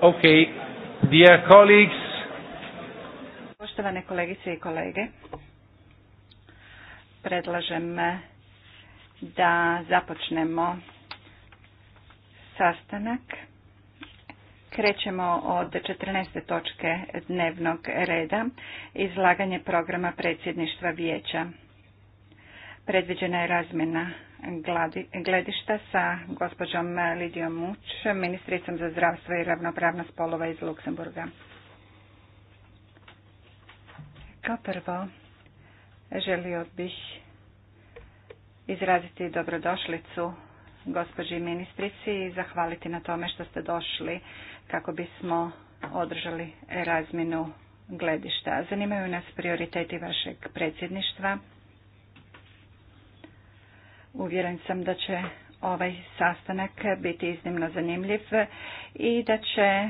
Ok, dear colleagues. Poštovane kolegice i kolege, predlažem eh, da započnemo sastanak. Krećemo od 14. točke dnevnog reda, izlaganje programa predsjedništva vijeća. Predviđena je razmjena gledišta sa gospođom Lidijom Muč, ministricom za zdravstvo i ravnopravnost spolova iz Luksemburga. Kao prvo, želio bih izraziti dobrodošlicu gospođi ministrici i zahvaliti na tome što ste došli kako bismo održali razminu gledišta. Zanimaju nas prioriteti vašeg predsjedništva Uvjeren sam da će ovaj sastanak biti iznimno zanimljiv i da će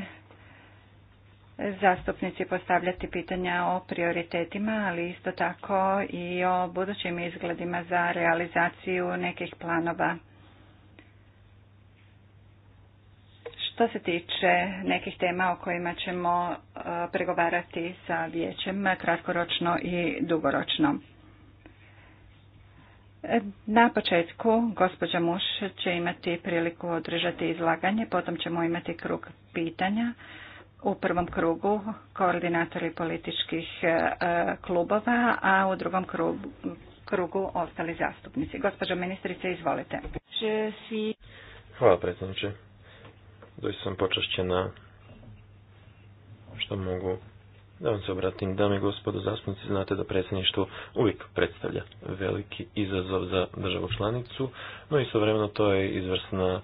zastupnici postavljati pitanja o prioritetima, ali isto tako i o budućim izgledima za realizaciju nekih planova. Što se tiče nekih tema o kojima ćemo e, pregovarati sa vijećem kratkoročno i dugoročno. Na početku gospođa Muš će imati priliku održati izlaganje, potom ćemo imati krug pitanja. U prvom krugu koordinatori političkih e, klubova, a u drugom krugu, ostali zastupnici. Gospođo ministrice, izvolite. Hvala predsjedniče. Doista sam počašćena što mogu da vam se obratim, dame i gospodo zastupnici, znate da predsjedništvo uvijek predstavlja veliki izazov za državu članicu, no istovremeno to je izvrsna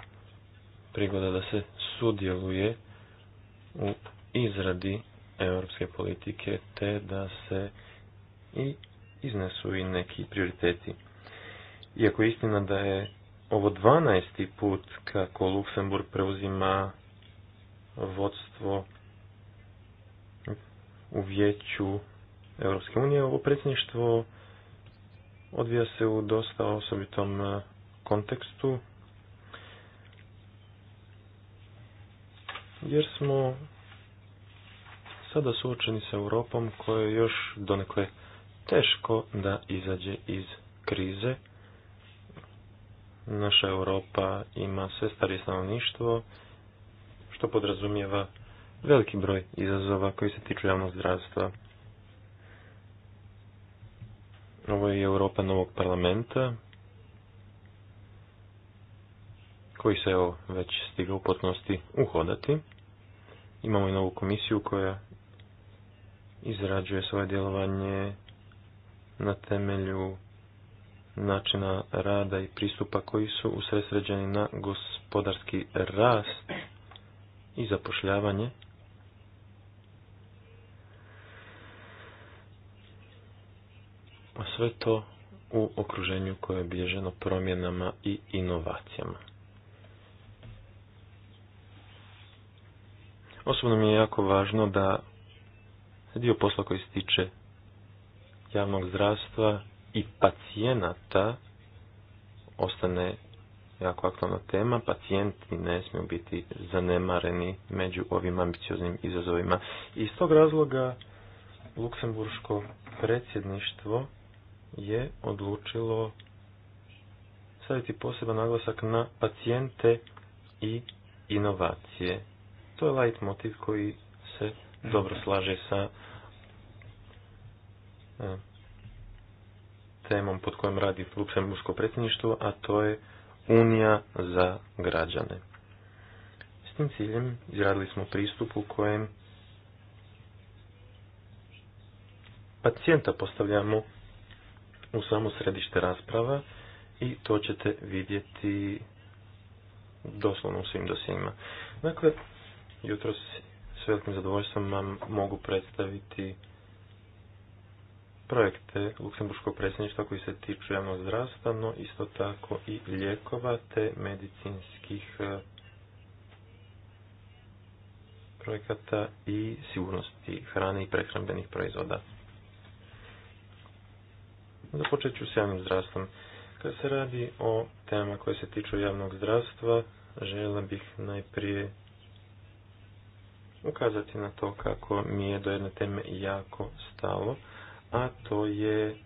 prigoda da se sudjeluje u izradi europske politike te da se i iznesu i neki prioriteti. Iako je istina da je ovo 12. put kako Luksemburg preuzima vodstvo u vijeću Europske unije. Ovo predsjedništvo odvija se u dosta osobitom e, kontekstu, jer smo sada suočeni sa Europom koja je još donekle teško da izađe iz krize. Naša Europa ima sve starije stanovništvo, što podrazumijeva veliki broj izazova koji se tiču javnog zdravstva. Ovo je Europa novog parlamenta, koji se evo već stigao u potpunosti uhodati. Imamo i novu komisiju koja izrađuje svoje djelovanje na temelju načina rada i pristupa koji su usresređeni na gospodarski rast i zapošljavanje a sve to u okruženju koje je bježeno promjenama i inovacijama. Osobno mi je jako važno da dio posla koji se tiče javnog zdravstva i pacijenata ostane jako aktualna tema. Pacijenti ne smiju biti zanemareni među ovim ambicioznim izazovima. I iz tog razloga Luksemburško predsjedništvo je odlučilo staviti poseban naglasak na pacijente i inovacije. To je light motiv koji se dobro slaže sa e, temom pod kojom radi Luksembursko predsjedništvo, a to je Unija za građane. S tim ciljem izradili smo pristup u kojem pacijenta postavljamo u samo središte rasprava i to ćete vidjeti doslovno u svim dosijima. Dakle, jutro s velikim zadovoljstvom vam mogu predstaviti projekte Luksemburškog predsjedništva koji se tiču javnog zdravstva, no isto tako i lijekova te medicinskih e, projekata i sigurnosti hrane i prehrambenih proizvoda. Započet ću s javnim zdravstvom. Kad se radi o temama koje se tiču javnog zdravstva, žela bih najprije ukazati na to kako mi je do jedne teme jako stalo, a to je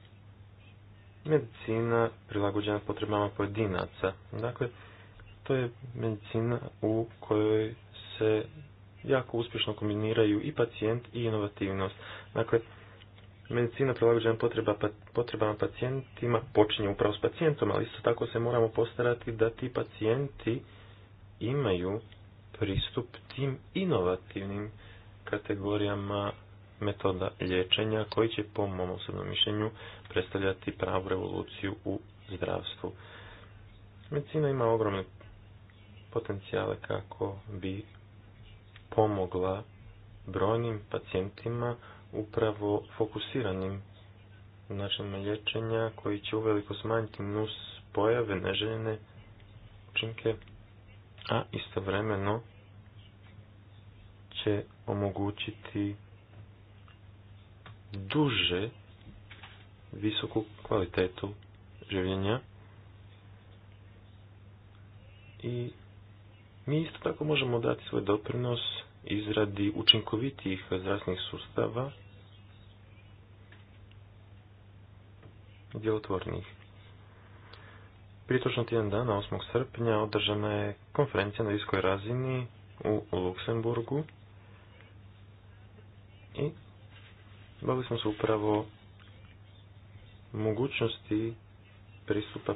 medicina prilagođena potrebama pojedinaca. Dakle, to je medicina u kojoj se jako uspješno kombiniraju i pacijent i inovativnost. Dakle, medicina prilagođena potreba, pa, potrebama pacijentima počinje upravo s pacijentom, ali isto tako se moramo postarati da ti pacijenti imaju pristup tim inovativnim kategorijama metoda liječenja koji će po mom osobnom mišljenju predstavljati pravu revoluciju u zdravstvu. Medicina ima ogromne potencijale kako bi pomogla brojnim pacijentima upravo fokusiranim načinima liječenja koji će uveliko smanjiti nus pojave neželjene učinke, a istovremeno će omogućiti duže visoku kvalitetu življenja i mi isto tako možemo dati svoj doprinos izradi učinkovitijih zdravstvenih sustava djelotvornih. Prije točno tjedan dana, 8. srpnja, održana je konferencija na viskoj razini u Luksemburgu i bavili smo se upravo mogućnosti pristupa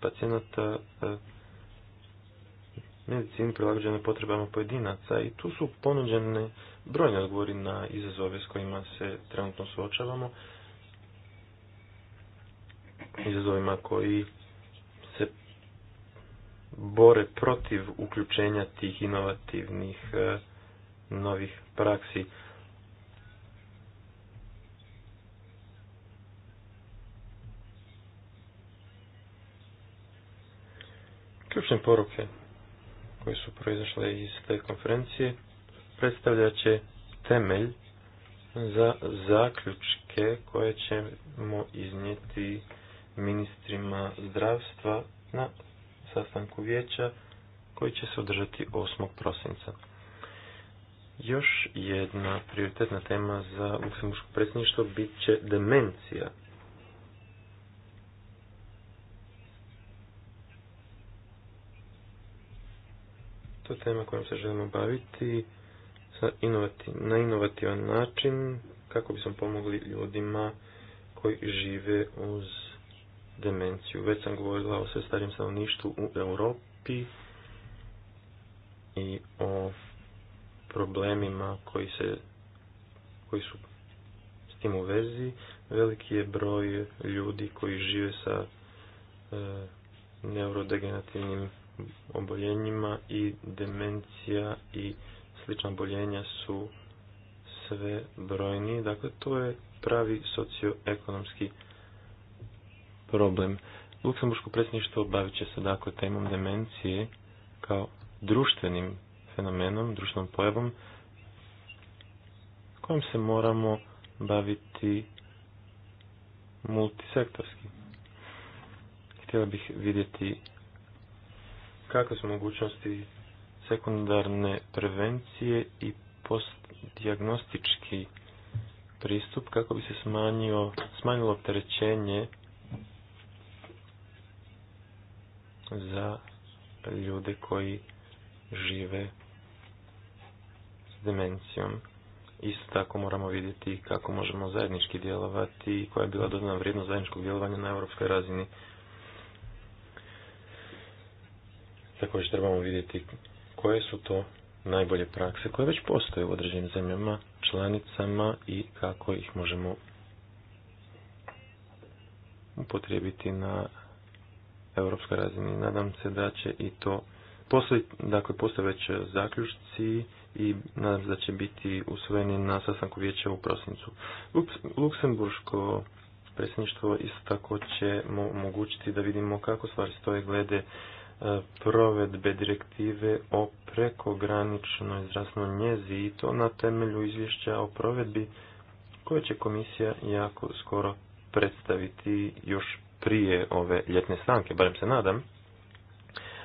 pacijenata eh, medicini prilagođene potrebama pojedinaca i tu su ponuđene brojne odgovori na izazove s kojima se trenutno suočavamo, izazovima koji se bore protiv uključenja tih inovativnih e, novih praksi. Ključne poruke koje su proizašle iz te konferencije predstavljat će temelj za zaključke koje ćemo iznijeti ministrima zdravstva na sastanku vijeća koji će se održati 8. prosinca. Još jedna prioritetna tema za Luksemburško predsjedništvo bit će demencija. to je tema kojom se želimo baviti sa na inovativan način kako bismo pomogli ljudima koji žive uz demenciju. Već sam govorila o sve starijem stanovništvu u Europi i o problemima koji, se, koji su s tim u vezi. Veliki je broj ljudi koji žive sa e, neurodegenerativnim oboljenjima i demencija i slična oboljenja su sve brojni. Dakle, to je pravi socioekonomski problem. Luksemburško predsjedništvo bavit će se dakle temom demencije kao društvenim fenomenom, društvenom pojavom kojom se moramo baviti multisektorski. Htjela bih vidjeti kakve su mogućnosti sekundarne prevencije i postdiagnostički pristup kako bi se smanjio, smanjilo opterećenje za ljude koji žive s demencijom. Isto tako moramo vidjeti kako možemo zajednički djelovati i koja je bila dodana vrijednost zajedničkog djelovanja na europskoj razini. Također trebamo vidjeti koje su to najbolje prakse koje već postoje u određenim zemljama, članicama i kako ih možemo upotrijebiti na europskoj razini. Nadam se da će i to postoji, dakle postoje već zaključci i nadam se da će biti usvojeni na sastanku vijeća u prosincu. Luksemburško predsjedništvo isto tako će omogućiti da vidimo kako stvari stoje glede E, provedbe direktive o prekograničnoj zdravstvenoj njezi i to na temelju izvješća o provedbi koje će komisija jako skoro predstaviti još prije ove ljetne stanke, barem se nadam.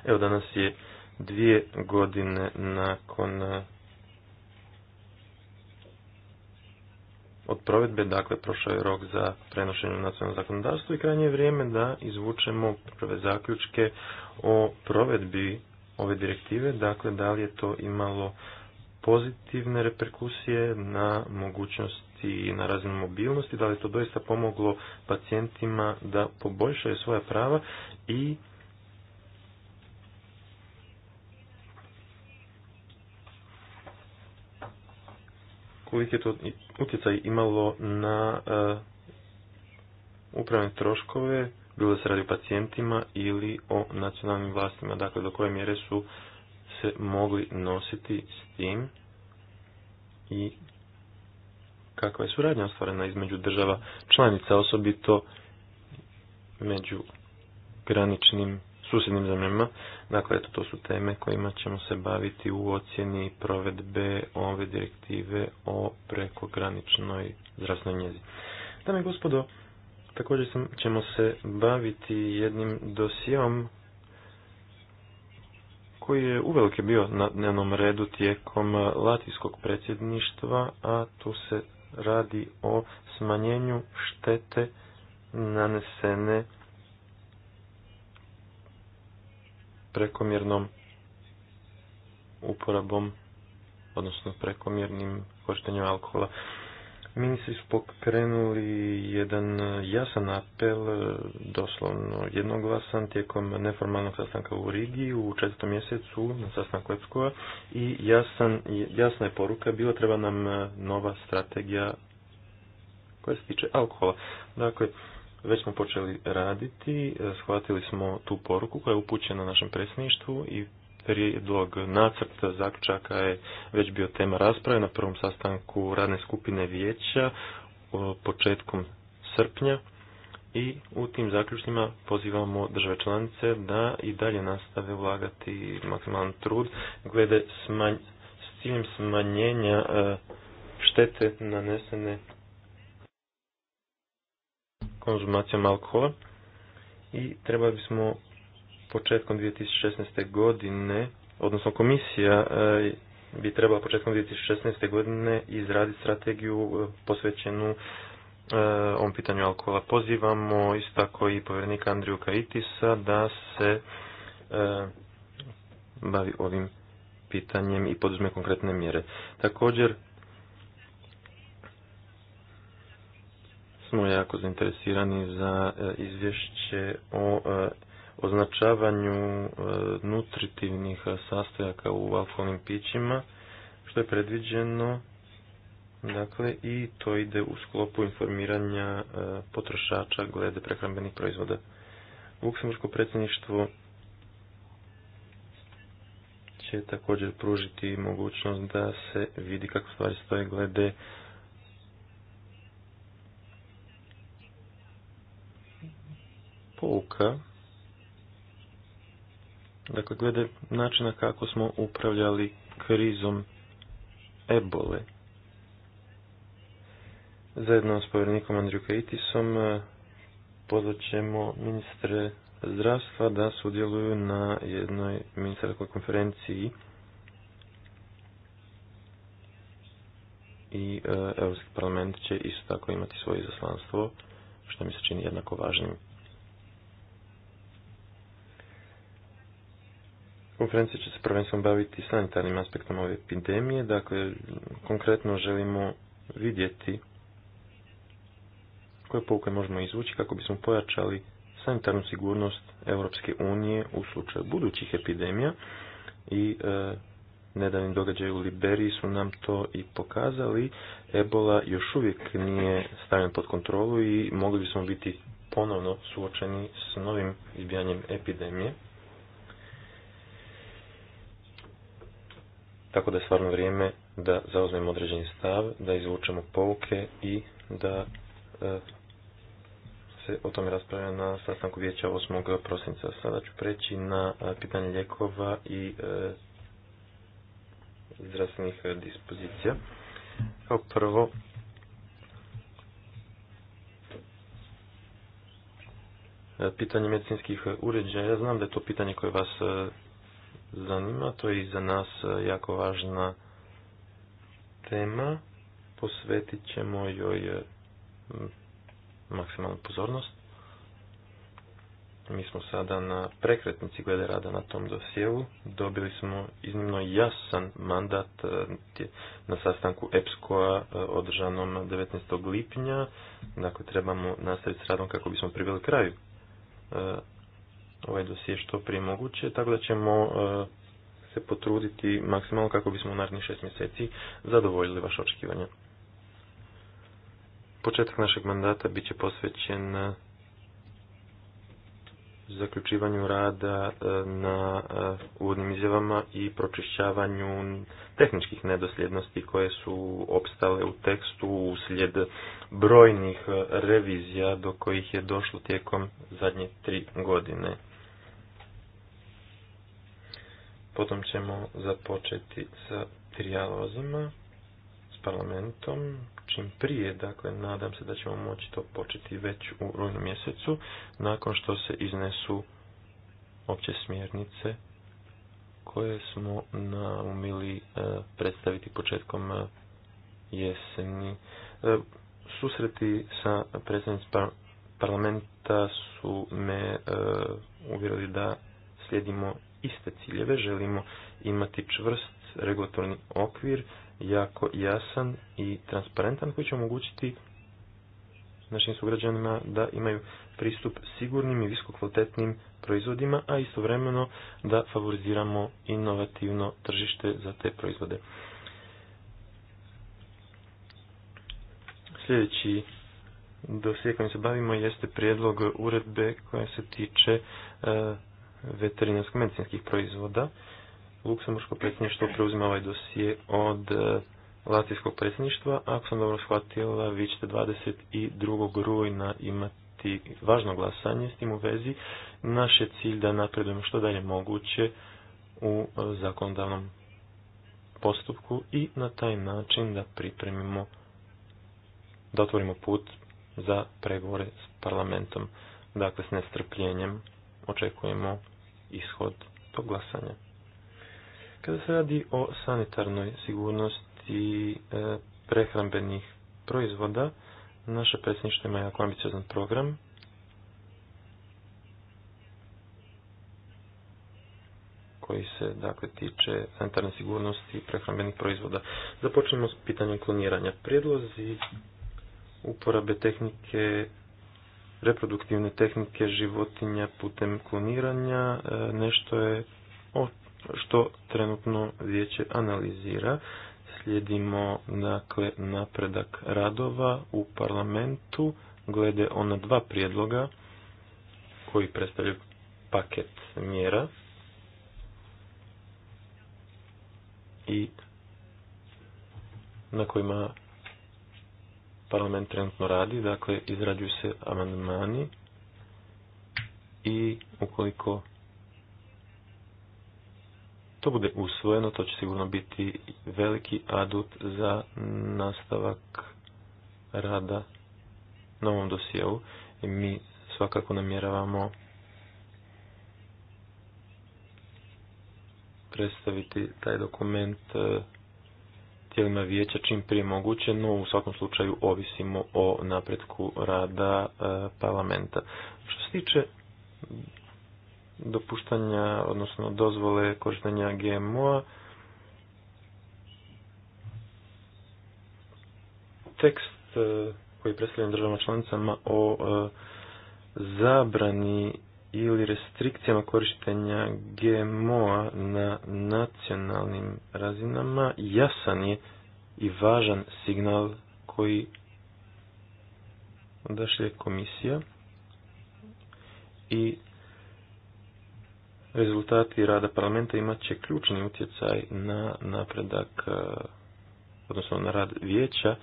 Evo danas je dvije godine nakon od provedbe, dakle prošao je rok za prenošenje u nacionalno zakonodavstvo i krajnje je vrijeme da izvučemo prve zaključke o provedbi ove direktive, dakle da li je to imalo pozitivne reperkusije na mogućnosti na razinu mobilnosti, da li je to doista pomoglo pacijentima da poboljšaju svoja prava i koliki je to utjecaj imalo na e, upravne troškove, bilo da se radi o pacijentima ili o nacionalnim vlastima, dakle do koje mjere su se mogli nositi s tim i kakva je suradnja ostvarena između država članica, osobito među graničnim susjednim zemljama. Dakle, eto, to su teme kojima ćemo se baviti u ocjeni provedbe ove direktive o prekograničnoj zdravstvenoj njezi. Dame i gospodo, također ćemo se baviti jednim dosijom koji je uvelike bio na dnevnom redu tijekom latijskog predsjedništva, a tu se radi o smanjenju štete nanesene prekomjernom uporabom, odnosno prekomjernim korištenjem alkohola. Ministri su pokrenuli jedan jasan apel, doslovno jednoglasan, tijekom neformalnog sastanka u Rigi u četvrtom mjesecu na sastanku Epskova i jasan, jasna je poruka, bila treba nam nova strategija koja se tiče alkohola. Dakle, već smo počeli raditi, e, shvatili smo tu poruku koja je upućena našem predsjedništvu i prijedlog nacrta zaključaka je već bio tema rasprave na prvom sastanku radne skupine vijeća početkom srpnja i u tim zaključnjima pozivamo države članice da i dalje nastave ulagati maksimalan trud glede s ciljem smanjenja e, štete nanesene konzumacijom alkohola i trebali bismo početkom 2016. godine, odnosno komisija e, bi trebala početkom 2016. godine izraditi strategiju e, posvećenu e, ovom pitanju alkohola. Pozivamo isto tako i povjernika Andriju Kaitisa da se bavi ovim pitanjem i poduzme konkretne mjere. Također smo jako zainteresirani za e, izvješće o e, označavanju e, nutritivnih sastojaka u alkoholnim pićima, što je predviđeno Dakle, i to ide u sklopu informiranja potrošača glede prehrambenih proizvoda. Luksemburgsko predsjedništvo će također pružiti mogućnost da se vidi kako stvari stoje glede pouka dakle glede načina kako smo upravljali krizom ebole. Zajedno s povjerenikom Andriju eh, pozvat ćemo ministre zdravstva da sudjeluju na jednoj ministarskoj konferenciji i eh, Europski parlament će isto tako imati svoje izaslanstvo, što mi se čini jednako važnim. Konferencija će se prvenstveno baviti sanitarnim aspektom ove epidemije, dakle konkretno želimo vidjeti koje pouke možemo izvući kako bismo pojačali sanitarnu sigurnost Europske unije u slučaju budućih epidemija i e, nedavni događaj u Liberiji su nam to i pokazali. Ebola još uvijek nije stavljen pod kontrolu i mogli bismo biti ponovno suočeni s novim izbijanjem epidemije. Tako da je stvarno vrijeme da zauzmemo određeni stav, da izvučemo pouke i da e, se o tome raspravlja na sastanku vijeća 8. prosinca. Sada ću preći na e, pitanje ljekova i e, zdravstvenih dispozicija. Kao prvo, pitanje medicinskih uređaja. Ja znam da je to pitanje koje vas zanima. To je i za nas e, jako važna tema. Posvetit ćemo joj e, maksimalnu pozornost. Mi smo sada na prekretnici glede rada na tom dosjevu. Dobili smo iznimno jasan mandat e, na sastanku EPSKO-a održanom 19. lipnja. Dakle, trebamo nastaviti s radom kako bismo priveli kraju ovaj dosije što prije moguće, tako da ćemo e, se potruditi maksimalno kako bismo u narednih šest mjeseci zadovoljili vaše očekivanja. Početak našeg mandata bit će posvećen e, zaključivanju rada e, na uvodnim izjavama i pročišćavanju tehničkih nedosljednosti koje su opstale u tekstu uslijed brojnih revizija do kojih je došlo tijekom zadnje tri godine. Potom ćemo započeti sa trijalozima s parlamentom čim prije, dakle nadam se da ćemo moći to početi već u rujnu mjesecu nakon što se iznesu opće smjernice koje smo naumili e, predstaviti početkom e, jeseni. E, susreti sa predstavnicima parlamenta su me uvjerili da slijedimo iste ciljeve, želimo imati čvrst regulatorni okvir, jako jasan i transparentan koji će omogućiti našim sugrađanima da imaju pristup sigurnim i visokokvalitetnim proizvodima, a istovremeno da favoriziramo inovativno tržište za te proizvode. Sljedeći dosije kojim se bavimo jeste prijedlog uredbe koja se tiče e, veterinarsko-medicinskih proizvoda. Luksemburško predsjedništvo preuzima ovaj dosije od e, Latvijskog predsjedništva. Ako sam dobro shvatila, vi ćete 22. rujna imati važno glasanje s tim u vezi. Naš je cilj da napredujemo što dalje moguće u e, zakonodavnom postupku i na taj način da pripremimo, da otvorimo put za pregovore s parlamentom. Dakle, s nestrpljenjem očekujemo ishod tog glasanja. Kada se radi o sanitarnoj sigurnosti e, prehrambenih proizvoda, naše predsjedništvo ima jako ambiciozan program. koji se dakle tiče sanitarne sigurnosti i prehrambenih proizvoda. Započnemo s pitanjem kloniranja. Prijedlozi uporabe tehnike reproduktivne tehnike životinja putem kloniranja e, nešto je što trenutno vijeće analizira. Slijedimo dakle, napredak radova u parlamentu glede ona dva prijedloga koji predstavljaju paket mjera i na kojima parlament trenutno radi, dakle izrađuju se amandmani i ukoliko to bude usvojeno, to će sigurno biti veliki adut za nastavak rada na ovom dosijevu. I mi svakako namjeravamo predstaviti taj dokument eh, tijelima vijeća čim prije moguće, no u svakom slučaju ovisimo o napretku rada e, parlamenta. Što se tiče dopuštanja, odnosno dozvole korištenja GMO-a, tekst e, koji je predstavljen državama članicama o e, zabrani ili restrikcijama korištenja GMO-a na nacionalnim razinama jasan je i važan signal koji odašlje komisija i rezultati rada parlamenta imat će ključni utjecaj na napredak, eh, odnosno na rad vijeća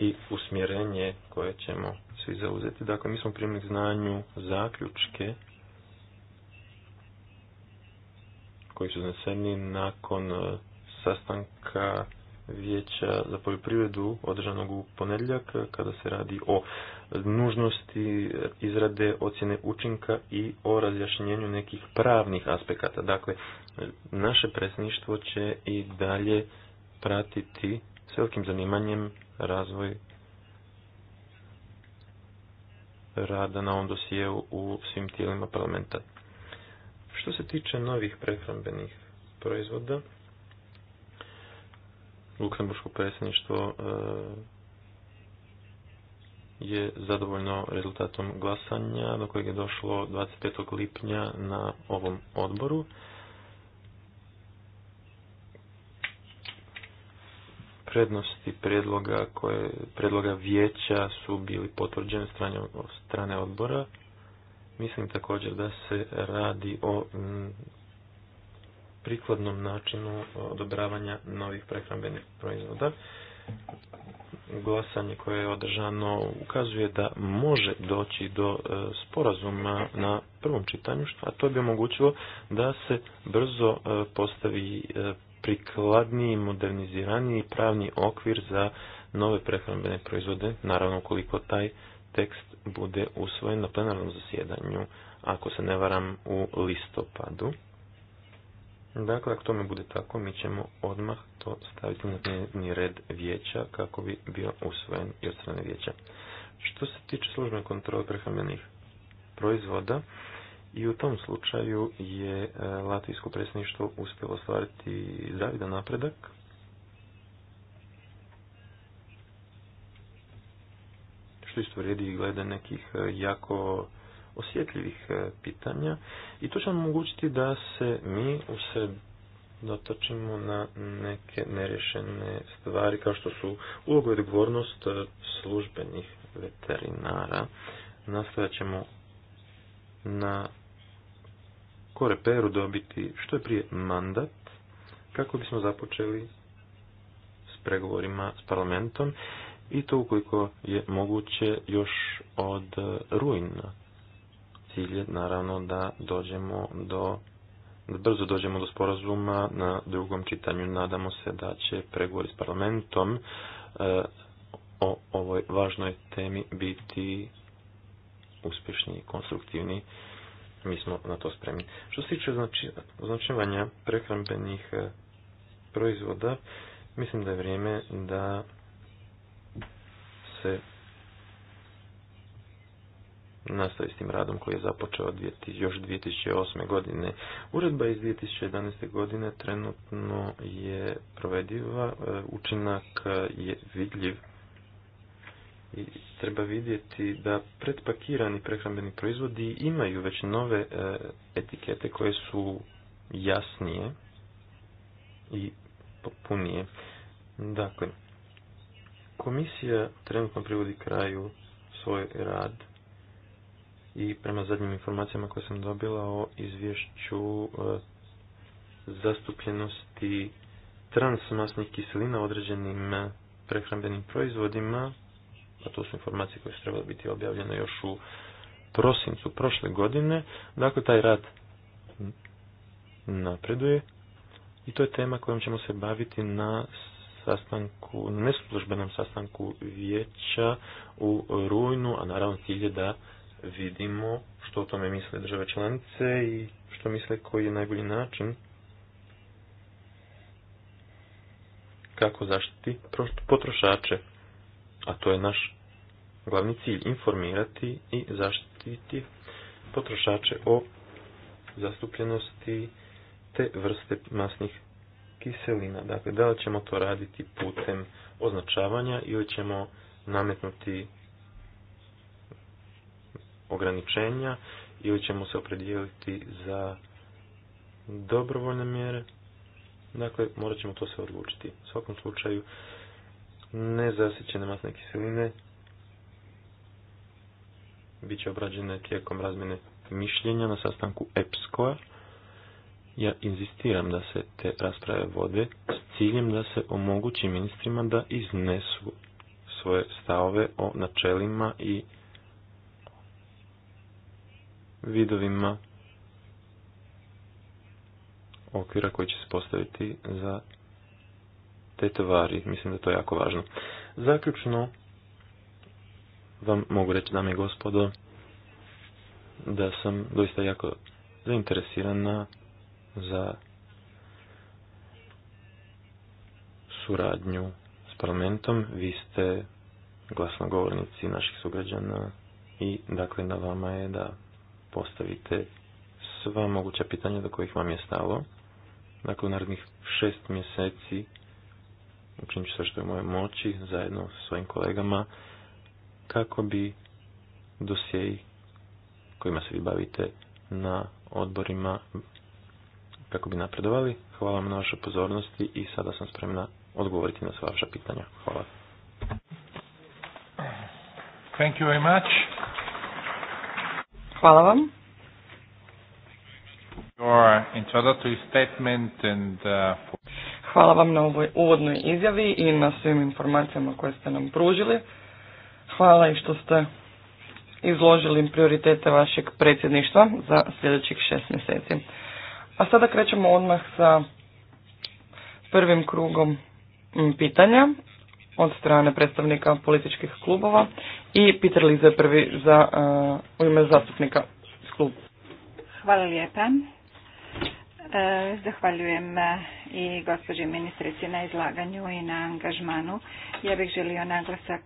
i usmjerenje koje ćemo svi zauzeti. Dakle, mi smo primili znanju zaključke koji su zneseni nakon e, sastanka vijeća za poljoprivredu održanog u ponedjeljak e, kada se radi o nužnosti izrade ocjene učinka i o razjašnjenju nekih pravnih aspekata. Dakle, naše predsjedništvo će i dalje pratiti s velikim zanimanjem razvoj rada na ovom dosijeu u svim tijelima parlamenta. Što se tiče novih prehrambenih proizvoda, Luksemburško predsjedništvo e, je zadovoljno rezultatom glasanja do kojeg je došlo 25. lipnja na ovom odboru. prednosti predloga koje predloga vijeća su bili potvrđene strane, strane odbora. Mislim također da se radi o mm, prikladnom načinu odobravanja novih prehrambenih proizvoda. Glasanje koje je održano ukazuje da može doći do e, sporazuma na prvom čitanju, a to bi omogućilo da se brzo e, postavi e, prikladniji, moderniziraniji pravni okvir za nove prehrambene proizvode, naravno koliko taj tekst bude usvojen na plenarnom zasjedanju, ako se ne varam u listopadu. Dakle, ako tome bude tako, mi ćemo odmah to staviti na dnevni red vijeća kako bi bio usvojen i od strane vijeća. Što se tiče službene kontrole prehrambenih proizvoda, i u tom slučaju je e, Latvijsko predsjedništvo uspjelo ostvariti zavidan napredak. Što isto vrijedi i glede nekih e, jako osjetljivih e, pitanja. I to će nam omogućiti da se mi u sebi na neke nerješene stvari kao što su uloga i odgovornost službenih veterinara. Nastavit ćemo na Peru dobiti što je prije mandat kako bismo započeli s pregovorima s parlamentom i to ukoliko je moguće još od rujna. Cilj je naravno da dođemo do da brzo dođemo do sporazuma na drugom čitanju. Nadamo se da će pregovori s parlamentom e, o ovoj važnoj temi biti uspješni i konstruktivni mi smo na to spremni. Što se tiče znači, označivanja prehrambenih e, proizvoda, mislim da je vrijeme da se nastavi s tim radom koji je započeo još 2008. godine. Uredba iz 2011. godine trenutno je provediva, e, učinak je vidljiv i treba vidjeti da pretpakirani prehrambeni proizvodi imaju već nove e, etikete koje su jasnije i popunije. Dakle, komisija trenutno privodi kraju svoj rad i prema zadnjim informacijama koje sam dobila o izvješću e, zastupljenosti transmasnih kiselina u određenim prehrambenim proizvodima a to su informacije koje su trebale biti objavljene još u prosincu prošle godine. Dakle, taj rad napreduje i to je tema kojom ćemo se baviti na sastanku, neslužbenom sastanku vijeća u rujnu, a naravno cilj je da vidimo što o tome misle države članice i što misle koji je najbolji način kako zaštiti potrošače a to je naš glavni cilj, informirati i zaštititi potrošače o zastupljenosti te vrste masnih kiselina. Dakle, da li ćemo to raditi putem označavanja ili ćemo nametnuti ograničenja ili ćemo se opredijeliti za dobrovoljne mjere. Dakle, morat ćemo to sve odlučiti. U svakom slučaju, nezasićene masne kiseline bit će obrađene tijekom razmjene mišljenja na sastanku EPSCO-a. Ja inzistiram da se te rasprave vode s ciljem da se omogući ministrima da iznesu svoje stavove o načelima i vidovima okvira koji će se postaviti za te tvari. Mislim da to je jako važno. Zaključno vam mogu reći, dame i gospodo, da sam doista jako zainteresirana za suradnju s parlamentom. Vi ste glasnogovornici naših sugrađana i dakle na vama je da postavite sva moguća pitanja do kojih vam je stalo. Dakle, u narednih šest mjeseci učinit ću sve što je moje moći zajedno sa svojim kolegama kako bi dosjeji kojima se vi bavite na odborima kako bi napredovali. Hvala vam na vašoj pozornosti i sada sam spremna odgovoriti na sva vaša pitanja. Hvala. Thank you very much. Hvala vam. Your introductory statement and uh, Hvala vam na ovoj uvodnoj izjavi i na svim informacijama koje ste nam pružili. Hvala i što ste izložili prioritete vašeg predsjedništva za sljedećih šest mjeseci. A sada krećemo odmah sa prvim krugom pitanja od strane predstavnika političkih klubova i Peter Lize prvi za, eh, u ime zastupnika klub. Hvala lijepa. E, zahvaljujem e, i gospođi ministrici na izlaganju i na angažmanu. Ja bih želio naglasak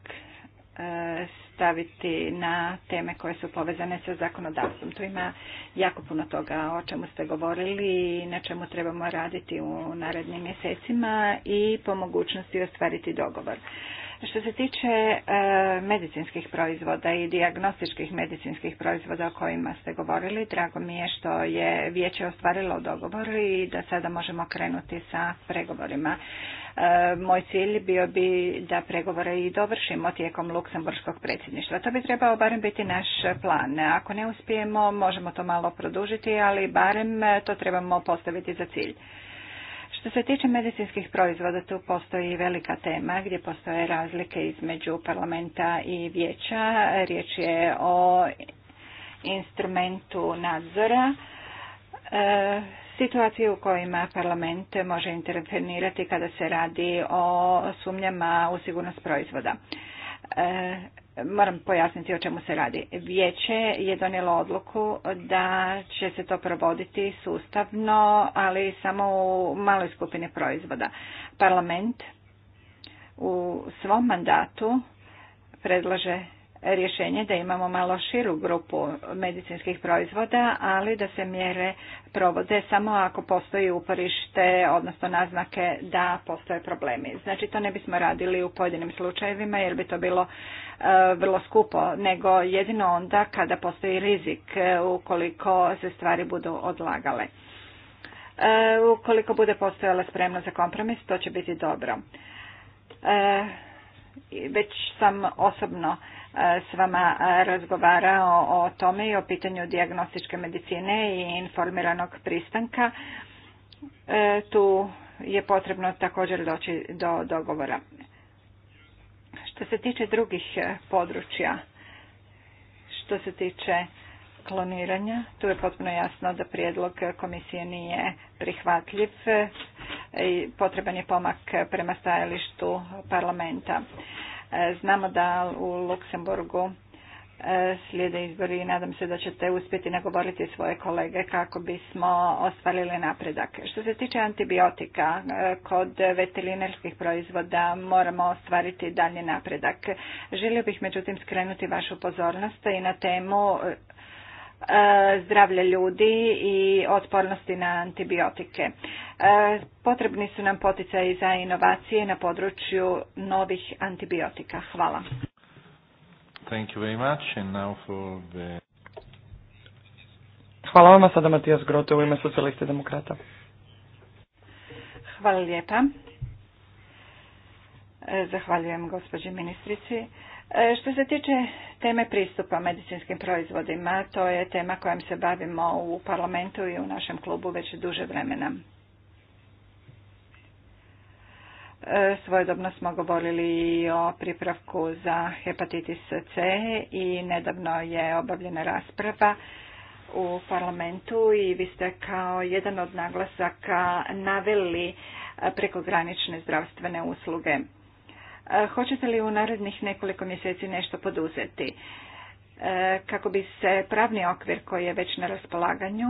e, staviti na teme koje su povezane sa zakonodavstvom. Tu ima jako puno toga o čemu ste govorili i na čemu trebamo raditi u narednim mjesecima i po mogućnosti ostvariti dogovor. Što se tiče e, medicinskih proizvoda i diagnostičkih medicinskih proizvoda o kojima ste govorili, drago mi je što je vijeće ostvarilo dogovor i da sada možemo krenuti sa pregovorima. E, moj cilj bio bi da pregovore i dovršimo tijekom luksemburskog predsjedništva. To bi trebao barem biti naš plan. Ako ne uspijemo, možemo to malo produžiti, ali barem to trebamo postaviti za cilj. Što se tiče medicinskih proizvoda, tu postoji velika tema gdje postoje razlike između parlamenta i vijeća. Riječ je o instrumentu nadzora. E, situacije u kojima parlament može intervenirati kada se radi o sumnjama u sigurnost proizvoda. E, Moram pojasniti o čemu se radi. Vijeće je donijelo odluku da će se to provoditi sustavno, ali samo u maloj skupini proizvoda. Parlament u svom mandatu predlaže rješenje da imamo malo širu grupu medicinskih proizvoda, ali da se mjere provode samo ako postoji uporište, odnosno naznake da postoje problemi. Znači to ne bismo radili u pojedinim slučajevima jer bi to bilo e, vrlo skupo, nego jedino onda kada postoji rizik e, ukoliko se stvari budu odlagale. E, ukoliko bude postojala spremna za kompromis, to će biti dobro. Već sam osobno e, s vama razgovarao o tome i o pitanju dijagnostičke medicine i informiranog pristanka. E, tu je potrebno također doći do dogovora. Što se tiče drugih e, područja, što se tiče kloniranja, tu je potpuno jasno da prijedlog komisije nije prihvatljiv i potreban je pomak prema stajalištu parlamenta. E, znamo da u Luksemburgu e, slijede izbori i nadam se da ćete uspjeti nagovoriti svoje kolege kako bismo ostvarili napredak. Što se tiče antibiotika, e, kod veterinarskih proizvoda moramo ostvariti dalje napredak. Želio bih međutim skrenuti vašu pozornost i na temu E, zdravlje ljudi i otpornosti na antibiotike. E, potrebni su nam poticaji za inovacije na području novih antibiotika. Hvala. Thank you very much. And now for the... Hvala vam, sada Matijas Grote u ime socijaliste demokrata. Hvala lijepa. E, zahvaljujem gospođi ministrici. E, što se tiče teme pristupa medicinskim proizvodima, to je tema kojom se bavimo u parlamentu i u našem klubu već duže vremena. E, svojedobno smo govorili i o pripravku za hepatitis C i nedavno je obavljena rasprava u parlamentu i vi ste kao jedan od naglasaka naveli prekogranične zdravstvene usluge. E, hoćete li u narednih nekoliko mjeseci nešto poduzeti e, kako bi se pravni okvir koji je već na raspolaganju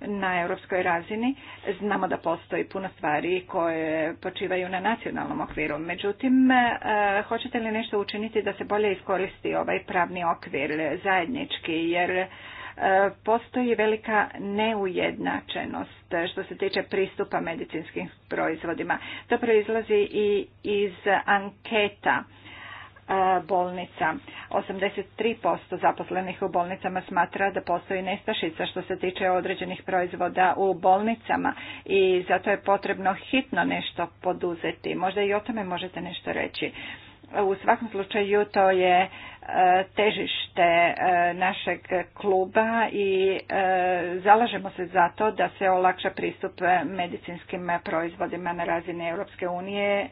na europskoj razini. Znamo da postoji puno stvari koje počivaju na nacionalnom okviru. Međutim, e, hoćete li nešto učiniti da se bolje iskoristi ovaj pravni okvir zajednički, jer E, postoji velika neujednačenost e, što se tiče pristupa medicinskim proizvodima. To proizlazi i iz anketa e, bolnica. 83% zaposlenih u bolnicama smatra da postoji nestašica što se tiče određenih proizvoda u bolnicama i zato je potrebno hitno nešto poduzeti. Možda i o tome možete nešto reći. U svakom slučaju to je e, težište e, našeg kluba i e, zalažemo se za to da se olakša pristup medicinskim proizvodima na razini Europske unije.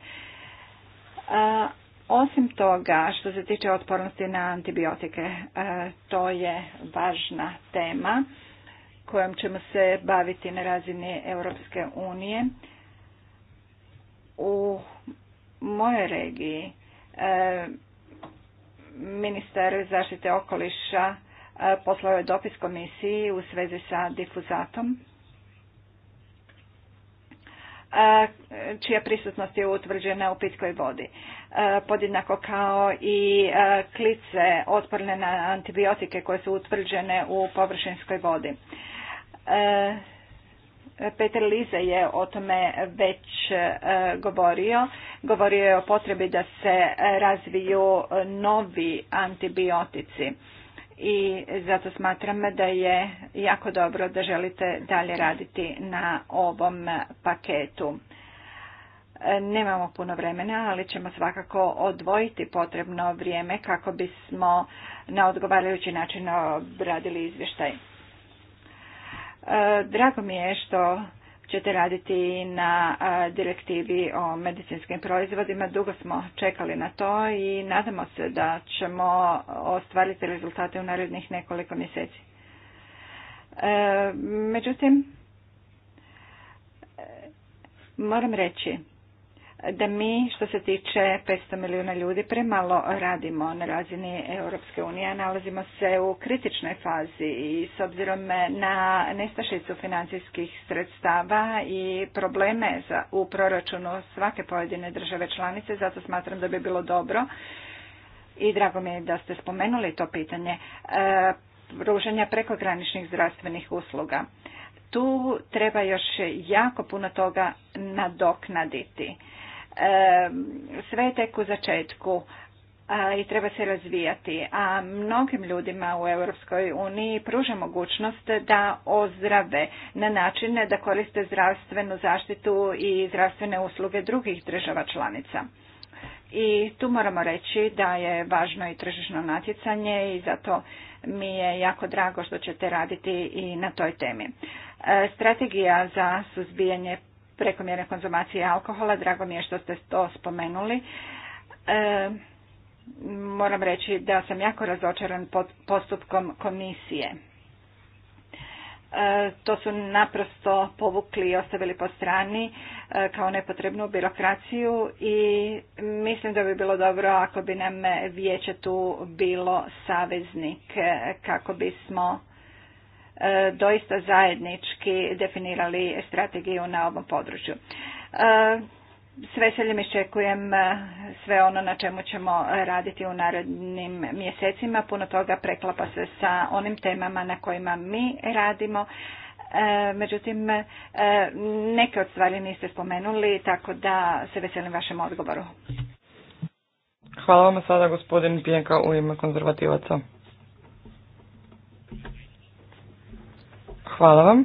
Osim toga, što se tiče otpornosti na antibiotike, to je važna tema kojom ćemo se baviti na razini Europske unije. U mojoj regiji E, ministar zaštite okoliša e, poslao je dopis komisiji u svezi sa difuzatom e, čija prisutnost je utvrđena u pitkoj vodi. Podjednako kao i klice otporne na antibiotike koje su utvrđene u površinskoj vodi. Peter Lize je o tome već e, govorio. Govorio je o potrebi da se razviju novi antibiotici i zato smatram da je jako dobro da želite dalje raditi na ovom paketu. E, nemamo puno vremena, ali ćemo svakako odvojiti potrebno vrijeme kako bismo na odgovarajući način obradili izvještaj. E, drago mi je što ćete raditi na e, direktivi o medicinskim proizvodima. Dugo smo čekali na to i nadamo se da ćemo ostvariti rezultate u narednih nekoliko mjeseci. E, međutim, moram reći da mi što se tiče 500 milijuna ljudi premalo radimo na razini Europske unije. Nalazimo se u kritičnoj fazi i s obzirom na nestašicu financijskih sredstava i probleme u proračunu svake pojedine države članice, zato smatram da bi bilo dobro i drago mi je da ste spomenuli to pitanje e, ruženja prekograničnih zdravstvenih usluga. Tu treba još jako puno toga nadoknaditi sve je tek u začetku i treba se razvijati. A mnogim ljudima u Europskoj uniji pruža mogućnost da ozdrave na način da koriste zdravstvenu zaštitu i zdravstvene usluge drugih država članica. I tu moramo reći da je važno i tržišno natjecanje i zato mi je jako drago što ćete raditi i na toj temi. Strategija za suzbijanje prekomjerne konzumacije alkohola. Drago mi je što ste to spomenuli. E, moram reći da sam jako razočaran pod postupkom komisije. E, to su naprosto povukli i ostavili po strani e, kao nepotrebnu birokraciju i mislim da bi bilo dobro ako bi nam vijeće tu bilo saveznik kako bismo E, doista zajednički definirali strategiju na ovom području. E, s veseljem iščekujem e, sve ono na čemu ćemo raditi u narednim mjesecima. Puno toga preklapa se sa onim temama na kojima mi radimo. Međutim, neke od stvari niste spomenuli, tako da se veselim vašem odgovoru. Hvala vam sada gospodin Pijenka u ime konzervativaca. Hvala vam.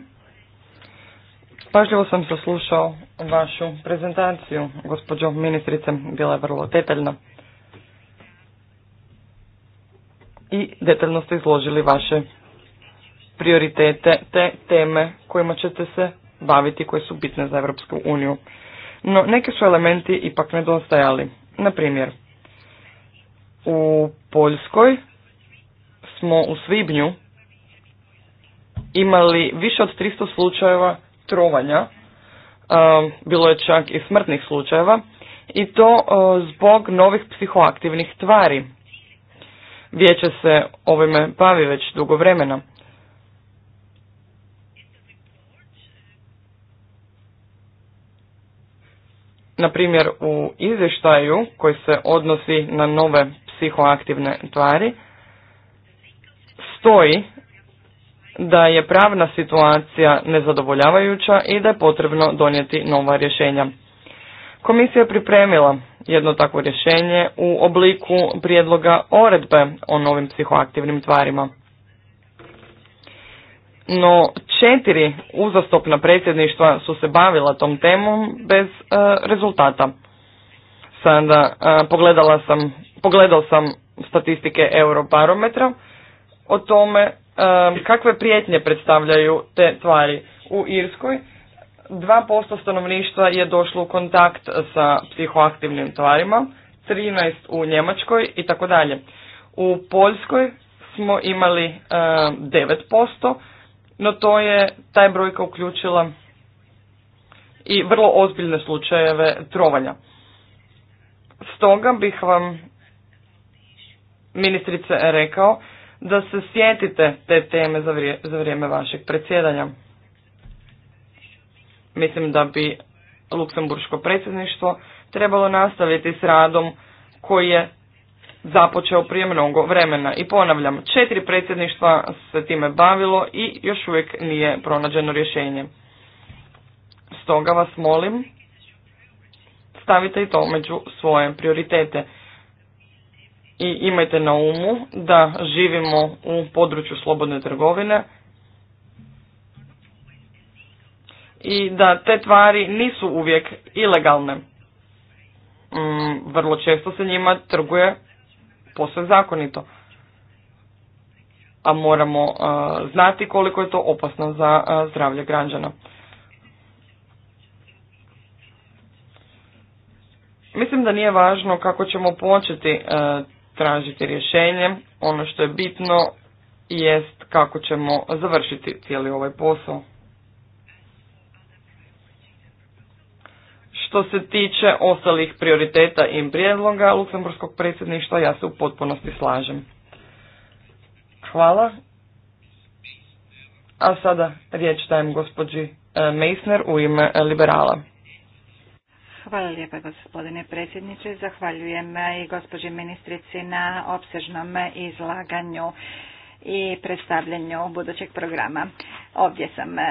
Pažljivo sam saslušao vašu prezentaciju, gospođo ministrice, bila je vrlo detaljna. I detaljno ste izložili vaše prioritete te teme kojima ćete se baviti koje su bitne za Europsku uniju. No neki su elementi ipak nedostajali. Na primjer, u Poljskoj smo u svibnju imali više od 300 slučajeva trovanja, bilo je čak i smrtnih slučajeva, i to zbog novih psihoaktivnih tvari. Vijeće se ovime bavi već dugo vremena. Na primjer, u izvještaju koji se odnosi na nove psihoaktivne tvari stoji da je pravna situacija nezadovoljavajuća i da je potrebno donijeti nova rješenja. Komisija je pripremila jedno takvo rješenje u obliku prijedloga oredbe o novim psihoaktivnim tvarima. No četiri uzastopna predsjedništva su se bavila tom temom bez e, rezultata. Sada e, pogledala sam, pogledao sam statistike Eurobarometra o tome kakve prijetnje predstavljaju te tvari. U Irskoj 2% stanovništva je došlo u kontakt sa psihoaktivnim tvarima, 13 u Njemačkoj i tako dalje. U Poljskoj smo imali 9%, no to je, taj brojka uključila i vrlo ozbiljne slučajeve trovanja. Stoga bih vam ministrice rekao da se sjetite te teme za, vrije, za vrijeme vašeg predsjedanja. Mislim da bi Luksemburško predsjedništvo trebalo nastaviti s radom koji je započeo prije mnogo vremena. I ponavljam, četiri predsjedništva se time bavilo i još uvijek nije pronađeno rješenje. Stoga vas molim, stavite i to među svoje prioritete i imajte na umu da živimo u području slobodne trgovine i da te tvari nisu uvijek ilegalne. Mm, vrlo često se njima trguje posve zakonito. A moramo znati koliko je to opasno za zdravlje građana. Mislim da nije važno kako ćemo početi tražiti rješenje. Ono što je bitno jest kako ćemo završiti cijeli ovaj posao. Što se tiče ostalih prioriteta i prijedloga Luksemburskog predsjedništva, ja se u potpunosti slažem. Hvala. A sada riječ dajem gospođi eh, Meissner u ime eh, liberala. Hvala lijepa gospodine predsjedniče. Zahvaljujem i gospođi ministrici na opsežnom izlaganju i predstavljanju budućeg programa. Ovdje sam. E,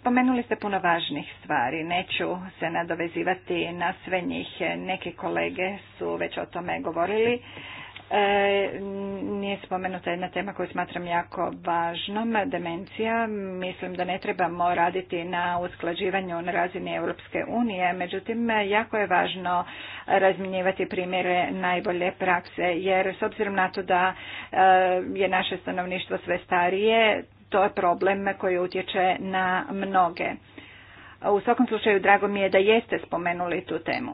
spomenuli ste puno važnih stvari. Neću se nadovezivati na sve njih. Neki kolege su već o tome govorili. E, nije spomenuta jedna tema koju smatram jako važnom, demencija. Mislim da ne trebamo raditi na usklađivanju na razini Europske unije, međutim jako je važno razminjivati primjere najbolje prakse, jer s obzirom na to da e, je naše stanovništvo sve starije, to je problem koji utječe na mnoge. U svakom slučaju drago mi je da jeste spomenuli tu temu.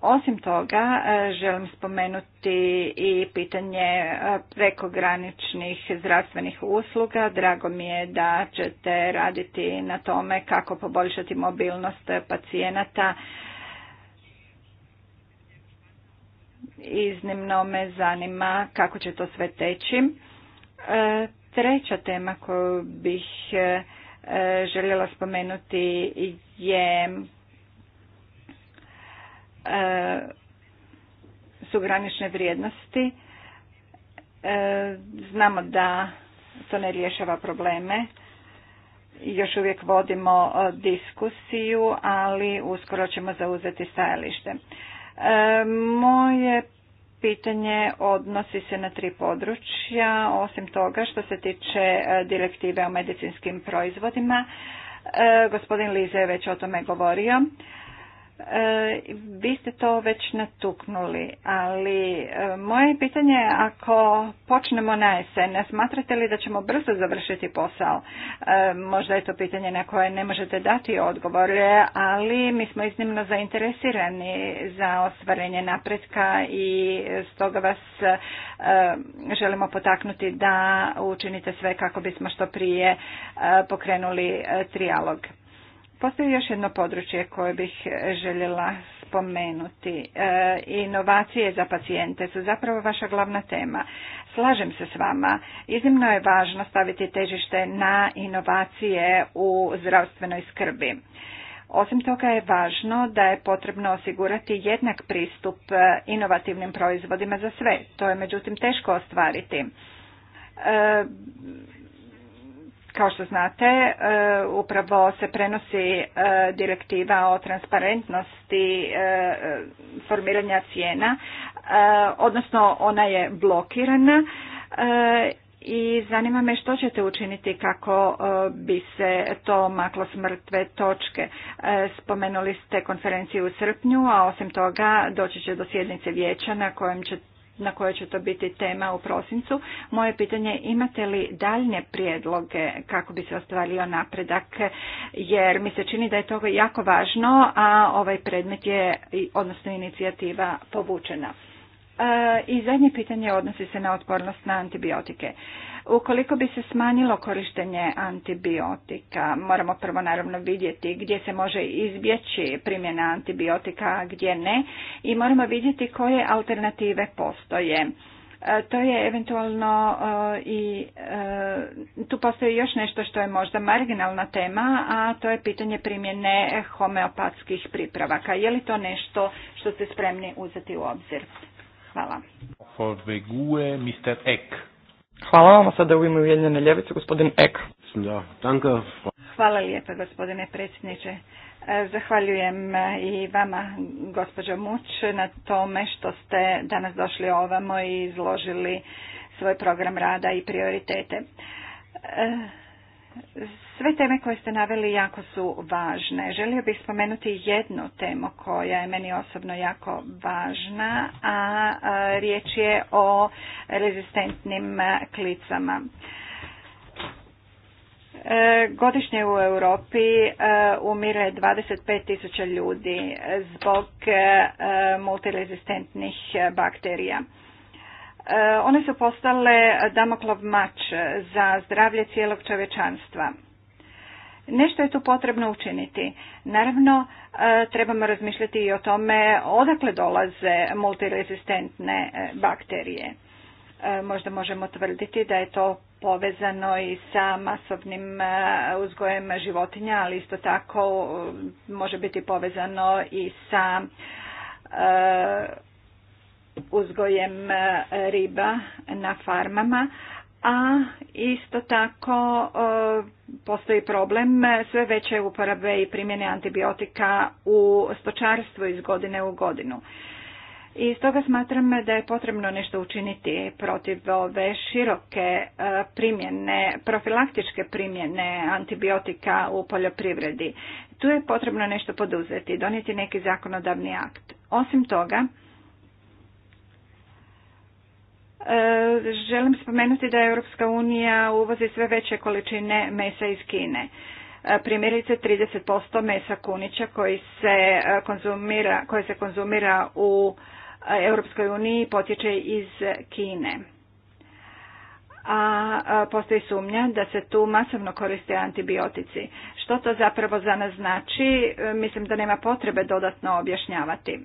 Osim toga, želim spomenuti i pitanje e, prekograničnih zdravstvenih usluga. Drago mi je da ćete raditi na tome kako poboljšati mobilnost pacijenata. Iznimno me zanima kako će to sve teći. E, treća tema koju bih e, željela spomenuti je E, su granične vrijednosti. E, znamo da to ne rješava probleme. Još uvijek vodimo e, diskusiju, ali uskoro ćemo zauzeti stajalište. Moje pitanje odnosi se na tri područja, osim toga što se tiče direktive o medicinskim proizvodima. Gospodin Lize je već o tome govorio. Vi ste to već natuknuli, ali e, moje pitanje je ako počnemo na jesen, smatrate li da ćemo brzo završiti posao? E, možda je to pitanje na koje ne možete dati odgovor, ali mi smo iznimno zainteresirani za ostvarenje napretka i stoga vas e, želimo potaknuti da učinite sve kako bismo što prije pokrenuli trijalog. Postoji još jedno područje koje bih željela spomenuti. E, inovacije za pacijente su zapravo vaša glavna tema. Slažem se s vama. Iznimno je važno staviti težište na inovacije u zdravstvenoj skrbi. Osim toga je važno da je potrebno osigurati jednak pristup e, inovativnim proizvodima za sve. To je međutim teško ostvariti e, kao što znate, e, upravo se prenosi e, direktiva o transparentnosti e, formiranja cijena, odnosno ona je blokirana i zanima me što ćete učiniti kako bi se to maklo smrtve mrtve točke. Spomenuli ste konferenciju u srpnju, a osim toga doći će do sjednice vijeća na kojem će na kojoj će to biti tema u prosincu. Moje pitanje imate li daljne prijedloge kako bi se ostvario napredak jer mi se čini da je to jako važno, a ovaj predmet je, odnosno inicijativa, povučena. E, I zadnje pitanje odnosi se na otpornost na antibiotike. Ukoliko bi se smanjilo korištenje antibiotika, moramo prvo naravno vidjeti gdje se može izbjeći primjena antibiotika, a gdje ne i moramo vidjeti koje alternative postoje. E, to je eventualno e, i e, tu postoji još nešto što je možda marginalna tema, a to je pitanje primjene homeopatskih pripravaka. Je li to nešto što ste spremni uzeti u obzir? Hvala. Hvala vam, a sada u ime Ujedinjene ljevice, gospodin Ek. Hvala lijepa, gospodine predsjedniče. E, zahvaljujem e, i vama, gospođo Muć, na tome što ste danas došli ovamo i izložili svoj program rada i prioritete. E, sve teme koje ste naveli jako su važne. Želio bih spomenuti jednu temu koja je meni osobno jako važna, a riječ je o rezistentnim klicama. E, godišnje u Europi e, umire 25.000 ljudi zbog e, multirezistentnih bakterija. One su postale damoklov mač za zdravlje cijelog čovječanstva. Nešto je tu potrebno učiniti. Naravno, e, trebamo razmišljati i o tome odakle dolaze multirezistentne e, bakterije. E, možda možemo tvrditi da je to povezano i sa masovnim uzgojem životinja, ali isto tako može biti povezano i sa uzgojem riba na farmama, a isto tako e, postoji problem sve veće uporabe i primjene antibiotika u stočarstvu iz godine u godinu. I stoga smatram da je potrebno nešto učiniti protiv ove široke e, primjene, profilaktičke primjene antibiotika u poljoprivredi. Tu je potrebno nešto poduzeti, donijeti neki zakonodavni akt. Osim toga, E, želim spomenuti da Europska unija uvozi sve veće količine mesa iz Kine. E, primjerice 30% mesa kunića koji se e, konzumira, koje se konzumira u Europskoj uniji potječe iz Kine. A postoji sumnja da se tu masovno koriste antibiotici. Što to zapravo za nas znači, mislim da nema potrebe dodatno objašnjavati.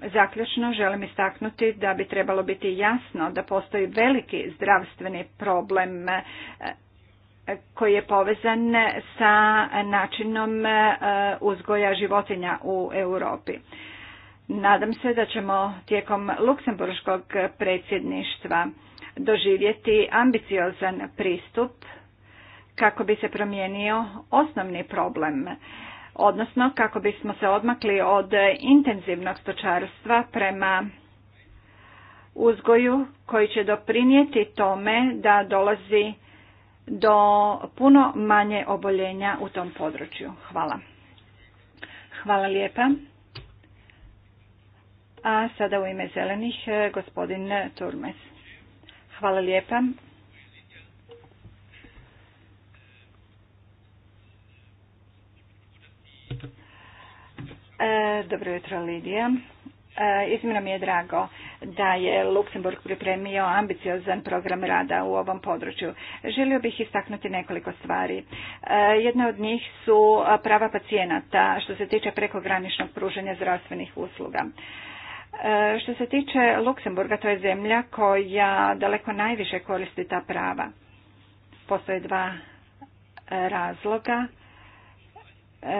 Zaključno želim istaknuti da bi trebalo biti jasno da postoji veliki zdravstveni problem e, koji je povezan sa načinom e, uzgoja životinja u Europi. Nadam se da ćemo tijekom luksemburškog predsjedništva doživjeti ambiciozan pristup kako bi se promijenio osnovni problem odnosno kako bismo se odmakli od intenzivnog stočarstva prema uzgoju koji će doprinijeti tome da dolazi do puno manje oboljenja u tom području. Hvala. Hvala lijepa. A sada u ime zelenih eh, gospodin Turmes. Hvala lijepa. E, dobro jutro, Lidija. E, iznimno mi je drago da je Luksemburg pripremio ambiciozan program rada u ovom području. Želio bih istaknuti nekoliko stvari. E, jedna od njih su prava pacijenata što se tiče prekograničnog pružanja zdravstvenih usluga. Što se tiče Luksemburga, to je zemlja koja daleko najviše koristi ta prava. Postoje dva razloga E,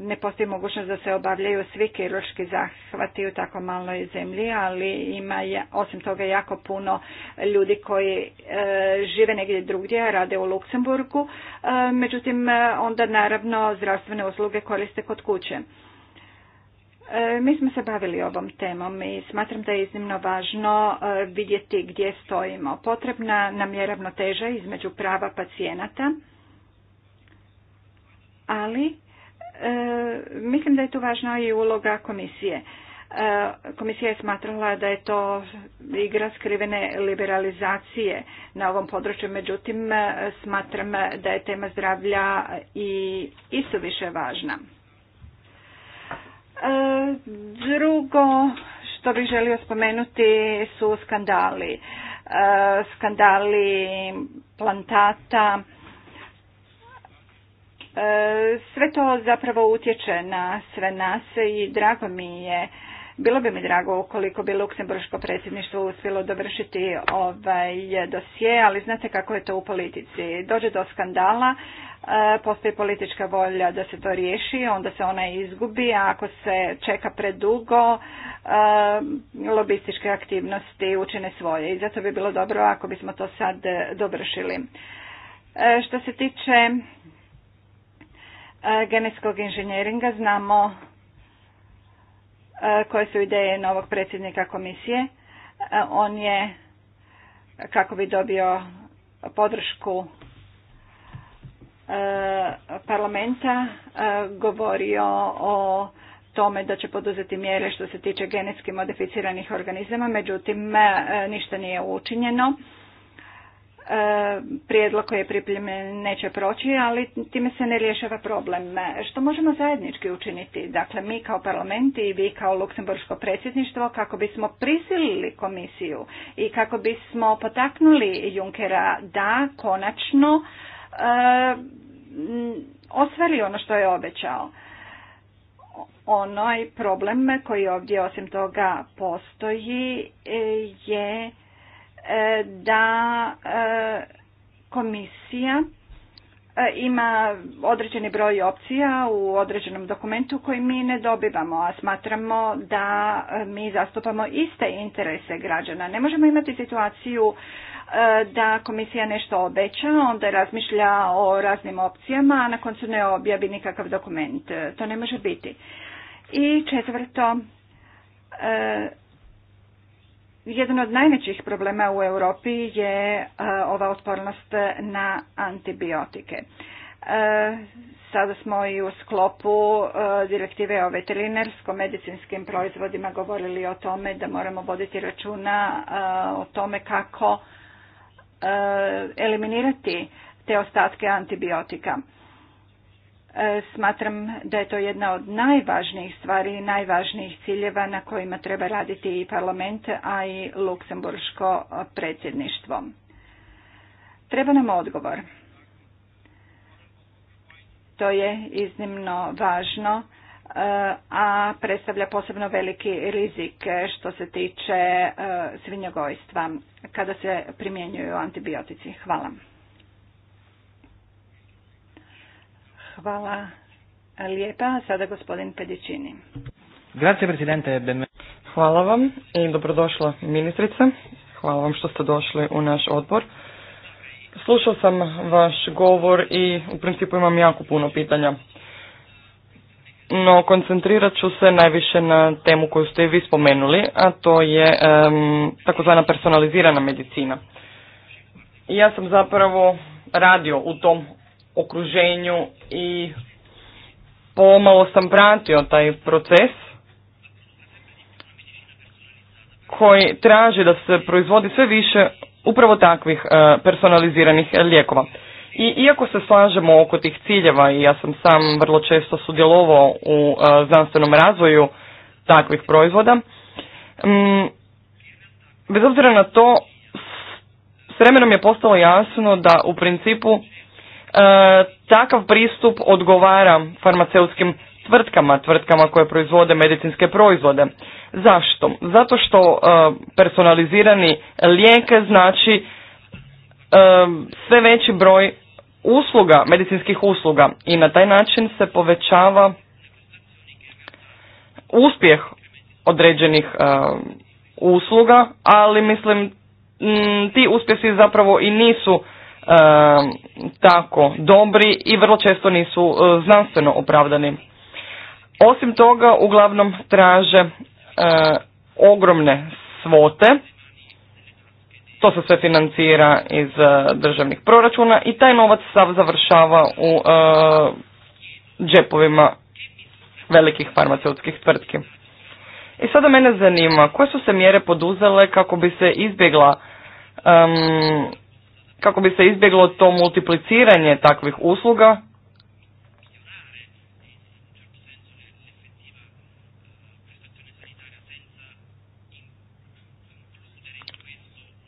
ne postoji mogućnost da se obavljaju svi kirurški zahvati u tako maloj zemlji, ali ima osim toga jako puno ljudi koji e, žive negdje drugdje, rade u Luksemburgu, e, međutim onda naravno zdravstvene usluge koriste kod kuće. Mi smo se bavili ovom temom i smatram da je iznimno važno vidjeti gdje stojimo. Potrebna nam je ravnoteža između prava pacijenata, ali E, mislim da je tu važna i uloga komisije. E, komisija je smatrala da je to igra skrivene liberalizacije na ovom području, međutim e, smatram da je tema zdravlja i isto više važna. Drugo što bih želio spomenuti su skandali. Skandali plantata, E, sve to zapravo utječe na sve nas i drago mi je bilo bi mi drago ukoliko bi Luksemburško predsjedništvo uspjelo dovršiti ovaj dosje, ali znate kako je to u politici. Dođe do skandala, e, postoji politička volja da se to riješi, onda se ona izgubi, a ako se čeka predugo, e, lobističke aktivnosti učine svoje i zato bi bilo dobro ako bismo to sad dovršili. Što se tiče E, genetskog inženjeringa znamo e, koje su ideje novog predsjednika komisije. E, on je, kako bi dobio podršku parlamenta, govorio o tome da će poduzeti mjere što se tiče genetski modificiranih organizama, međutim ništa nije učinjeno. E, prijedlog koji je pripremljen neće proći, ali time se ne rješava problem. E, što možemo zajednički učiniti? Dakle, mi kao parlament i vi kao Luksemburško predsjedništvo kako bismo prisilili komisiju i kako bismo potaknuli Junkera da konačno e, ono što je obećao. Onaj problem koji ovdje osim toga postoji e, je E, da e, komisija e, ima određeni broj opcija u određenom dokumentu koji mi ne dobivamo, a smatramo da mi zastupamo iste interese građana. Ne možemo imati situaciju da komisija nešto obeća, onda razmišlja o raznim opcijama, a na koncu ne objavi nikakav dokument. To ne može biti. I četvrto, jedan od najvećih problema u Europi je e, ova otpornost na antibiotike. E, sada smo i u sklopu e, direktive o veterinarsko-medicinskim proizvodima govorili o tome da moramo voditi računa o tome kako eliminirati te ostatke antibiotika. E, smatram da je to jedna od najvažnijih stvari i najvažnijih ciljeva na kojima treba raditi i parlament, a i luksemburško predsjedništvo. Treba nam odgovor. To je iznimno važno, e, a predstavlja posebno veliki rizik što se tiče e, svinjogojstva kada se primjenjuju antibiotici. Hvala. Hvala lijepa. Sada gospodin Pedićini. Grazie, presidente. Hvala vam i dobrodošla ministrice. Hvala vam što ste došli u naš odbor. Slušao sam vaš govor i u principu imam jako puno pitanja. No, koncentrirat ću se najviše na temu koju ste i vi spomenuli, a to je takozvana personalizirana medicina. Ja sam zapravo radio u tom okruženju i pomalo sam pratio taj proces koji traži da se proizvodi sve više upravo takvih e, personaliziranih lijekova. I iako se slažemo oko tih ciljeva i ja sam sam vrlo često sudjelovao u e, znanstvenom razvoju takvih proizvoda, mm, bez obzira na to s vremenom je postalo jasno da u principu E, takav pristup odgovara farmaceutskim tvrtkama, tvrtkama koje proizvode medicinske proizvode. Zašto? Zato što e, personalizirani lijek znači e, sve veći broj usluga, medicinskih usluga i na taj način se povećava uspjeh određenih usluga, ali mislim ti uspjesi zapravo i nisu tako dobri i vrlo često nisu e, znanstveno opravdani. Osim toga, uglavnom traže e, ogromne svote, to se sve financira iz e, državnih proračuna i taj novac sav završava u džepovima velikih farmaceutskih tvrtki. I sada mene zanima koje su se mjere poduzele kako bi se izbjegla kako bi se izbjeglo to multipliciranje takvih usluga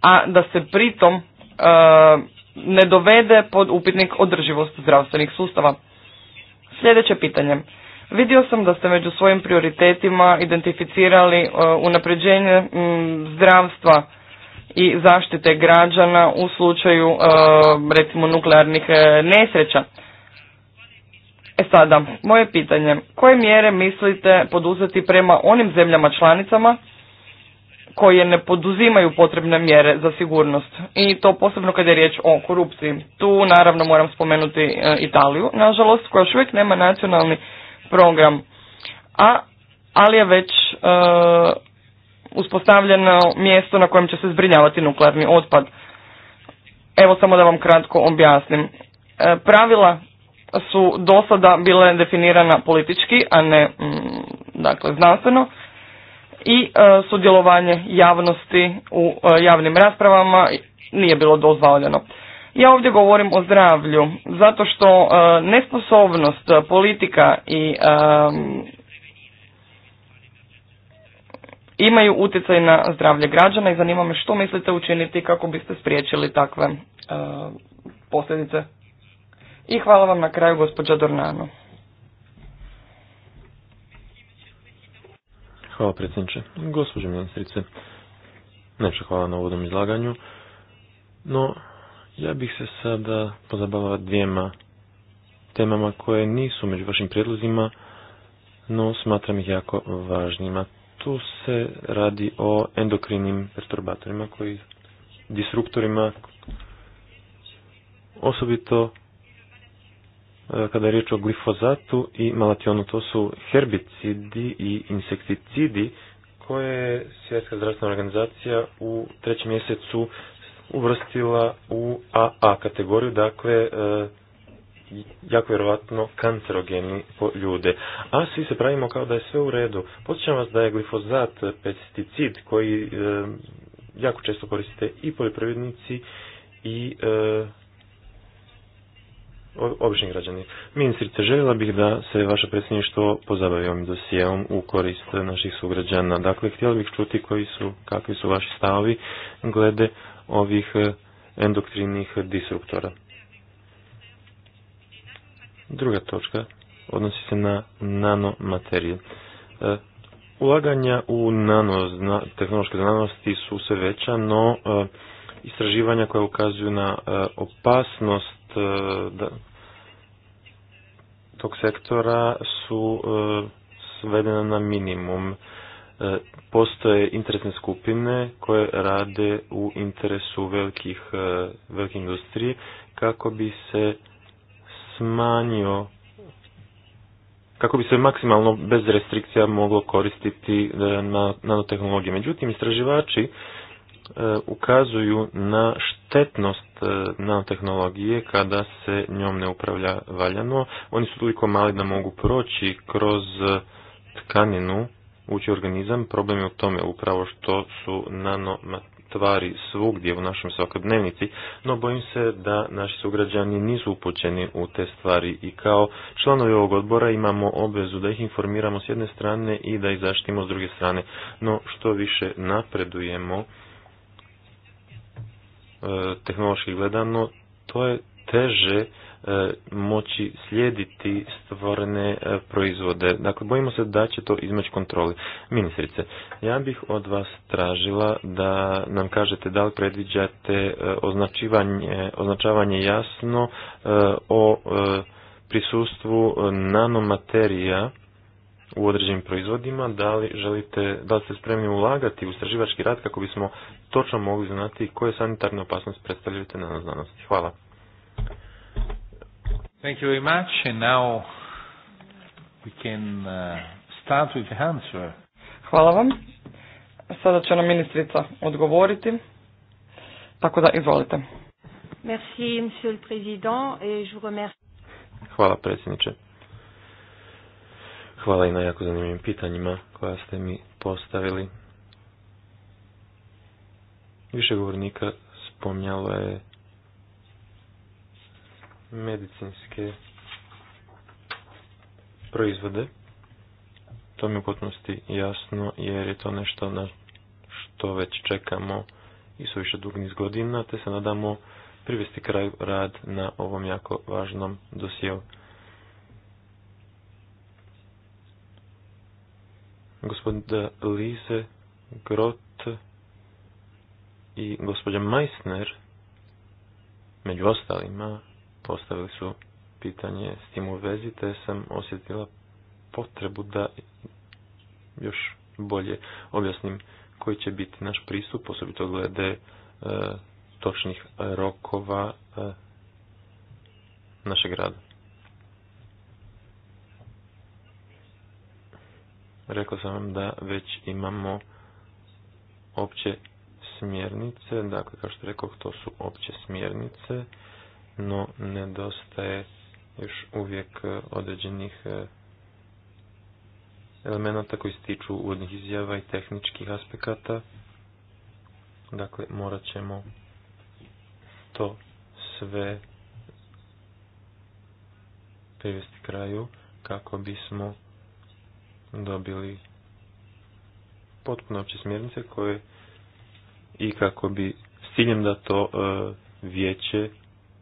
a da se pritom e, ne dovede pod upitnik održivost zdravstvenih sustava. Sljedeće pitanje. Vidio sam da ste među svojim prioritetima identificirali e, unapređenje zdravstva i zaštite građana u slučaju e, recimo nuklearnih e, nesreća. E sada, moje pitanje, koje mjere mislite poduzeti prema onim zemljama članicama koje ne poduzimaju potrebne mjere za sigurnost i to posebno kada je riječ o korupciji. Tu naravno moram spomenuti e, Italiju, nažalost, koja još uvijek nema nacionalni program, a ali je već uspostavljeno mjesto na kojem će se zbrinjavati nuklearni otpad. Evo samo da vam kratko objasnim. E, pravila su do sada bile definirana politički, a ne mm, dakle, znanstveno i e, sudjelovanje javnosti u e, javnim raspravama nije bilo dozvoljeno. Ja ovdje govorim o zdravlju, zato što nesposobnost politika i imaju utjecaj na zdravlje građana i zanima me što mislite učiniti kako biste spriječili takve e, posljedice. I hvala vam na kraju gospođa Dornano. Hvala predsjedniče. Gospođo ministrice, najviše hvala na uvodnom izlaganju. No, ja bih se sada pozabavila dvijema temama koje nisu među vašim prijedlozima, no smatram ih jako važnima tu se radi o endokrinim perturbatorima koji disruptorima osobito e, kada je riječ o glifozatu i malationu, to su herbicidi i insekticidi koje je Svjetska zdravstvena organizacija u trećem mjesecu uvrstila u AA kategoriju, dakle e, jako vjerovatno kancerogeni po ljude. A svi se pravimo kao da je sve u redu. Podsjećam vas da je glifozat pesticid koji e, jako često koristite i poljoprivrednici i e, obični građani. Ministrice, željela bih da se vaše predsjedništvo pozabavi ovim dosijevom u korist naših sugrađana. Dakle, htjela bih čuti koji su, kakvi su vaši stavovi glede ovih e, endoktrinih disruptora. Druga točka odnosi se na nanomateriju. E, ulaganja u nano, tehnološke znanosti su sve veća, no e, istraživanja koja ukazuju na e, opasnost tog sektora su svedena na minimum. Postoje interesne skupine koje rade u interesu velikih, velike industrije kako bi se smanjio kako bi se maksimalno bez restrikcija moglo koristiti e, nanotehnologije. Međutim, istraživači e, ukazuju na štetnost e, nanotehnologije kada se njom ne upravlja valjano. Oni su toliko mali da mogu proći kroz tkaninu ući organizam. Problem je u tome upravo što su nano tvari svugdje u našoj svakodnevnici, no bojim se da naši sugrađani nisu upućeni u te stvari i kao članovi ovog odbora imamo obvezu da ih informiramo s jedne strane i da ih zaštitimo s druge strane, no što više napredujemo e, tehnološki gledano, to je teže E, moći slijediti stvorene e, proizvode. Dakle, bojimo se da će to izmeći kontroli. Ministrice, ja bih od vas tražila da nam kažete da li predviđate e, označavanje jasno o prisustvu nanomaterija u određenim proizvodima, da li želite, da li ste spremni ulagati u straživački rad kako bismo točno mogli znati koje sanitarne opasnosti predstavljate na znanosti. Hvala. Thank you very much. And now we can uh, start with the answer. Hvala vam. Sada će nam ministrica odgovoriti. Tako da izvolite. Merci, monsieur le président, et je vous remercie. Hvala predsjedniče. Hvala i na jako zanimljivim pitanjima koja ste mi postavili. Više govornika spomnjalo je medicinske proizvode. To mi je u potpunosti jasno jer je to nešto na što već čekamo i su više dug niz godina, te se nadamo privesti kraj rad na ovom jako važnom dosijelu. Gospoda Lise Grot i gospođa Meissner, među ostalima, postavili su pitanje s tim u vezi, te sam osjetila potrebu da još bolje objasnim koji će biti naš pristup, osobito glede e, točnih rokova e, našeg rada. Rekao sam vam da već imamo opće smjernice, dakle kao što rekao to su opće smjernice no nedostaje još uvijek e, određenih e, elemenata koji se tiču uvodnih izjava i tehničkih aspekata. Dakle, morat ćemo to sve privesti kraju kako bismo dobili potpuno opće smjernice koje i kako bi s ciljem da to e, vijeće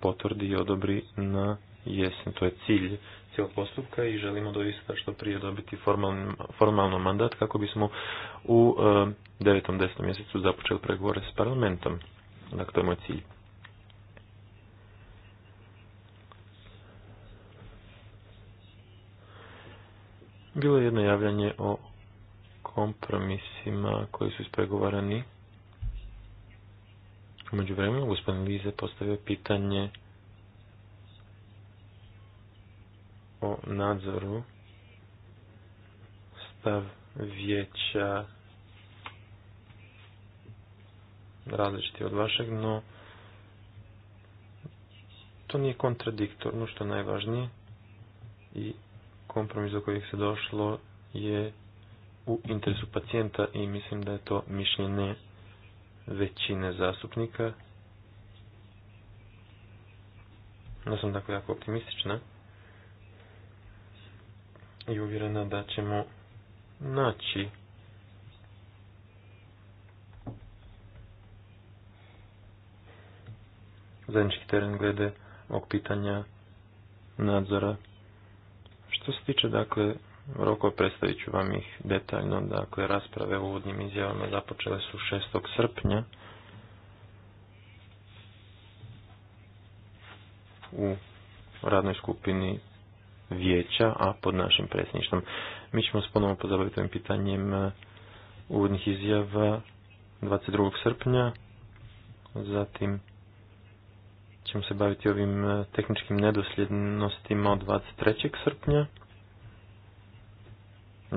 potvrdi i odobri na jesen. To je cilj cijelog postupka i želimo doista što prije dobiti formalno mandat kako bismo u e, devetom 10. mjesecu započeli pregovore s parlamentom. Dakle, to je moj cilj. Bilo je jedno javljanje o kompromisima koji su ispregovarani Umeđu vremenu, gospodin Lize postavio pitanje o nadzoru stav vijeća različiti od vašeg, no to nije kontradiktorno, što je najvažnije i kompromis do kojeg se došlo je u interesu pacijenta i mislim da je to mišljenje većine zastupnika. Ja sam tako dakle jako optimistična i uvjerena da ćemo naći zajednički teren glede ovog pitanja nadzora. Što se tiče dakle Roko predstavit ću vam ih detaljno. Dakle, rasprave u uvodnim izjavama započele su 6. srpnja. u radnoj skupini vijeća, a pod našim predsjedništvom. Mi ćemo se ponovno pozabaviti ovim pitanjem e, uvodnih izjava 22. srpnja, zatim ćemo se baviti ovim e, tehničkim nedosljednostima od 23. srpnja.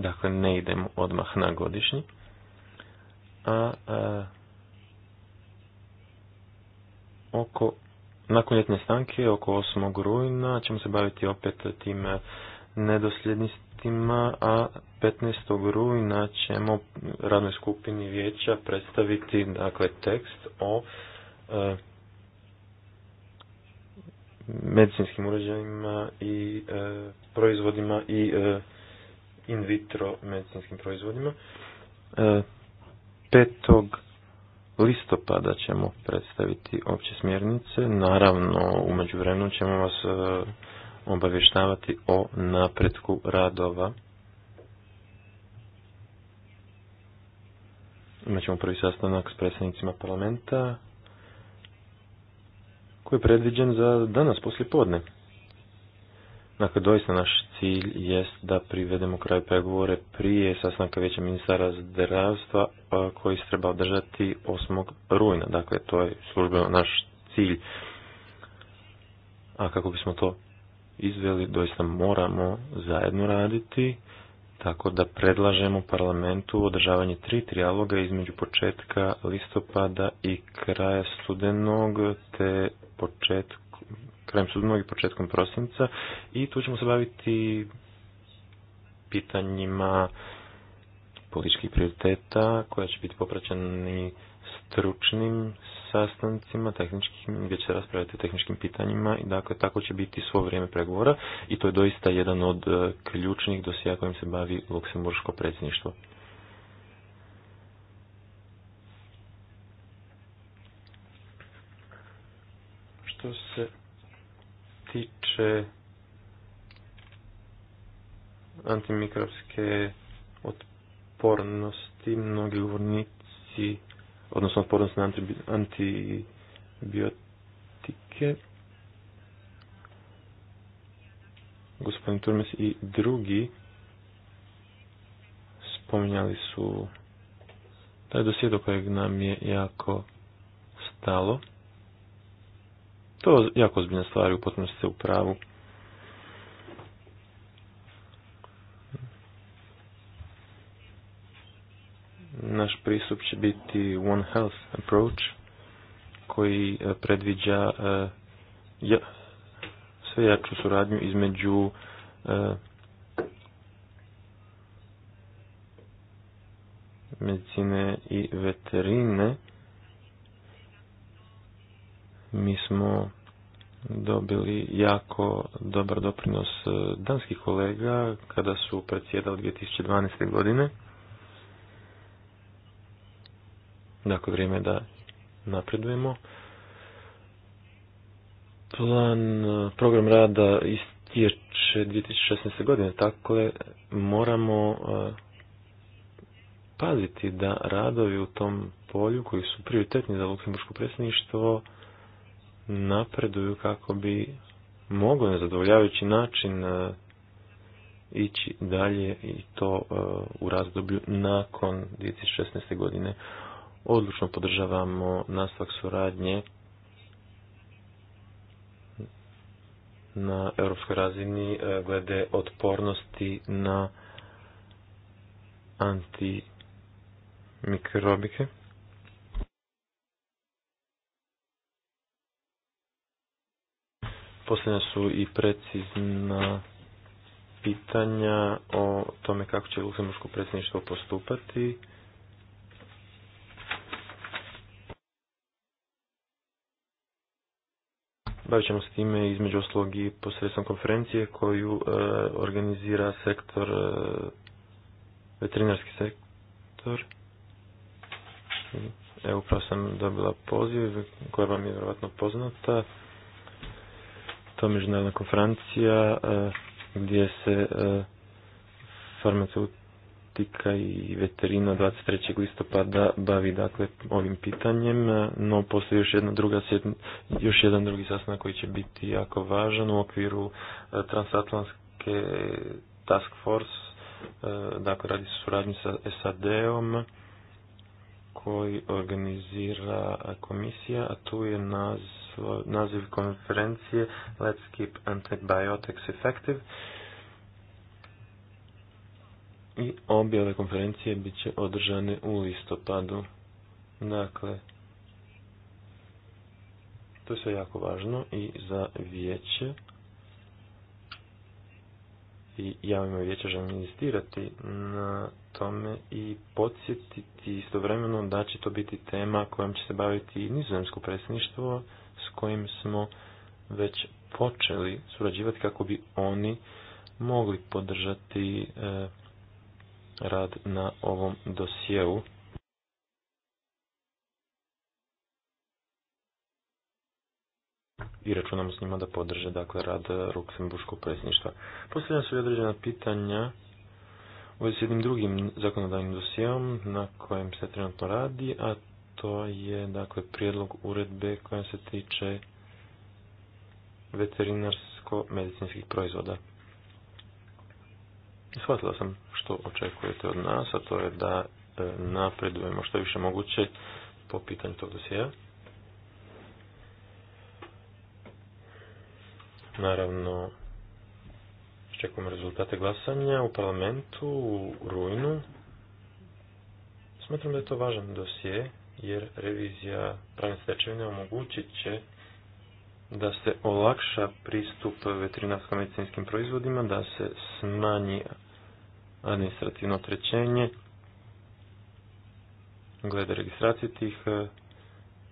Dakle, ne idemo odmah na godišnji. A, oko, nakon ljetne stanke, oko 8. rujna, ćemo se baviti opet tim nedosljednostima, a 15. rujna ćemo radnoj skupini vijeća predstaviti dakle, tekst o e, medicinskim uređajima i e, proizvodima i e, in vitro medicinskim proizvodima. 5. E, listopada ćemo predstaviti opće smjernice. Naravno, u međuvremenu ćemo vas e, obavještavati o napretku radova. Imaćemo prvi sastanak s predstavnicima parlamenta koji je predviđen za danas poslije podne. Dakle, doista naš cilj jest da privedemo kraj pregovore prije sastanka veća ministara zdravstva koji se treba održati 8. rujna. Dakle, to je službeno naš cilj. A kako bismo to izveli, doista moramo zajedno raditi, tako da predlažemo parlamentu održavanje tri trijaloga između početka listopada i kraja studenog, te početka krajem sudnog i početkom prosinca i tu ćemo se baviti pitanjima političkih prioriteta koja će biti popraćeni stručnim sastancima tehničkim gdje će se raspravljati o tehničkim pitanjima i dakle tako će biti svo vrijeme pregovora i to je doista jedan od e, ključnih dosija kojim se bavi Luksemburško predsjedništvo. Što se tiče antimikrobske otpornosti, mnogi govornici, odnosno otpornost na antibiotike, gospodin Turmes i drugi spominjali su taj dosje kojeg nam je jako stalo. To jako ozbiljna stvar i u potpunosti u pravu. Naš pristup će biti One Health Approach koji e, predviđa e, sve jaču suradnju između e, medicine i veterine mi smo dobili jako dobar doprinos e, danskih kolega kada su predsjedali 2012. godine. Dakle, vrijeme da napredujemo. Plan, e, program rada istječe 2016. godine, je, dakle, moramo e, paziti da radovi u tom polju koji su prioritetni za Luksemburško predsjedništvo napreduju kako bi mogli na zadovoljavajući način e, ići dalje i to e, u razdoblju nakon 2016. godine. Odlučno podržavamo nastavak suradnje na europskoj razini e, glede otpornosti na antimikrobike. Posljednja su i precizna pitanja o tome kako će Luksemburško predsjedništvo postupati. Bavit ćemo s time između oslog i posredstvom konferencije koju e, organizira sektor, e, veterinarski sektor. Evo upravo sam dobila poziv koja vam je vjerojatno poznata to međunarodna konferencija e, gdje se e, farmaceutika i veterina 23. listopada bavi dakle ovim pitanjem, e, no postoji još jedna druga još jedan drugi sastanak koji će biti jako važan u okviru transatlantske task force, dakle radi se suradnji sa SAD-om koji organizira komisija, a tu je naziv konferencije Let's Keep Antibiotics Effective. I obje konferencije bit će održane u listopadu. Dakle, to je sve jako važno i za vijeće i ja ime vijeća želim inzistirati na tome i podsjetiti istovremeno da će to biti tema kojom će se baviti nizozemsko predsjedništvo s kojim smo već počeli surađivati kako bi oni mogli podržati e, rad na ovom dosjeu. i računamo s njima da podrže dakle, rad Ruksemburskog predsjedništva. Posljedno su i određena pitanja je s jednim drugim zakonodavnim dosijom na kojem se trenutno radi, a to je dakle prijedlog uredbe koja se tiče veterinarsko-medicinskih proizvoda. Shvatila sam što očekujete od nas, a to je da e, napredujemo što više moguće po pitanju tog dosija. Naravno, Čekujemo rezultate glasanja u parlamentu u rujnu. Smatram da je to važan dosje jer revizija pravne stečevine omogućit će da se olakša pristup veterinarsko-medicinskim proizvodima, da se smanji administrativno trećenje glede registracije tih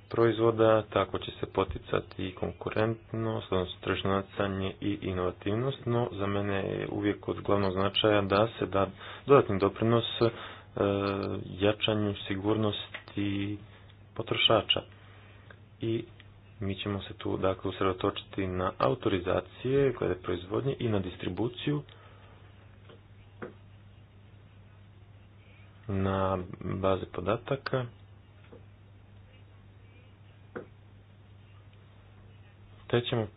proizvoda, tako će se poticati i konkurentnost, odnosno tržno nacanje i inovativnost, no za mene je uvijek od glavnog značaja da se da dodatni doprinos e, jačanju sigurnosti potrošača. I mi ćemo se tu dakle usredotočiti na autorizacije je proizvodnje i na distribuciju na baze podataka te ćemo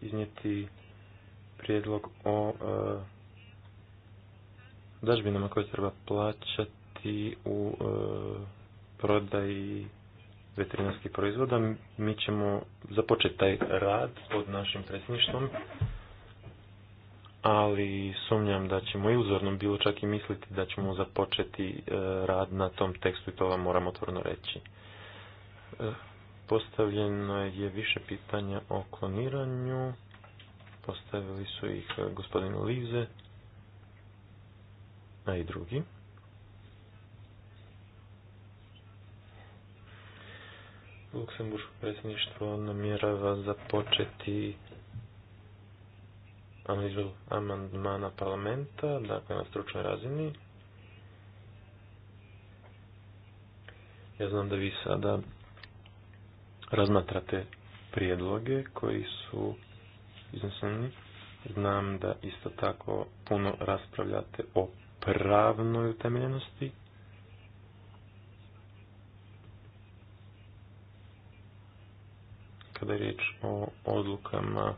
iznijeti prijedlog o e, dažbinama koje treba plaćati u e, prodaji veterinarskih proizvoda. Mi ćemo započeti taj rad pod našim predsjedništvom, ali sumnjam da ćemo i uzorno bilo čak i misliti da ćemo započeti e, rad na tom tekstu i to vam moramo otvorno reći. Postavljeno je više pitanja o kloniranju. Postavili su ih eh, gospodin Lize, a i drugi. Luksemburško predsjedništvo namjerava započeti analizu amandmana parlamenta, dakle na stručnoj razini. Ja znam da vi sada razmatrate prijedloge koji su izneseni. Znam da isto tako puno raspravljate o pravnoj utemeljenosti. Kada je riječ o odlukama,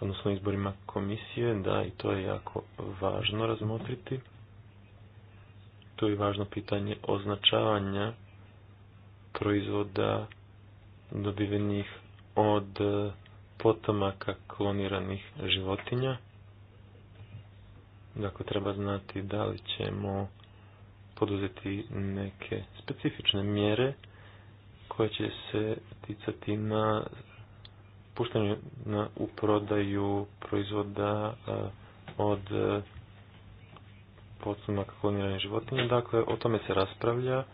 odnosno izborima komisije, da i to je jako važno razmotriti. To je važno pitanje označavanja proizvoda dobivenih od e, potomaka kloniranih životinja. Dakle, treba znati da li ćemo poduzeti neke specifične mjere koje će se ticati na puštanju na, u prodaju proizvoda e, od e, potomaka kloniranih životinja. Dakle, o tome se raspravlja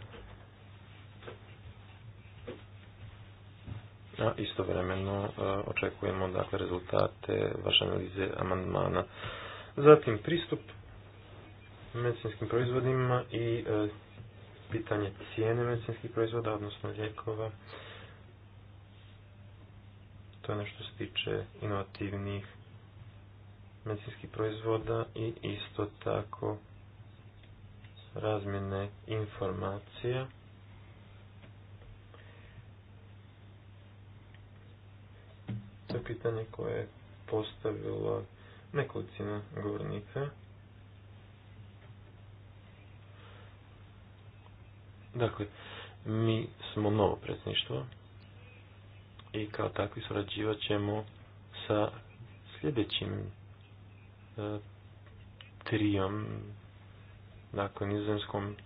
a istovremeno e, očekujemo dakle rezultate vaše analize amandmana. Zatim pristup medicinskim proizvodima i e, pitanje cijene medicinskih proizvoda, odnosno lijekova. To je nešto se tiče inovativnih medicinskih proizvoda i isto tako razmjene informacija pitanje koje je postavila nekolicina govornika. Dakle, mi smo novo predsjedništvo i kao takvi surađivat ćemo sa sljedećim e, trijom, dakle nizemskom,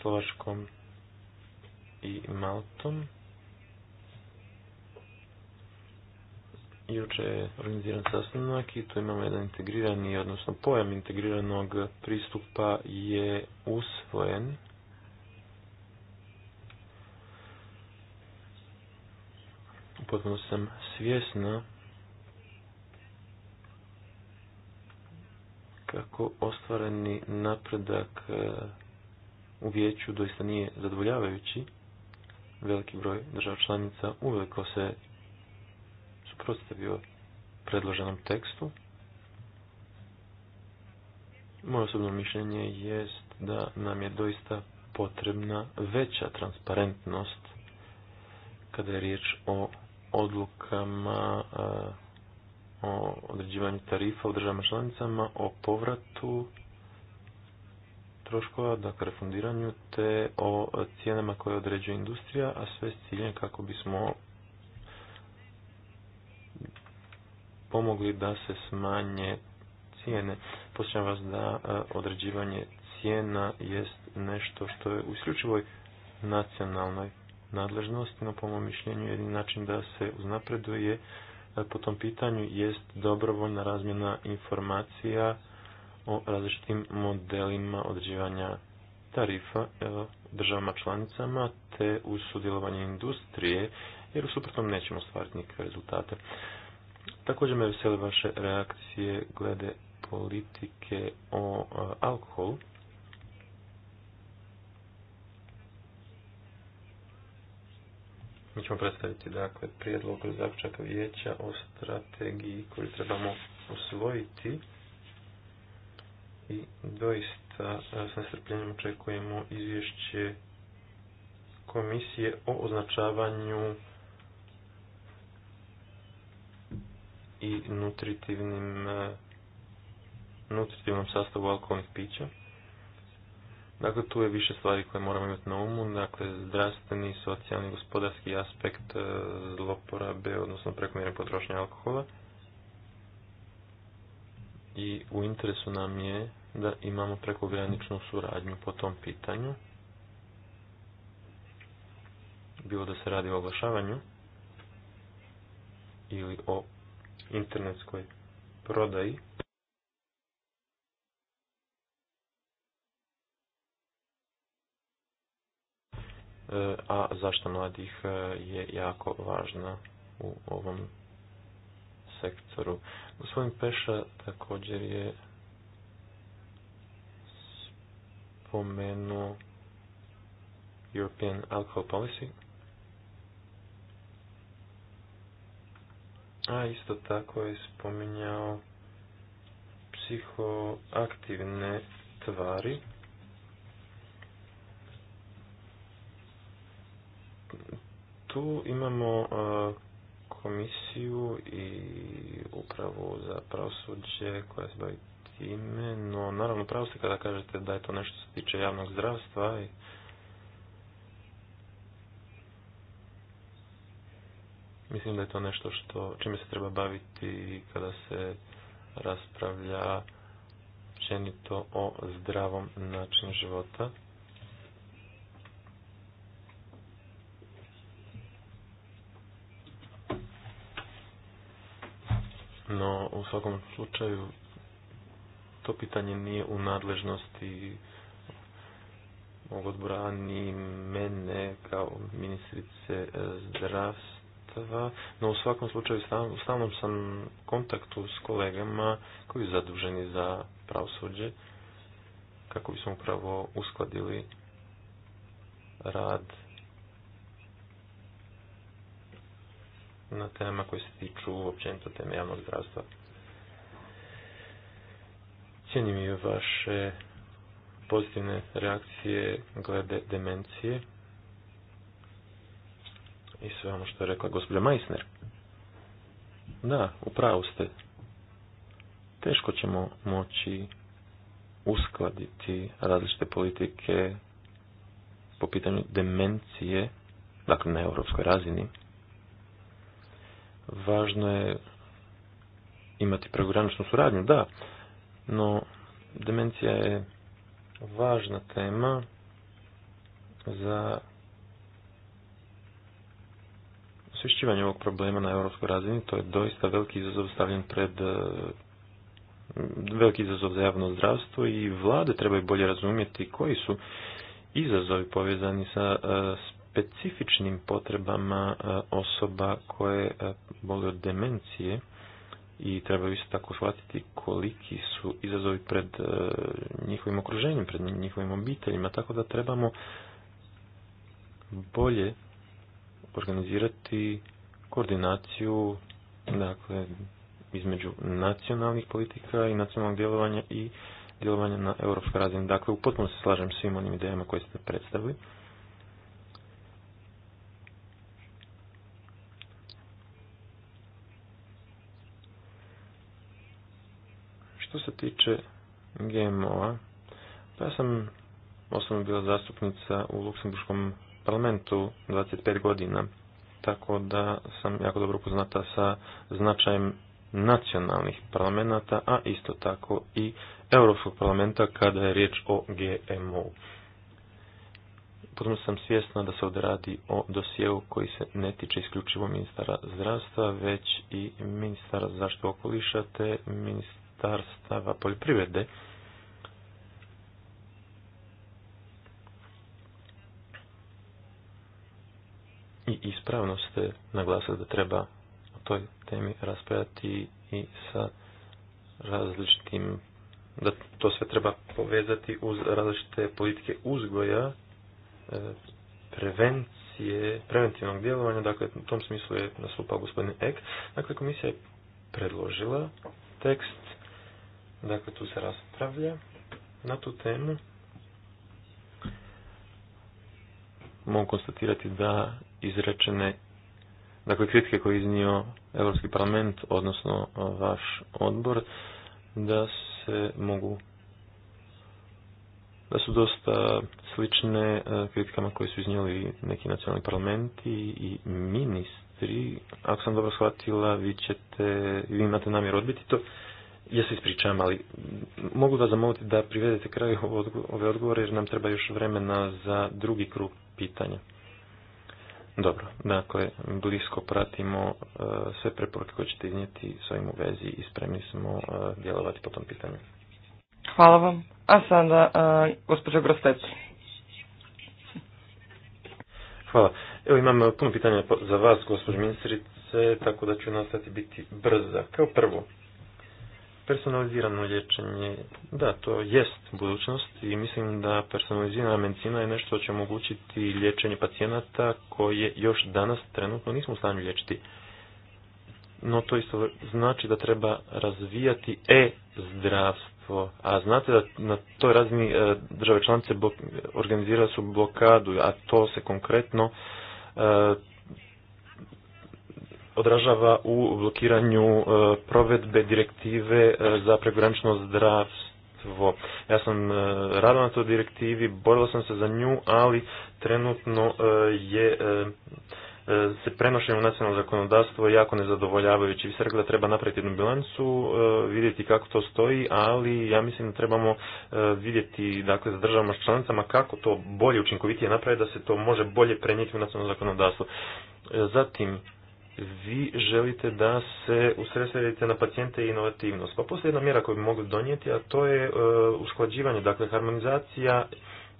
slovačkom i Maltom. Juče je organiziran sastanak i tu imamo jedan integrirani, odnosno pojam integriranog pristupa je usvojen. Potpuno sam svjesna kako ostvareni napredak e, u vijeću doista nije zadovoljavajući. Veliki broj država članica uveliko se suprotstavio predloženom tekstu. Moje osobno mišljenje jest da nam je doista potrebna veća transparentnost kada je riječ o odlukama o određivanju tarifa u državama članicama, o povratu troškova, dakle refundiranju, te o cijenama koje određuje industrija, a sve s ciljem kako bismo pomogli da se smanje cijene. Posjećam vas da e, određivanje cijena jest nešto što je u isključivoj nacionalnoj nadležnosti, no po mom mišljenju jedini način da se uznapreduje e, po tom pitanju jest dobrovoljna razmjena informacija o različitim modelima određivanja tarifa e, državama članicama te uz sudjelovanje industrije, jer u suprotnom nećemo stvariti nikakve rezultate. Također me vesele vaše reakcije glede politike o e, alkoholu. Mi ćemo predstaviti dakle, prijedlog zaključaka vijeća o strategiji koju trebamo usvojiti i doista e, sa strpljenjem očekujemo izvješće komisije o označavanju i nutritivnim e, nutritivnom sastavu alkoholnih pića. Dakle, tu je više stvari koje moramo imati na umu, dakle, zdravstveni, socijalni, gospodarski aspekt e, zloporabe, odnosno prekomjerne potrošnje alkohola. I u interesu nam je da imamo prekograničnu suradnju po tom pitanju. Bilo da se radi o oglašavanju ili o internetskoj prodaji. E, a zašto mladih e, je jako važna u ovom sektoru. Gospodin Peša također je spomenuo European Alcohol Policy a isto tako je spominjao psihoaktivne tvari. Tu imamo komisiju i upravo za pravosuđe koja se bavi time, no naravno pravosti kada kažete da je to nešto se tiče javnog zdravstva i Mislim da je to nešto što, čime se treba baviti kada se raspravlja općenito o zdravom načinu života. No, u svakom slučaju, to pitanje nije u nadležnosti mogu odbora, ni mene kao ministrice eh, zdravstva no u svakom slučaju u stalnom sam kontaktu s kolegama koji su zaduženi za pravosuđe kako bismo upravo uskladili rad na tema koje se tiču općenito teme javnog zdravstva. Cijenim i vaše pozitivne reakcije glede demencije i sve ono što je rekla gospođa Meissner. Da, upravo ste. Teško ćemo moći uskladiti različite politike po pitanju demencije, dakle na europskoj razini. Važno je imati prekograničnu suradnju, da, no demencija je važna tema za osvješćivanje ovog problema na europskoj razini, to je doista veliki izazov stavljen pred e, veliki izazov za javno zdravstvo i vlade trebaju bolje razumjeti koji su izazovi povezani sa e, specifičnim potrebama e, osoba koje bole od demencije i trebaju isto tako shvatiti koliki su izazovi pred njihovim okruženjem, pred njihovim obiteljima, tako da trebamo bolje organizirati koordinaciju dakle, između nacionalnih politika i nacionalnog djelovanja i djelovanja na europskoj razini. Dakle, u potpuno se slažem s svim onim idejama koje ste predstavili. Što se tiče GMO-a, pa ja sam osobno bila zastupnica u Luksemburškom parlamentu 25 godina, tako da sam jako dobro poznata sa značajem nacionalnih parlamenta, a isto tako i Europskog parlamenta kada je riječ o GMO. Potom sam svjesna da se ovdje radi o dosjeu koji se ne tiče isključivo ministara zdravstva, već i ministara zaštite okoliša te ministarstava poljoprivrede ispravno ste naglasili da treba o toj temi raspravljati i sa različitim, da to sve treba povezati uz različite politike uzgoja, e, prevencije, preventivnog djelovanja, dakle u tom smislu je nastupao gospodin Ek. Dakle, komisija je predložila tekst, dakle tu se raspravlja na tu temu. Mogu konstatirati da izrečene dakle kritike koje je iznio Europski parlament, odnosno vaš odbor, da se mogu da su dosta slične kritikama koje su iznijeli neki nacionalni parlamenti i ministri. Ako sam dobro shvatila, vi ćete, vi imate namjer odbiti to. Ja se ispričavam, ali mogu vas zamoliti da privedete kraj ove odgovore jer nam treba još vremena za drugi krug pitanja. Dobro, dakle, blisko pratimo e, sve preporuke koje ćete iznijeti s ovim u vezi i spremni smo e, djelovati po tom pitanju. Hvala vam. A sada, e, gospođa Grostec. Hvala. Evo imam puno pitanja za vas, gospođo ministrice, tako da ću nastati biti brza. Kao prvo, Personalizirano liječenje, da, to jest budućnost i mislim da personalizirana medicina je nešto što će omogućiti liječenje pacijenata koje još danas trenutno nismo u stanju liječiti. No to isto znači da treba razvijati e-zdravstvo. A znate da na toj razini e, države članice organizira su blokadu, a to se konkretno e, odražava u blokiranju e, provedbe direktive e, za prekogranično zdravstvo. Ja sam e, radio na toj direktivi, borila sam se za nju, ali trenutno je se prenošenje u nacionalno zakonodavstvo jako nezadovoljavajući. Vi ste rekli da treba napraviti jednu bilancu, vidjeti kako to stoji, ali ja mislim da trebamo vidjeti dakle, za državama članicama kako to bolje učinkovitije napraviti, da se to može bolje prenijeti u nacionalno zakonodavstvo. Zatim, vi želite da se usredsredite na pacijente i inovativnost. Pa postoji jedna mjera koju bi mogli donijeti, a to je e, usklađivanje, dakle harmonizacija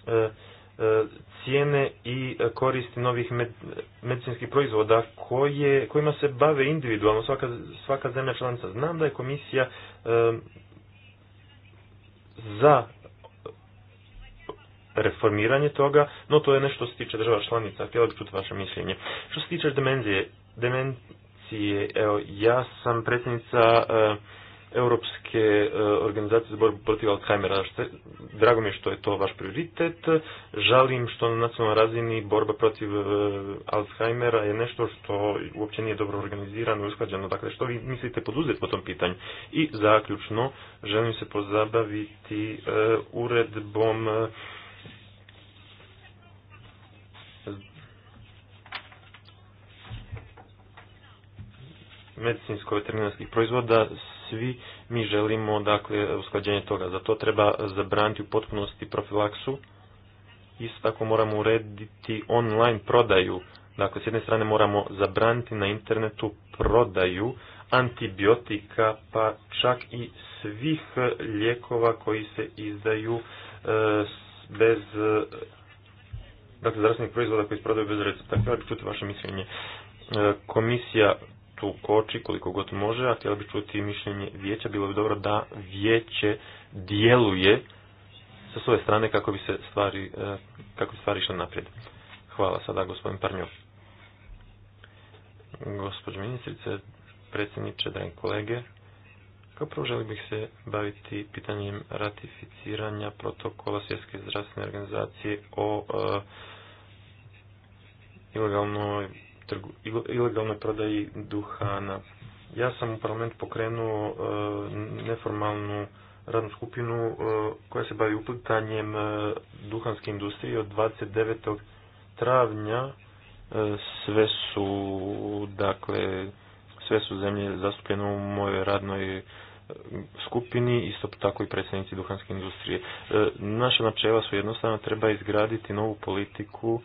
e, e, cijene i koristi novih medicinskih proizvoda koje, kojima se bave individualno svaka, svaka zemlja članica. Znam da je komisija za reformiranje toga, no to je nešto što se tiče država članica, htjela bih čuti vaše mišljenje. Što se tiče dimenzije, demencije. Evo, ja sam predsjednica e, Europske e, organizacije za borbu protiv Alzheimera. Drago mi je što je to vaš prioritet. Žalim što na nacionalnoj razini borba protiv e, Alzheimera je nešto što uopće nije dobro organizirano i usklađeno. Dakle, što vi mislite poduzeti po tom pitanju? I zaključno, želim se pozabaviti uredbom medicinsko-veterinarskih proizvoda, svi mi želimo dakle, usklađenje toga. Za to treba zabraniti u potpunosti profilaksu. Isto tako moramo urediti online prodaju. Dakle, s jedne strane moramo zabraniti na internetu prodaju antibiotika, pa čak i svih lijekova koji se izdaju e, bez dakle, zdravstvenih proizvoda koji se prodaju bez recepta. Htjela bih čuti vaše mišljenje. E, komisija u koči koliko god može, a htjela bi čuti mišljenje vijeća, bilo bi dobro da vijeće djeluje sa svoje strane kako bi se stvari, e, kako bi stvari išle naprijed. Hvala sada gospodin Parnjov. Gospodin ministrice, predsjedniče, dragi kolege, kao prvo želio bih se baviti pitanjem ratificiranja protokola Svjetske zdravstvene organizacije o e, ilegalnoj ilegalnoj prodaji duhana. Ja sam u parlament pokrenuo e, neformalnu radnu skupinu e, koja se bavi uplitanjem e, duhanske industrije od 29. travnja sve su dakle sve su zemlje zastupljene u mojoj radnoj skupini, isto tako i predstavnici duhanske industrije. Naša načela su jednostavno treba izgraditi novu politiku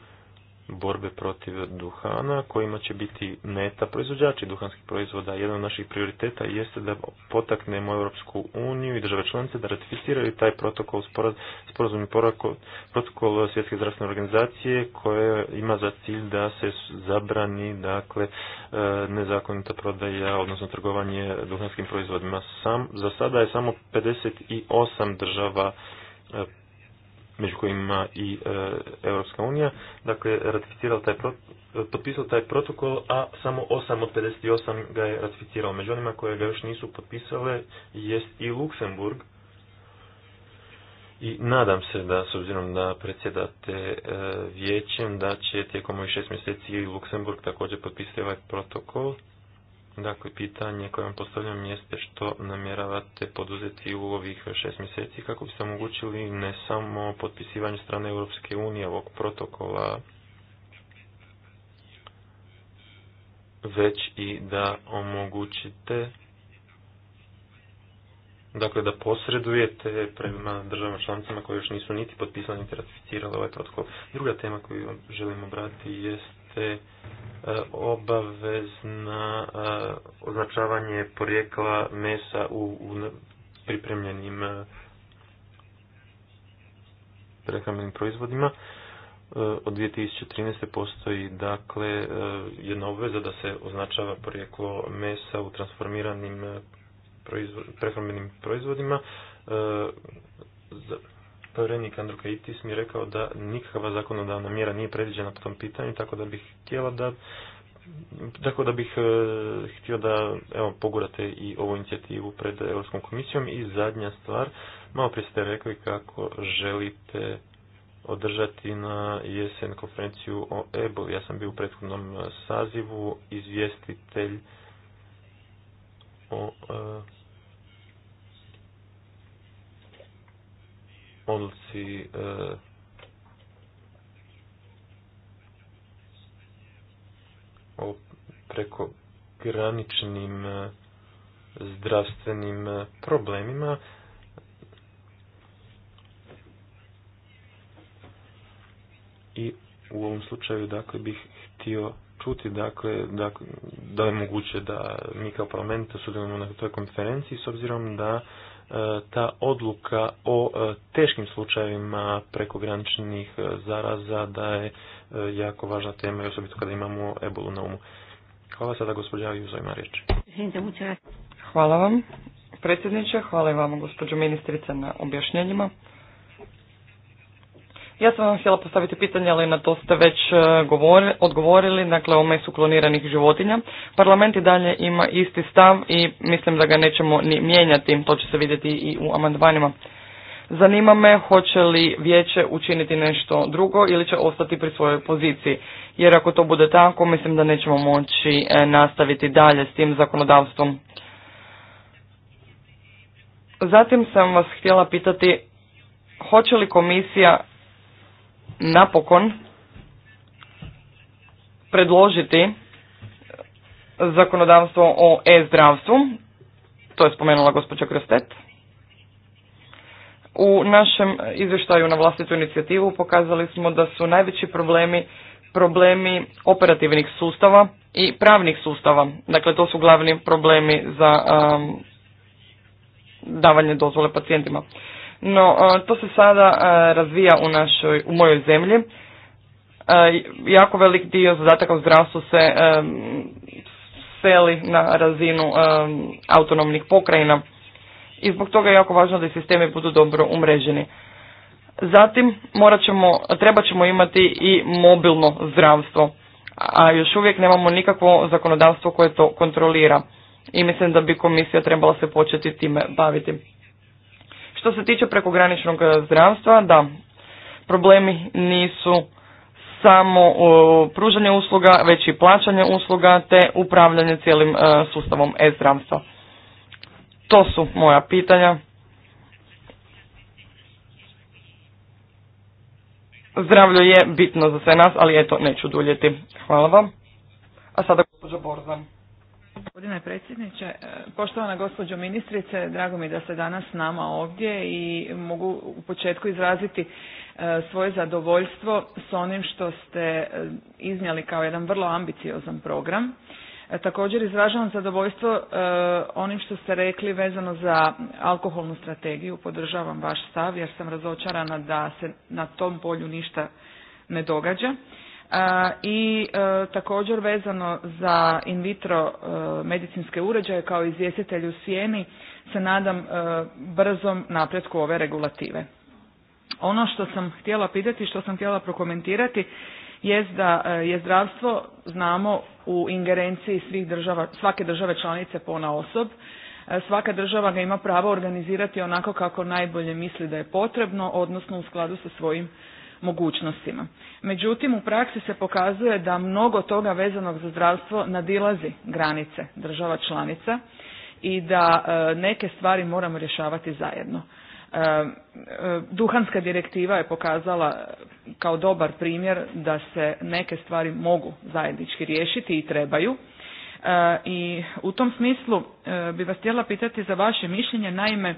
borbe protiv duhana kojima će biti meta proizvođači duhanskih proizvoda. Jedan od naših prioriteta jeste da potaknemo Europsku uniju i države članice da ratificiraju taj protokol, sporazumni protokol Svjetske zdravstvene organizacije koje ima za cilj da se zabrani dakle, e, nezakonita prodaja, odnosno trgovanje duhanskim proizvodima. Sam, za sada je samo 58 država e, među kojima i e, Europska unija, dakle ratificirao taj potpisao taj protokol, a samo 8 od 58 ga je ratificirao. Među onima koje ga još nisu potpisale jest i Luksemburg. I nadam se da, s obzirom da predsjedate e, vijećem, da će tijekom ovih šest mjeseci i Luksemburg također potpisati ovaj protokol. Dakle, pitanje koje vam postavljam jeste što namjeravate poduzeti u ovih šest mjeseci kako biste omogućili ne samo potpisivanje strane Europske unije ovog protokola, već i da omogućite dakle da posredujete prema državama članicama koje još nisu niti potpisale niti ratificirale ovaj protokol. Druga tema koju želim obratiti jest te e, obavezna e, označavanje porijekla mesa u pripremljenim e, prehrambenim proizvodima. Od 2013. postoji dakle jedna obveza da se označava porijeklo mesa u transformiranim proizvo, prehrambenim proizvodima povjerenik Andrukaitis mi je rekao da nikakva zakonodavna mjera nije predviđena po tom pitanju, tako da bih htjela da tako da bih e, htio da evo, pogurate i ovu inicijativu pred Europskom komisijom. I zadnja stvar, malo prije ste rekli kako želite održati na jesen konferenciju o EBO. Ja sam bio u prethodnom e, sazivu izvjestitelj o e, odluci e, o preko e, zdravstvenim e, problemima. I u ovom slučaju dakle bih htio čuti dakle, dakle da je moguće da mi kao parlamenta sudjelujemo na toj konferenciji s obzirom da ta odluka o e, teškim slučajevima prekograničnih e, zaraza da je e, jako važna tema i osobito kada imamo ebolu na umu. Hvala sada gospođa Juzo ima riječ. Hvala vam predsjedniče, hvala i vama gospođo ministrice na objašnjenjima. Ja sam vam htjela postaviti pitanje, ali na to ste već e, odgovorili, dakle o mesu kloniranih životinja. Parlament i dalje ima isti stav i mislim da ga nećemo ni mijenjati, to će se vidjeti i u amandmanima. Zanima me hoće li vijeće učiniti nešto drugo ili će ostati pri svojoj poziciji, jer ako to bude tako mislim da nećemo moći e, nastaviti dalje s tim zakonodavstvom. Zatim sam vas htjela pitati hoće li komisija napokon predložiti zakonodavstvo o e-zdravstvu, to je spomenula gospođa Krostet. U našem izvještaju na vlastitu inicijativu pokazali smo da su najveći problemi problemi operativnih sustava i pravnih sustava. Dakle, to su glavni problemi za um, davanje dozvole pacijentima. No, e, to se sada e, razvija u, našoj, u mojoj zemlji. E, jako velik dio zadataka u zdravstvu se seli na razinu autonomnih pokrajina i zbog toga je jako važno da sistemi budu dobro umreženi. Zatim ćemo, trebat ćemo imati i mobilno zdravstvo, a još uvijek nemamo nikakvo zakonodavstvo koje to kontrolira i mislim da bi komisija trebala se početi time baviti. Što se tiče prekograničnog e, zdravstva, da, problemi nisu samo e, pružanje usluga, već i plaćanje usluga te upravljanje cijelim e, sustavom e-zdravstva. To su moja pitanja. Zdravlje je bitno za sve nas, ali eto, neću duljeti. Hvala vam. A sada gospođa Borzan. Gospodine predsjedniče, e, poštovana gospođo ministrice, drago mi da ste danas s nama ovdje i mogu u početku izraziti e, svoje zadovoljstvo s onim što ste e, iznijeli kao jedan vrlo ambiciozan program. Također izražavam zadovoljstvo onim što ste rekli vezano za alkoholnu strategiju. Podržavam vaš stav jer sam razočarana da se na tom polju ništa ne događa. I e, također vezano za in vitro e, medicinske uređaje kao izvjestitelj u sjeni se nadam e, brzom napretku ove regulative. Ono što sam htjela pitati, što sam htjela prokomentirati jest da je zdravstvo znamo u ingerenciji svih država, svake države članice pona osob. Svaka država ga ima pravo organizirati onako kako najbolje misli da je potrebno, odnosno u skladu sa svojim mogućnostima. Međutim, u praksi se pokazuje da mnogo toga vezanog za zdravstvo nadilazi granice država članica i da e, neke stvari moramo rješavati zajedno. E, e, duhanska direktiva je pokazala kao dobar primjer da se neke stvari mogu zajednički riješiti i trebaju. I u tom smislu bi vas htjela pitati za vaše mišljenje. Naime,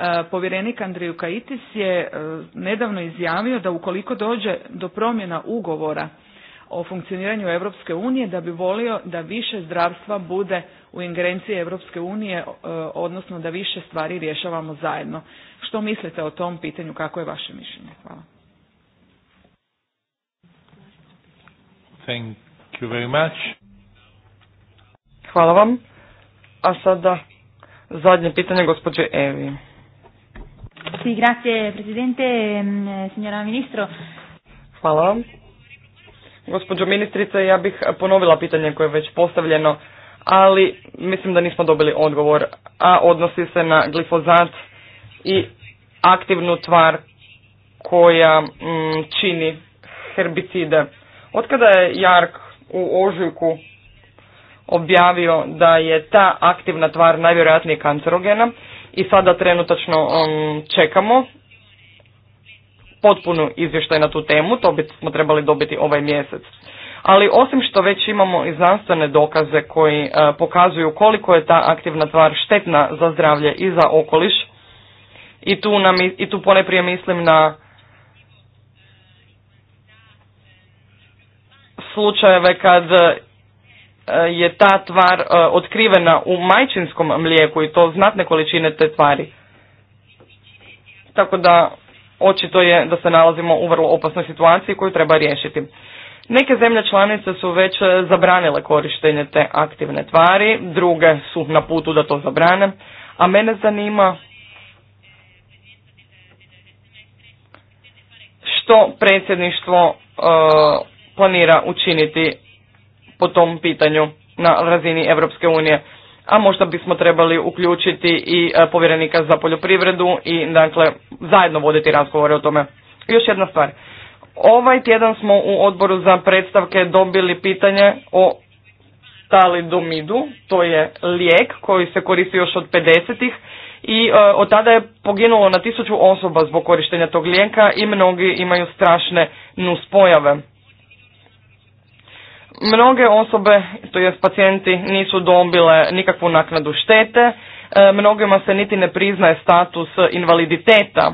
E, povjerenik Andriju Kaitis je e, nedavno izjavio da ukoliko dođe do promjena ugovora o funkcioniranju Europske unije da bi volio da više zdravstva bude u ingerenciji Europske unije, e, odnosno da više stvari rješavamo zajedno. Što mislite o tom pitanju? Kako je vaše mišljenje? Hvala. Hvala vam. A sada zadnje pitanje gospođe Evi. Sì, grazie Presidente, signora Ministro. Hvala vam. Gospođo ministrice, ja bih ponovila pitanje koje je već postavljeno, ali mislim da nismo dobili odgovor, a odnosi se na glifozat i aktivnu tvar koja mm, čini herbicide. Otkada je Jark u ožujku objavio da je ta aktivna tvar najvjerojatnije kancerogena, i sada trenutačno um, čekamo potpunu izvještaj na tu temu, to bi smo trebali dobiti ovaj mjesec. Ali osim što već imamo i znanstvene dokaze koji uh, pokazuju koliko je ta aktivna tvar štetna za zdravlje i za okoliš, i tu, nam, i tu poneprije mislim na slučajeve kad E, je ta tvar e, otkrivena u majčinskom mlijeku i to znatne količine te tvari. Tako da očito je da se nalazimo u vrlo opasnoj situaciji koju treba riješiti. Neke zemlje članice su već zabranile korištenje te aktivne tvari, druge su na putu da to zabrane, a mene zanima što predsjedništvo e, planira učiniti po tom pitanju na razini Europske unije. A možda bismo trebali uključiti i e, povjerenika za poljoprivredu i dakle zajedno voditi razgovore o tome. Još jedna stvar. Ovaj tjedan smo u odboru za predstavke dobili pitanje o talidomidu, to je lijek koji se koristi još od 50-ih i e, od tada je poginulo na tisuću osoba zbog korištenja tog lijeka i mnogi imaju strašne nuspojave. Mnoge osobe, to jest pacijenti, nisu dobile nikakvu naknadu štete, e, mnogima se niti ne priznaje status invaliditeta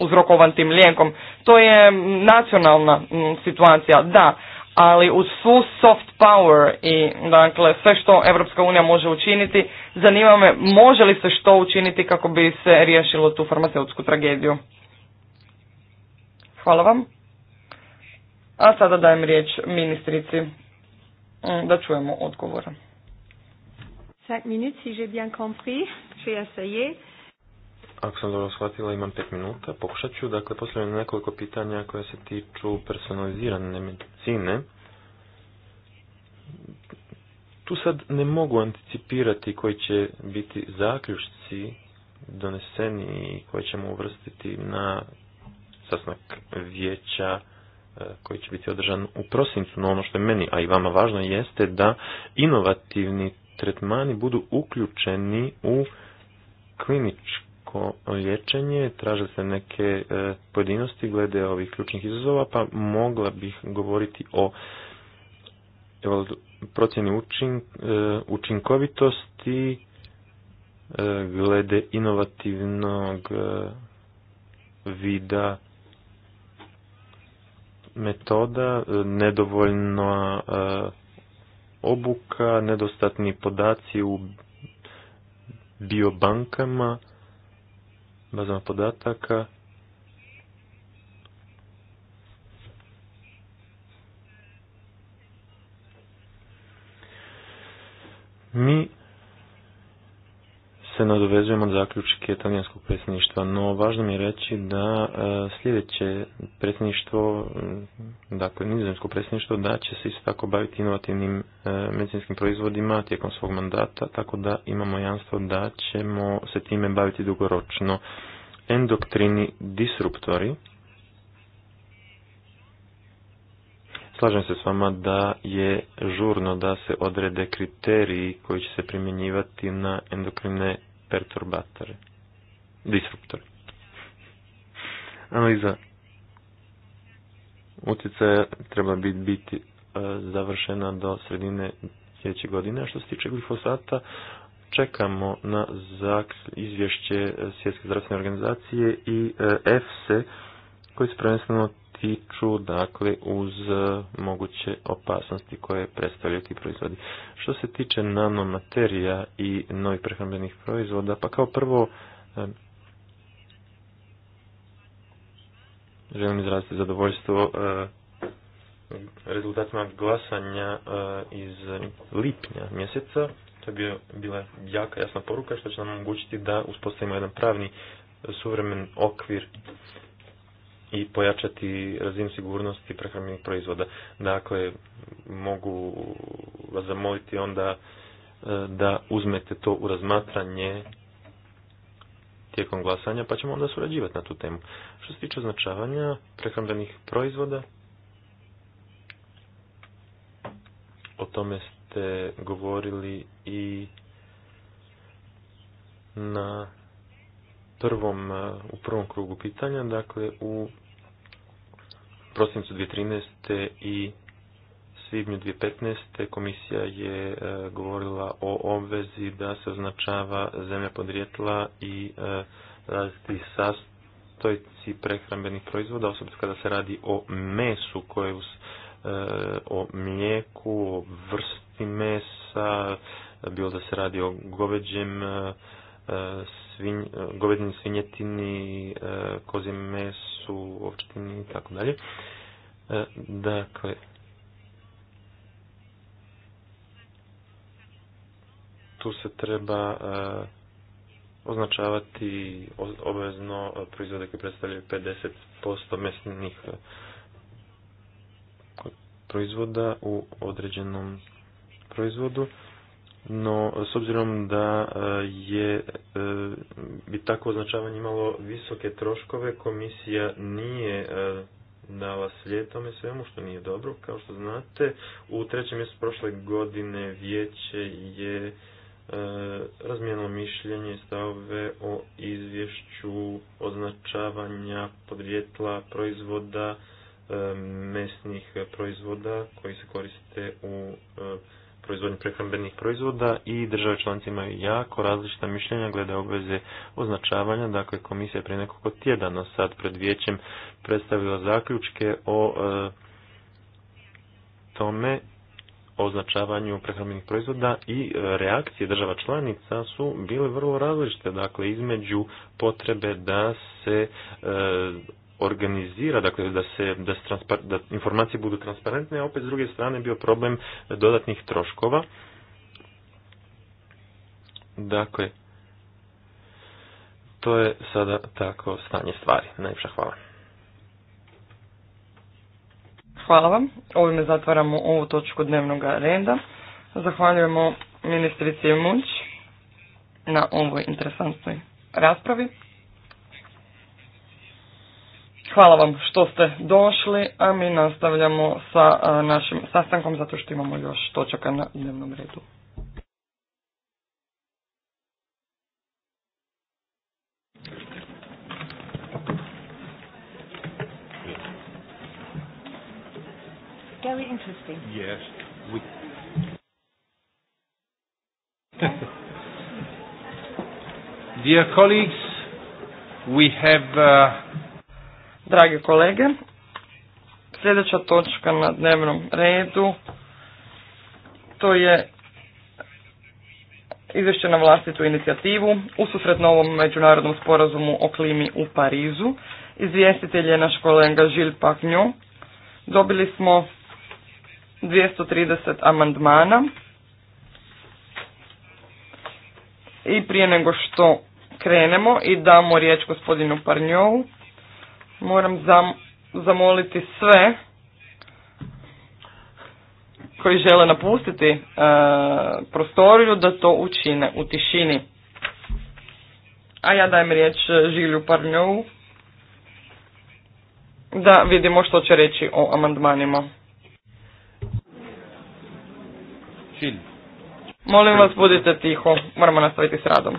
uzrokovan tim lijekom. To je nacionalna situacija, da, ali uz svu soft power i dakle sve što Europska unija može učiniti, zanima me može li se što učiniti kako bi se riješilo tu farmaceutsku tragediju. Hvala vam. A sada dajem riječ ministrici. Mm, da čujemo odgovor. Ako sam dobro shvatila, imam 5 minuta. Pokušat ću, dakle, postavljam nekoliko pitanja koja se tiču personalizirane medicine. Tu sad ne mogu anticipirati koji će biti zaključci doneseni i koje ćemo uvrstiti na sasnak vijeća koji će biti održan u prosincu, no ono što je meni, a i vama važno, jeste da inovativni tretmani budu uključeni u kliničko liječenje. Traže se neke e, pojedinosti glede ovih ključnih izazova, pa mogla bih govoriti o procjeni e, učinkovitosti e, glede inovativnog vida metoda, nedovoljna e, obuka, nedostatni podaci u biobankama, bazama podataka. Mi se nadovezujemo na zaključke talijanskog predsjedništva, no važno mi je reći da e, sljedeće predsjedništvo, dakle nizozemsko predsjedništvo, da će se isto tako baviti inovativnim e, medicinskim proizvodima tijekom svog mandata, tako da imamo jamstvo da ćemo se time baviti dugoročno. Endoktrini disruptori, Slažem se s vama da je žurno da se odrede kriteriji koji će se primjenjivati na endokrine perturbatore, disruptore. Analiza utjecaja treba biti, biti e, završena do sredine sljedećeg godine. A što se tiče glifosata, čekamo na izvješće Svjetske zdravstvene organizacije i EFSE e, koji se prvenstveno tiču dakle uz e, moguće opasnosti koje predstavljaju ti proizvodi. Što se tiče nanomaterija i novih prehrambenih proizvoda, pa kao prvo e, želim izraziti zadovoljstvo e, rezultatima glasanja iz lipnja mjeseca. To je bila jaka jasna poruka što će nam omogućiti da uspostavimo jedan pravni suvremen okvir i pojačati razinu sigurnosti prehrambenih proizvoda. Dakle, mogu vas zamoliti onda e, da uzmete to u razmatranje tijekom glasanja, pa ćemo onda surađivati na tu temu. Što se tiče označavanja prehrambenih proizvoda, o tome ste govorili i na prvom, eh, u prvom krugu pitanja, dakle u prosincu 2013. i svibnju 2015. komisija je eh, govorila o obvezi da se označava zemlja podrijetla i eh, različiti sastojci prehrambenih proizvoda, osobito kada se radi o mesu koje uz o mlijeku, o vrsti mesa, bilo da se radi o goveđem svinj, govedini svinjetini, e, kozi mesu, ovčetini i tako dalje. E, dakle, tu se treba e, označavati obvezno proizvode koji predstavljaju 50% mesnih proizvoda u određenom proizvodu no s obzirom da e, je e, bi tako označavanje imalo visoke troškove, komisija nije e, dala slijed tome svemu što nije dobro. Kao što znate, u trećem mjestu prošle godine vijeće je razmijenilo mišljenje stavove o izvješću označavanja podrijetla proizvoda mesnih proizvoda koji se koriste u proizvodnju prehrambenih proizvoda i države članice imaju jako različita mišljenja glede obveze označavanja. Dakle, komisija je prije nekoliko tjedana sad pred vijećem predstavila zaključke o e, tome označavanju prehrambenih proizvoda i e, reakcije država članica su bile vrlo različite, dakle između potrebe da se e, organizira, dakle da se da, se da informacije budu transparentne, a opet s druge strane bio problem dodatnih troškova. Dakle, to je sada tako stanje stvari. Najljepša hvala. Hvala vam. Ovime zatvaramo ovu točku dnevnog reda. Zahvaljujemo ministrici Muć na ovoj interesantnoj raspravi. Hvala vam što ste došli, a mi nastavljamo sa našim sastankom zato što imamo još točaka na dnevnom redu. Very Dear colleagues, we have uh... Drage kolege, sljedeća točka na dnevnom redu to je izvješće na vlastitu inicijativu ususret novom međunarodnom sporazumu o klimi u Parizu. Izvjestitelj je naš kolega Žil Paknjo. Dobili smo 230 amandmana. I prije nego što krenemo i damo riječ gospodinu Parnjovu, Moram zamoliti sve koji žele napustiti e, prostoriju da to učine u tišini. A ja dajem riječ e, Žilju Parnjovu da vidimo što će reći o amandmanima. Molim vas budite tiho, moramo nastaviti s radom.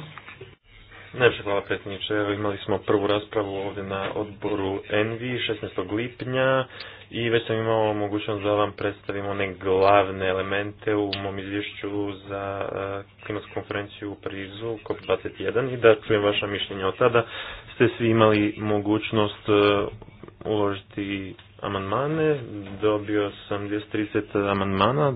Najviše hvala predsjedniče. Evo imali smo prvu raspravu ovdje na odboru Envi 16. lipnja i već sam imao mogućnost da vam predstavimo one glavne elemente u mom izvješću za e, klimatsku konferenciju u Parizu COP21 i da čujem vaša mišljenja. Od tada ste svi imali mogućnost e, uložiti amandmane. Dobio sam 230 amandmana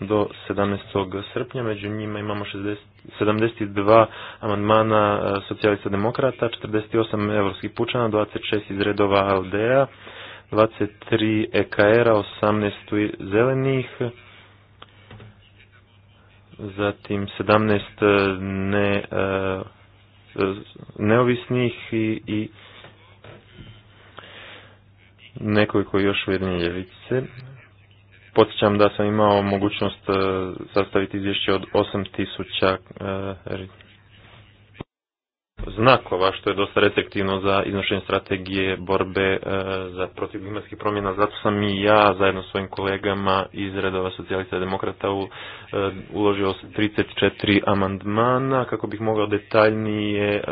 do 17. srpnja, među njima imamo 60, 72 amandmana e, socijalista demokrata, 48 evropskih pučana, 26 iz redova ALD-a, 23 EKR-a, 18 zelenih, zatim 17 e, ne, e, neovisnih i, i nekoliko još ujedinje ljevice. Podsjećam da sam imao mogućnost e, sastaviti izvješće od 8000 e, znakova, što je dosta restriktivno za iznošenje strategije borbe e, za protiv klimatskih promjena. Zato sam i ja zajedno s svojim kolegama iz redova socijalista i demokrata uložio 34 amandmana kako bih mogao detaljnije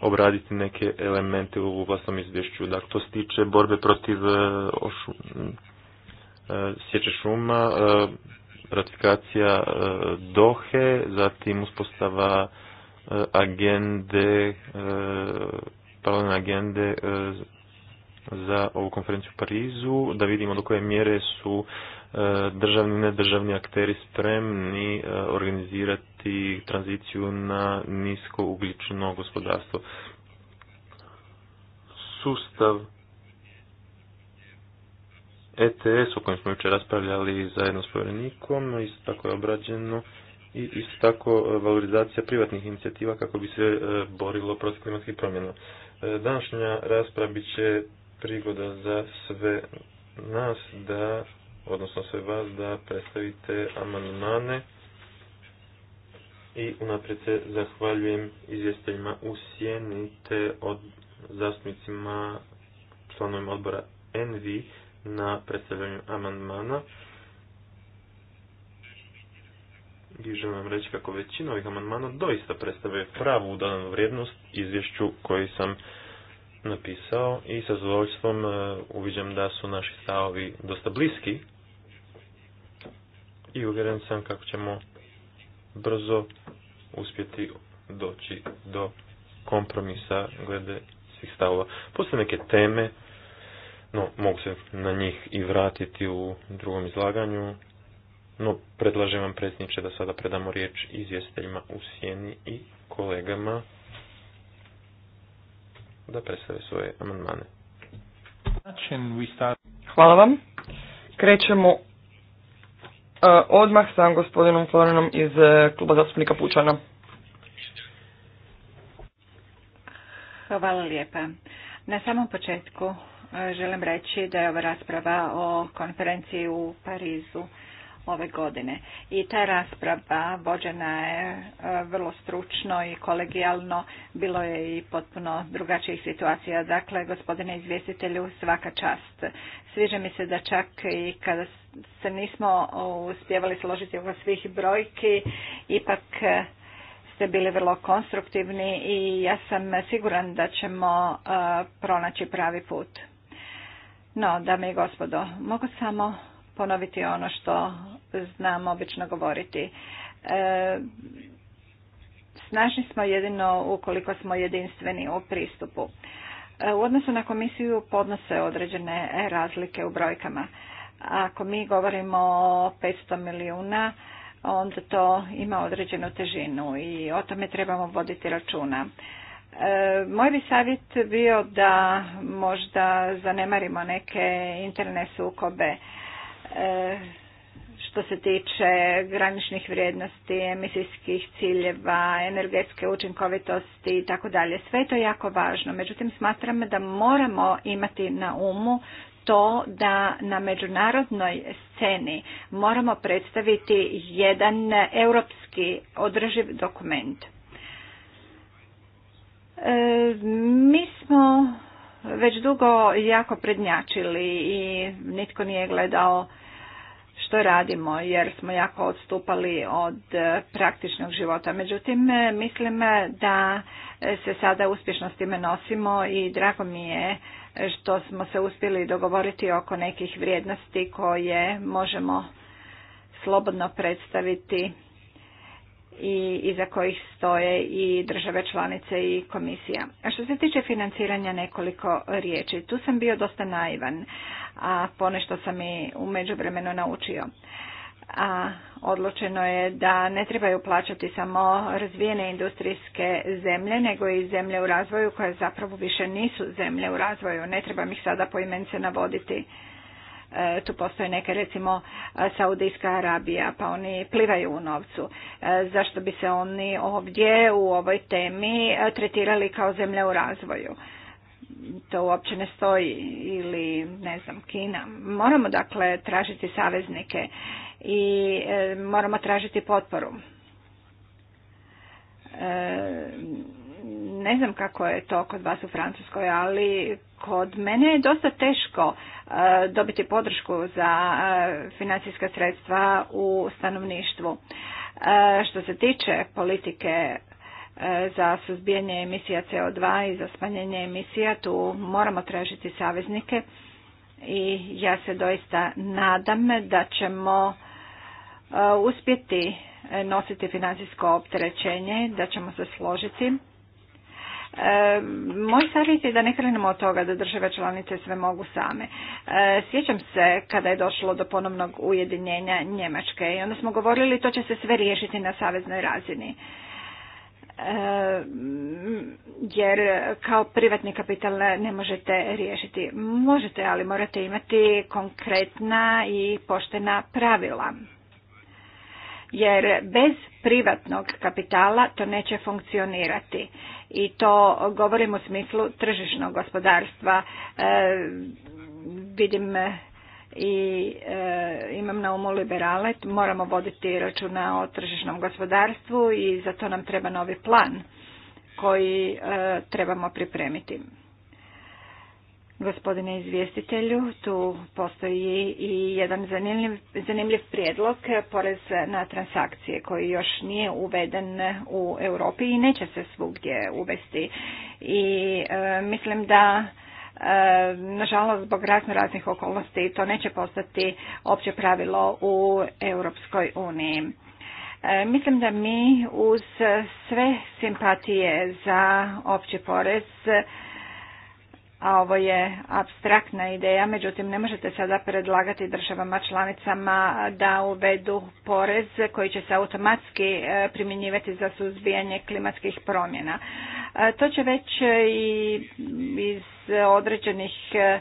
obraditi neke elemente u vlastnom izvješću. Dakle, to se tiče borbe protiv e, ošu, e, sječe šuma, e, ratifikacija Dohe, zatim uspostava agende, paralelne agende za ovu konferenciju u Parizu, da vidimo do koje mjere su E, državni i nedržavni akteri spremni e, organizirati tranziciju na nisko ugljično gospodarstvo. Sustav ETS o kojem smo jučer raspravljali zajedno s povjerenikom, isto tako je obrađeno i isto tako e, valorizacija privatnih inicijativa kako bi se borilo protiv klimatskih promjena. Današnja rasprava bit će prigoda za sve nas da odnosno sve vas, da predstavite amandmane i unaprijed se zahvaljujem izvjestiteljima u sjeni od zastupnicima članovima odbora ENVI na predstavljanju amandmana. I želim vam reći kako većina ovih amandmana doista predstavlja pravu dodanu vrijednost izvješću koji sam napisao i sa zadovoljstvom e, uviđam da su naši stavovi dosta bliski i uvjeren sam kako ćemo brzo uspjeti doći do kompromisa glede svih stavova. Postoje neke teme, no mogu se na njih i vratiti u drugom izlaganju, no predlažem vam predsjedniče da sada predamo riječ izvjestiteljima u sjeni i kolegama da predstave svoje amandmane. Hvala vam. Krećemo E, odmah sam gospodinom Florenom iz e, kluba zastupnika Pučana. Hvala lijepa. Na samom početku e, želim reći da je ova rasprava o konferenciji u Parizu ove godine. I ta rasprava vođena je vrlo stručno i kolegijalno, bilo je i potpuno drugačijih situacija. Dakle, gospodine izvjestitelju, svaka čast. Sviže mi se da čak i kada se nismo uspjevali složiti oko svih brojki, ipak e, ste bili vrlo konstruktivni i ja sam siguran da ćemo e, pronaći pravi put. No, dame i gospodo, mogu samo ponoviti ono što znam obično govoriti. E, snažni smo jedino ukoliko smo jedinstveni u pristupu. U odnosu na komisiju podnose određene razlike u brojkama. Ako mi govorimo o 500 milijuna, onda to ima određenu težinu i o tome trebamo voditi računa. E, moj bi savjet bio da možda zanemarimo neke interne sukobe e, što se tiče graničnih vrijednosti, emisijskih ciljeva, energetske učinkovitosti i tako dalje. Sve je to jako važno. Međutim, smatram da moramo imati na umu to da na međunarodnoj sceni moramo predstaviti jedan europski održiv dokument. E, mi smo već dugo jako prednjačili i nitko nije gledao što radimo jer smo jako odstupali od praktičnog života. Međutim, mislim da se sada uspješno s time nosimo i drago mi je što smo se uspjeli dogovoriti oko nekih vrijednosti koje možemo slobodno predstaviti i iza kojih stoje i države članice i komisija. A što se tiče financiranja nekoliko riječi, tu sam bio dosta naivan, a ponešto sam i u međuvremenu naučio a odlučeno je da ne trebaju plaćati samo razvijene industrijske zemlje, nego i zemlje u razvoju koje zapravo više nisu zemlje u razvoju. Ne trebam ih sada imence navoditi. E, tu postoje neke recimo Saudijska Arabija, pa oni plivaju u novcu. E, zašto bi se oni ovdje u ovoj temi tretirali kao zemlje u razvoju? to uopće ne stoji ili ne znam Kina. Moramo dakle tražiti saveznike i e, moramo tražiti potporu. E, ne znam kako je to kod vas u Francuskoj, ali kod mene je dosta teško e, dobiti podršku za e, financijska sredstva u stanovništvu. Što se tiče politike za suzbijanje emisija CO2 i za smanjenje emisija. Tu moramo tražiti saveznike i ja se doista nadam da ćemo uh, uspjeti nositi financijsko opterećenje, da ćemo se složiti. E, moj savjet je da ne krenemo od toga da države članice sve mogu same. E, sjećam se kada je došlo do ponovnog ujedinjenja Njemačke i onda smo govorili to će se sve riješiti na saveznoj razini jer kao privatni kapital ne možete riješiti. Možete, ali morate imati konkretna i poštena pravila. Jer bez privatnog kapitala to neće funkcionirati. I to govorim u smislu tržišnog gospodarstva. vidim i e, imam na umu liberale, moramo voditi računa o tržišnom gospodarstvu i za to nam treba novi plan koji e, trebamo pripremiti. Gospodine izvjestitelju, tu postoji i jedan zanimljiv, zanimljiv prijedlog, e, porez na transakcije koji još nije uveden u Europi i neće se svugdje uvesti. I mislim da nažalost zbog razno raznih okolnosti to neće postati opće pravilo u Europskoj uniji. E, mislim da mi uz sve simpatije za opći porez, a ovo je abstraktna ideja, međutim ne možete sada predlagati državama članicama da uvedu porez koji će se automatski e, primjenjivati za suzbijanje klimatskih promjena. E, to će već e, i iz određenih e,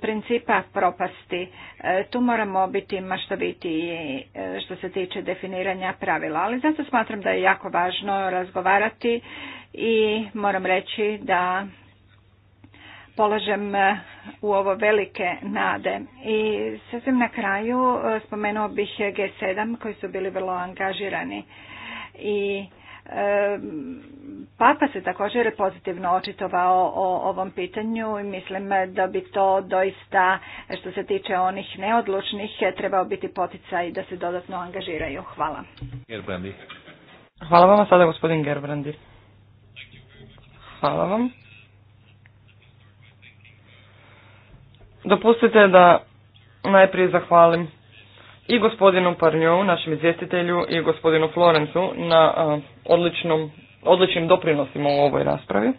principa propasti. Tu moramo biti maštoviti što se tiče definiranja pravila, ali zato smatram da je jako važno razgovarati i moram reći da polažem u ovo velike nade. I sasvim na kraju spomenuo bih G7 koji su bili vrlo angažirani i Papa se također pozitivno očitovao o ovom pitanju i mislim da bi to doista što se tiče onih neodlučnih trebao biti poticaj da se dodatno angažiraju. Hvala. Gerbrandi. Hvala vam sada gospodin Gerbrandi. Hvala vam. Dopustite da najprije zahvalim i gospodinu Parnjou, našem izvjestitelju i gospodinu Florencu na odličnom, odličnim doprinosima u ovoj raspravi.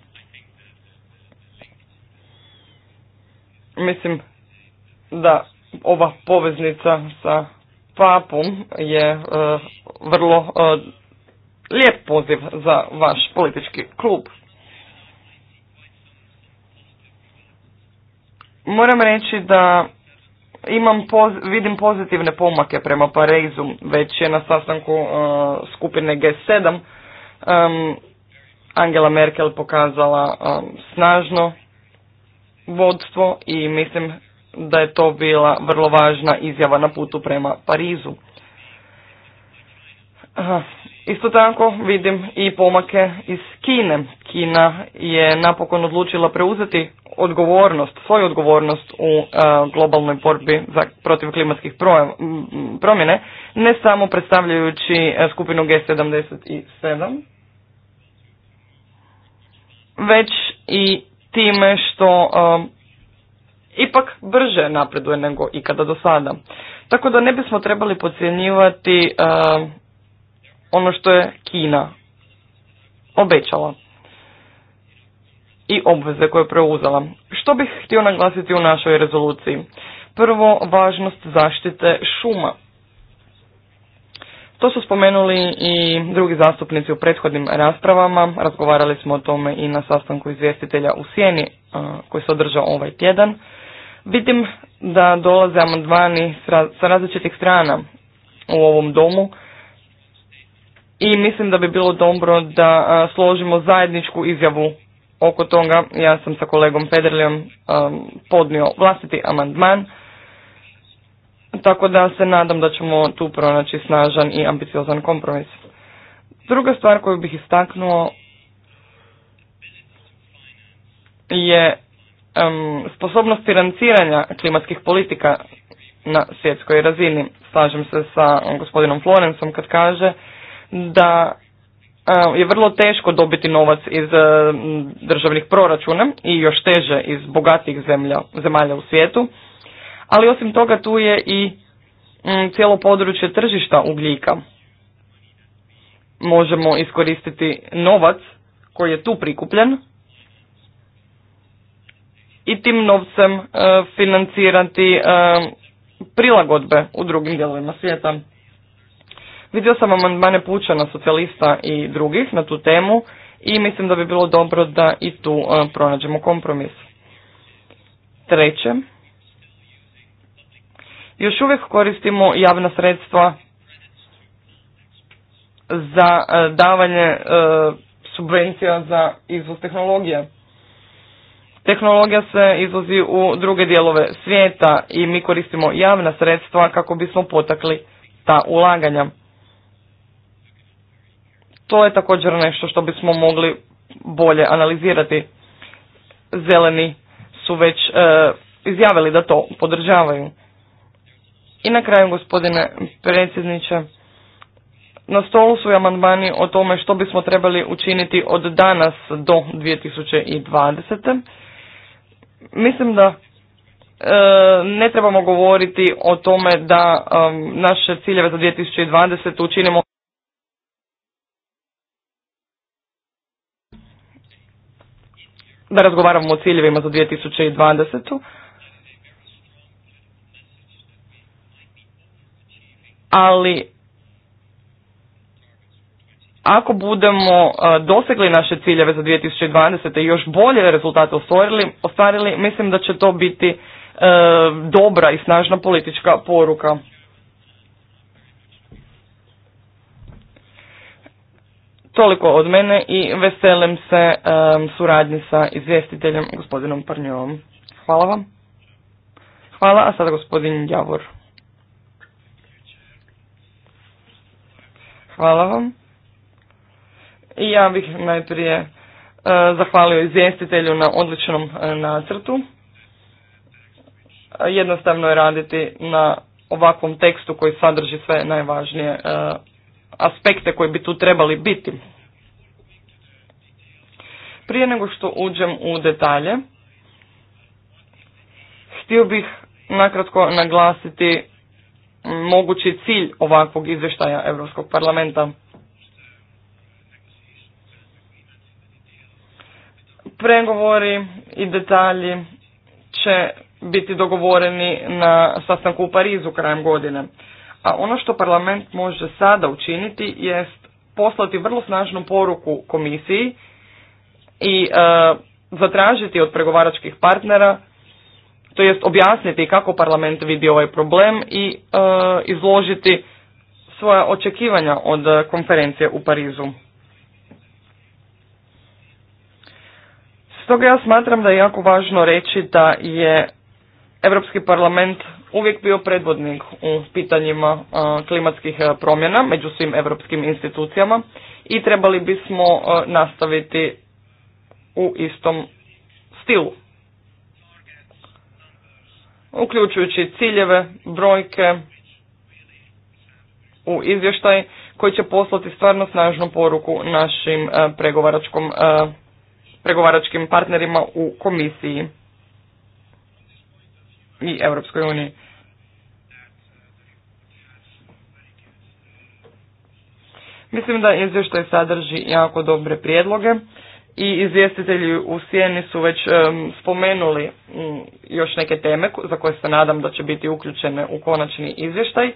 Mislim da ova poveznica sa papom je e, vrlo e, lijep poziv za vaš politički klub. Moram reći da imam vidim pozitivne pomake prema Parizu, već je na sastanku uh, skupine G7 um, Angela Merkel pokazala um, snažno vodstvo i mislim da je to bila vrlo važna izjava na putu prema Parizu. Isto tako vidim i pomake iz Kine. Kina je napokon odlučila preuzeti odgovornost, svoju odgovornost u e, globalnoj borbi za, protiv klimatskih promjene, ne samo predstavljajući e, skupinu G77, već i time što e, ipak brže napreduje nego ikada do sada. Tako da ne bismo trebali podcjenjivati ono što je Kina obećala i obveze koje je preuzela. Što bih htio naglasiti u našoj rezoluciji? Prvo, važnost zaštite šuma. To su spomenuli i drugi zastupnici u prethodnim raspravama. Razgovarali smo o tome i na sastanku izvjestitelja u Sjeni koji se održao ovaj tjedan. Vidim da dolaze amandmani sa različitih strana u ovom domu i mislim da bi bilo dobro da složimo zajedničku izjavu oko toga ja sam sa kolegom Pedrljom um, podnio vlastiti amandman, tako da se nadam da ćemo tu pronaći snažan i ambiciozan kompromis. Druga stvar koju bih istaknuo je um, sposobnost financiranja klimatskih politika na svjetskoj razini. Slažem se sa gospodinom Florencom kad kaže da Eh, je vrlo teško dobiti novac iz eh, državnih proračuna i još teže iz bogatih zemlja, zemalja u svijetu. Ali osim toga tu je i mm, cijelo područje tržišta ugljika. Možemo iskoristiti novac koji je tu prikupljen i tim novcem eh, financirati prilagodbe u drugim dijelovima svijeta. Vidio sam amandmane pučana socijalista i drugih na tu temu i mislim da bi bilo dobro da i tu e, pronađemo kompromis. Treće, još uvijek koristimo javna sredstva za e, davanje e, subvencija za izvoz tehnologije. Tehnologija se izvozi u druge dijelove svijeta i mi koristimo javna sredstva kako bismo potakli ta ulaganja. To je također nešto što bismo mogli bolje analizirati. Zeleni su već e, izjavili da to podržavaju. I na kraju, gospodine predsjedniče, na stolu su i amandmani o tome što bismo trebali učiniti od danas do 2020. Mislim da e, ne trebamo govoriti o tome da e, naše ciljeve za 2020 učinimo da razgovaramo o ciljevima za 2020. Ali ako budemo e, dosegli naše ciljeve za 2020. i još bolje rezultate ostvarili, mislim da će to biti e, dobra i snažna politička poruka. Toliko od mene i veselim se suradnji sa izvjestiteljem gospodinom Prnjovom. Hvala vam. Hvala, a sada gospodin Javor. Hvala vam. I ja bih najprije uh, zahvalio izvjestitelju na odličnom uh, nacrtu. Jednostavno je raditi na ovakvom tekstu koji sadrži sve najvažnije e, aspekte koji bi tu trebali biti. Prije nego što uđem u detalje, htio bih nakratko naglasiti mogući cilj ovakvog izvještaja Europskog parlamenta. Pregovori i detalji će biti dogovoreni na sastanku u Parizu krajem godine. A ono što parlament može sada učiniti jest poslati vrlo snažnu poruku komisiji i e, zatražiti od pregovaračkih partnera, to jest objasniti kako parlament vidi ovaj problem i e, izložiti svoja očekivanja od konferencije u Parizu. Stoga ja smatram da je jako važno reći da je Europski parlament uvijek bio predvodnik u pitanjima klimatskih promjena među svim europskim institucijama i trebali bismo nastaviti u istom stilu. Uključujući ciljeve, brojke u izvještaj koji će poslati stvarno snažnu poruku našim pregovaračkim partnerima u komisiji i Europskoj uniji. Mislim da izvještaj sadrži jako dobre prijedloge i izvjestitelji u Sijeni su već spomenuli mm, još neke teme za koje se nadam da će biti uključene u konačni izvještaj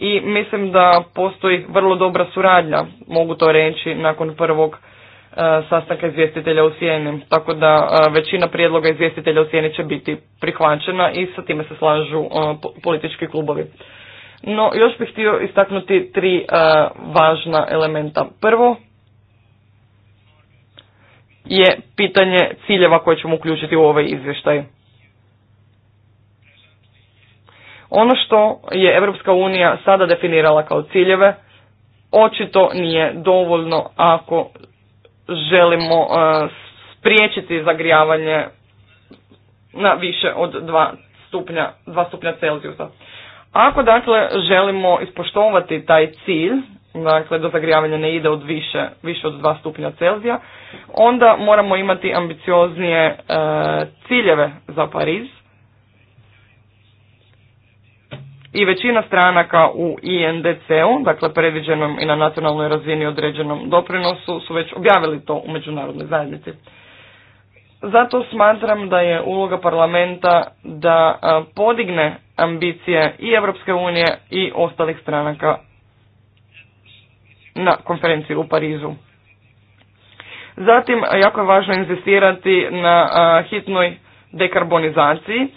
i mislim da postoji vrlo dobra suradnja, mogu to reći, nakon prvog E, sastanka izvjestitelja u Sijeni. Tako da e, većina prijedloga izvjestitelja u Sijeni će biti prihvaćena i sa time se slažu e, politički klubovi. No, još bih htio istaknuti tri važna elementa. Prvo je pitanje ciljeva koje ćemo uključiti u ovaj izvještaj. Ono što je Europska unija sada definirala kao ciljeve, očito nije dovoljno ako želimo e, spriječiti zagrijavanje na više od 2 stupnja, 2 stupnja Celzijusa. Ako dakle želimo ispoštovati taj cilj, dakle da zagrijavanje ne ide od više, više od 2 stupnja Celzija, onda moramo imati ambicioznije e, ciljeve za Pariz i većina stranaka u INDC-u, dakle predviđenom i na nacionalnoj razini određenom doprinosu, su već objavili to u međunarodnoj zajednici. Zato smatram da je uloga parlamenta da e, podigne ambicije i Evropske unije i ostalih stranaka na konferenciji u Parizu. Zatim, jako je važno inzistirati na e, hitnoj dekarbonizaciji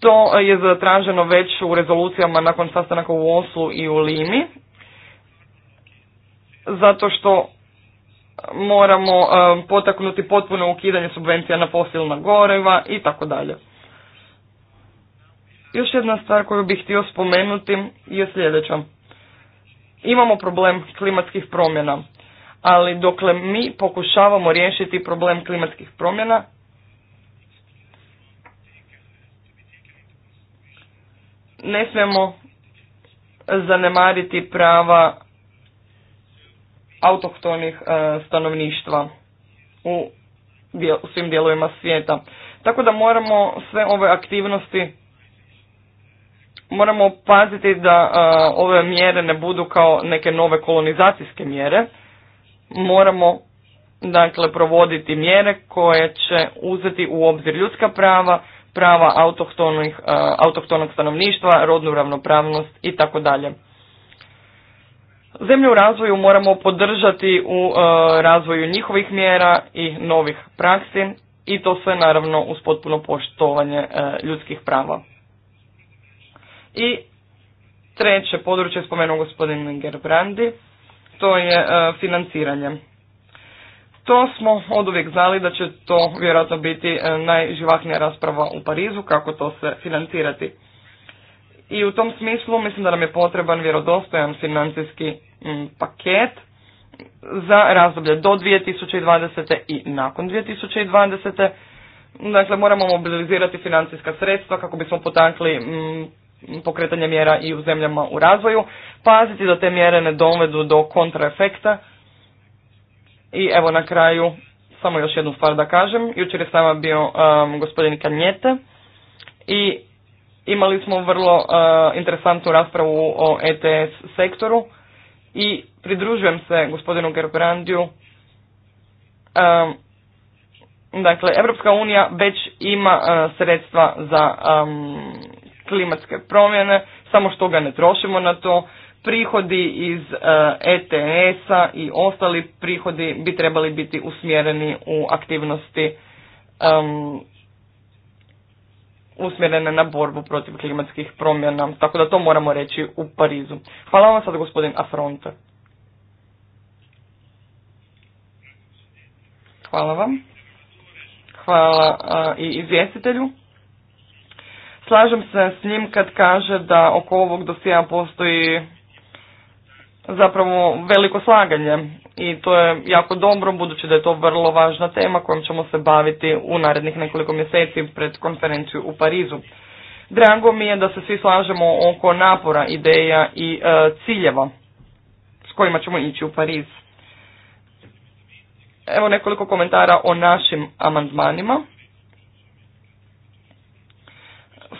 to je zatraženo već u rezolucijama nakon sastanaka u Oslu i u Limi, zato što moramo e, potaknuti potpuno ukidanje subvencija na fosilna goriva i tako dalje. Još jedna stvar koju bih htio spomenuti je sljedeća. Imamo problem klimatskih promjena, ali dokle mi pokušavamo riješiti problem klimatskih promjena, ne smijemo zanemariti prava autohtonih e, stanovništva u svim dijelovima svijeta. Tako da moramo sve ove aktivnosti moramo paziti da e, ove mjere ne budu kao neke nove kolonizacijske mjere. Moramo dakle provoditi mjere koje će uzeti u obzir ljudska prava, prava autohtonih, e, autohtonog stanovništva, rodnu ravnopravnost i tako dalje. Zemlje u razvoju moramo podržati u e, razvoju njihovih mjera i novih praksi i to sve naravno uz potpuno poštovanje e, ljudskih prava. I treće područje spomenuo gospodin Gerbrandi, to je financiranje to smo od uvijek znali da će to vjerojatno biti e, najživahnija rasprava u Parizu, kako to se financirati. I u tom smislu mislim da nam je potreban vjerodostojan financijski paket za razdoblje do 2020. i nakon 2020. Dakle, moramo mobilizirati financijska sredstva kako bismo potakli pokretanje mjera i u zemljama u razvoju, paziti da te mjere ne dovedu do kontraefekta i evo na kraju, samo još jednu stvar da kažem. Jučer je s nama bio um, gospodin Kanjete i imali smo vrlo uh, interesantnu raspravu o ETS sektoru i pridružujem se gospodinu Gerbrandiju. Um, dakle, Evropska unija već ima uh, sredstva za um, klimatske promjene, samo što ga ne trošimo na to prihodi iz ETS-a e i ostali prihodi bi trebali biti usmjereni u aktivnosti um, usmjerene na borbu protiv klimatskih promjena. Tako da to moramo reći u Parizu. Hvala vam sad gospodin Afronta. Hvala vam. Hvala e, i izvjestitelju. Slažem se s njim kad kaže da oko ovog dosija postoji zapravo veliko slaganje i to je jako dobro budući da je to vrlo važna tema kojom ćemo se baviti u narednih nekoliko mjeseci pred konferenciju u Parizu. Drago mi je da se svi slažemo oko napora, ideja i e, ciljeva s kojima ćemo ići u Pariz. Evo nekoliko komentara o našim amandmanima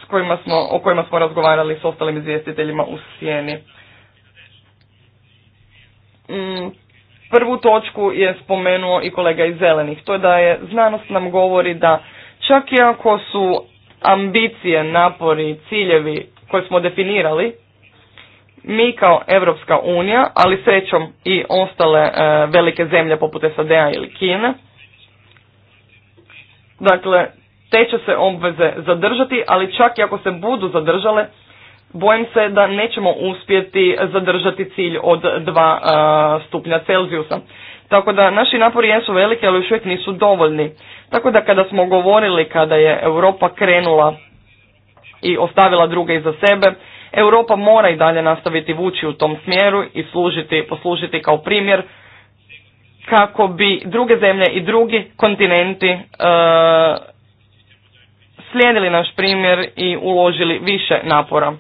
s kojima smo, o kojima smo razgovarali s ostalim izvjestiteljima u Sijeni. Mm, prvu točku je spomenuo i kolega iz zelenih. To je da je znanost nam govori da čak i ako su ambicije, napori, ciljevi koje smo definirali, mi kao Europska unija, ali srećom i ostale e, velike zemlje poput SAD-a ili Kine, dakle, te će se obveze zadržati, ali čak i ako se budu zadržale, bojim se da nećemo uspjeti zadržati cilj od 2 e, stupnja Celzijusa. Tako da naši napori jesu veliki, ali još uvijek nisu dovoljni. Tako da kada smo govorili kada je Europa krenula i ostavila druge iza sebe, Europa mora i dalje nastaviti vući u tom smjeru i služiti, poslužiti kao primjer kako bi druge zemlje i drugi kontinenti e, slijedili naš primjer i uložili više napora.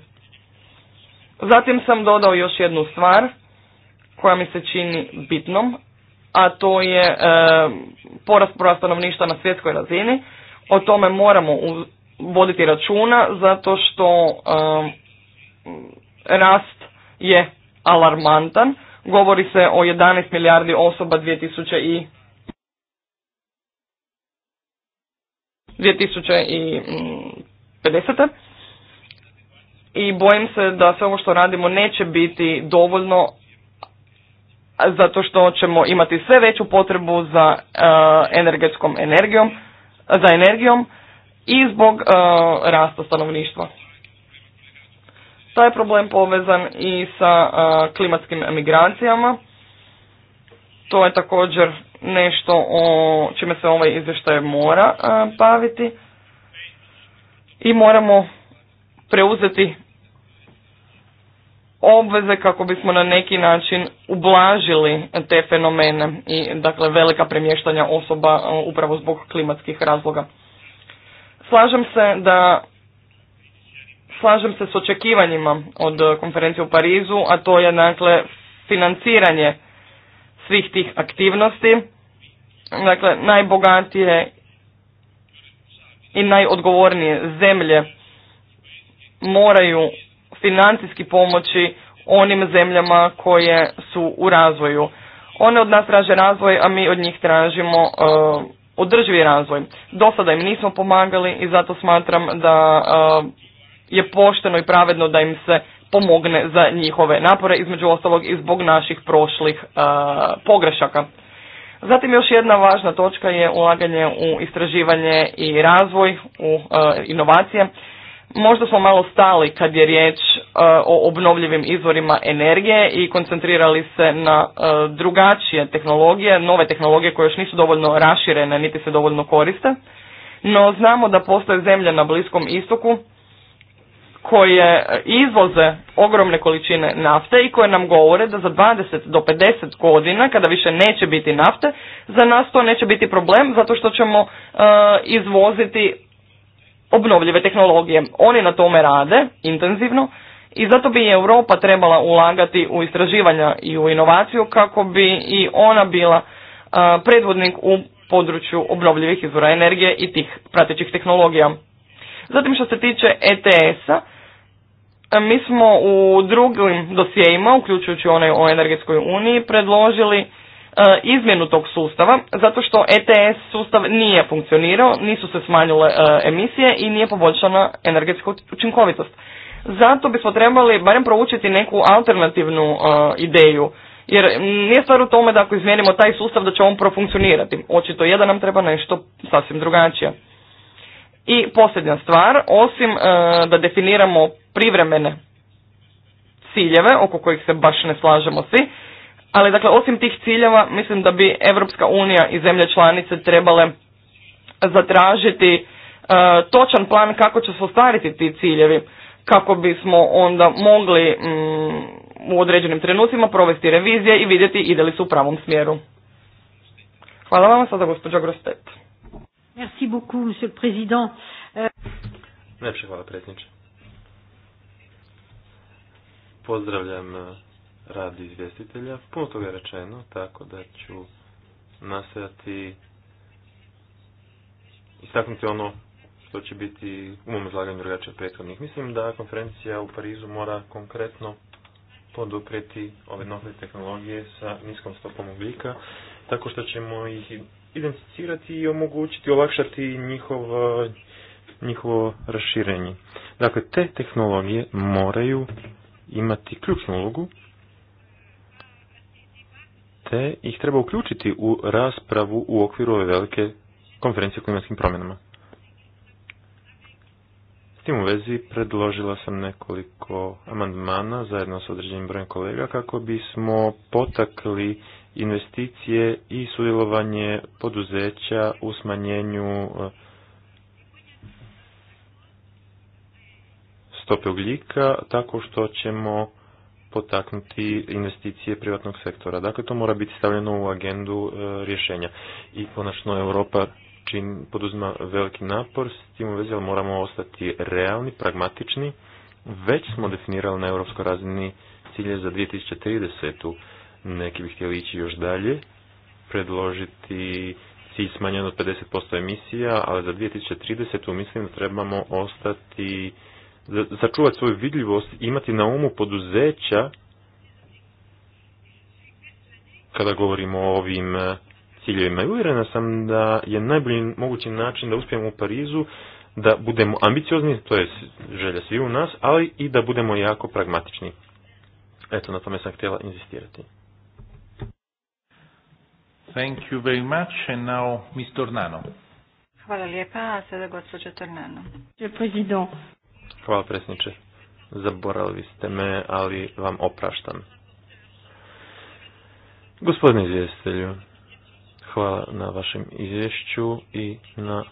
Zatim sam dodao još jednu stvar koja mi se čini bitnom, a to je e, porast broja stanovništva na svjetskoj razini. O tome moramo voditi računa zato što e, rast je alarmantan. Govori se o 11 milijardi osoba 2000 i 2050 i bojim se da sve ovo što radimo neće biti dovoljno zato što ćemo imati sve veću potrebu za eh, energetskom energijom, za energijom i zbog eh, rasta stanovništva. Taj problem povezan i sa eh, klimatskim migracijama. To je također nešto o čime se ovaj izvještaj mora baviti i moramo preuzeti obveze kako bismo na neki način ublažili te fenomene i dakle velika premještanja osoba e, upravo zbog klimatskih razloga. Slažem se da slažem se s očekivanjima od konferencije u Parizu, a to je dakle financiranje svih tih aktivnosti. Dakle, najbogatije i najodgovornije zemlje moraju financijski pomoći onim zemljama koje su u razvoju. One od nas traže razvoj, a mi od njih tražimo uh, održivi razvoj. Do sada im nismo pomagali i zato smatram da e, je pošteno i pravedno da im se pomogne za njihove napore, između ostalog i zbog naših prošlih e, pogrešaka. Zatim još jedna važna točka je ulaganje u istraživanje i razvoj, u inovacije. Možda smo malo stali kad je riječ e, o obnovljivim izvorima energije i koncentrirali se na e, drugačije tehnologije, nove tehnologije koje još nisu dovoljno raširene niti se dovoljno koriste. No znamo da postoje zemlje na Bliskom istoku koje izvoze ogromne količine nafte i koje nam govore da za 20 do 50 godina kada više neće biti nafte, za nas to neće biti problem zato što ćemo e, izvoziti obnovljive tehnologije. Oni na tome rade intenzivno i zato bi Europa trebala ulagati u istraživanja i u inovaciju kako bi i ona bila predvodnik u području obnovljivih izvora energije i tih pratećih tehnologija. Zatim što se tiče ETS-a, mi smo u drugim dosjejima, uključujući onaj o energetskoj uniji, predložili E, izmjenu tog sustava zato što ETS sustav nije funkcionirao, nisu se smanjile e, emisije i nije poboljšana energetska učinkovitost. Zato bismo trebali barem proučiti neku alternativnu e, ideju jer nije stvar u tome da ako izmijenimo taj sustav da će on profunkcionirati. Očito je da nam treba nešto sasvim drugačije. I posljednja stvar, osim da definiramo privremene ciljeve oko kojih se baš ne slažemo svi, ali dakle, osim tih ciljeva, mislim da bi Europska unija i zemlje članice trebale zatražiti e, točan plan kako će se ostvariti ti ciljevi, kako bismo onda mogli mm, u određenim trenucima provesti revizije i vidjeti ide li su u pravom smjeru. Hvala vam sada gospođa Grostet. Merci beaucoup, monsieur le président. Euh, Pozdravljam radi izvjestitelja. Puno toga je rečeno, tako da ću i istaknuti ono što će biti u mom izlaganju drugačije prethodnih. Mislim da konferencija u Parizu mora konkretno poduprijeti ove nove tehnologije sa niskom stopom oblika tako što ćemo ih identificirati i omogućiti, olakšati njihov, njihovo raširenje. Dakle, te tehnologije moraju imati ključnu ulogu te ih treba uključiti u raspravu u okviru ove velike konferencije o klimatskim promjenama. S tim u vezi predložila sam nekoliko amandmana zajedno s određenim brojem kolega kako bismo potakli investicije i sudjelovanje poduzeća u smanjenju eh, stope ugljika tako što ćemo potaknuti investicije privatnog sektora. Dakle, to mora biti stavljeno u agendu e, rješenja. I konačno Europa čin, poduzima veliki napor, s tim u vezi moramo ostati realni, pragmatični. Već smo definirali na europskoj razini cilje za 2030. Neki bi htjeli ići još dalje, predložiti cilj smanjeno od 50% emisija, ali za 2030. mislim da trebamo ostati začuvati svoju vidljivost i imati na umu poduzeća kada govorimo o ovim e, ciljevima. I uvjerena sam da je najbolji mogući način da uspijemo u Parizu, da budemo ambiciozni, to je želja svi u nas, ali i da budemo jako pragmatični. Eto, na tome sam htjela inzistirati. Thank you very much and now Mr. Nano. Hvala lijepa, a sada gospođa Tornano. Hvala predsjedniče. Zaboravili ste me, ali vam opraštam. Gospodine izvjestelju, hvala na vašem izvješću i na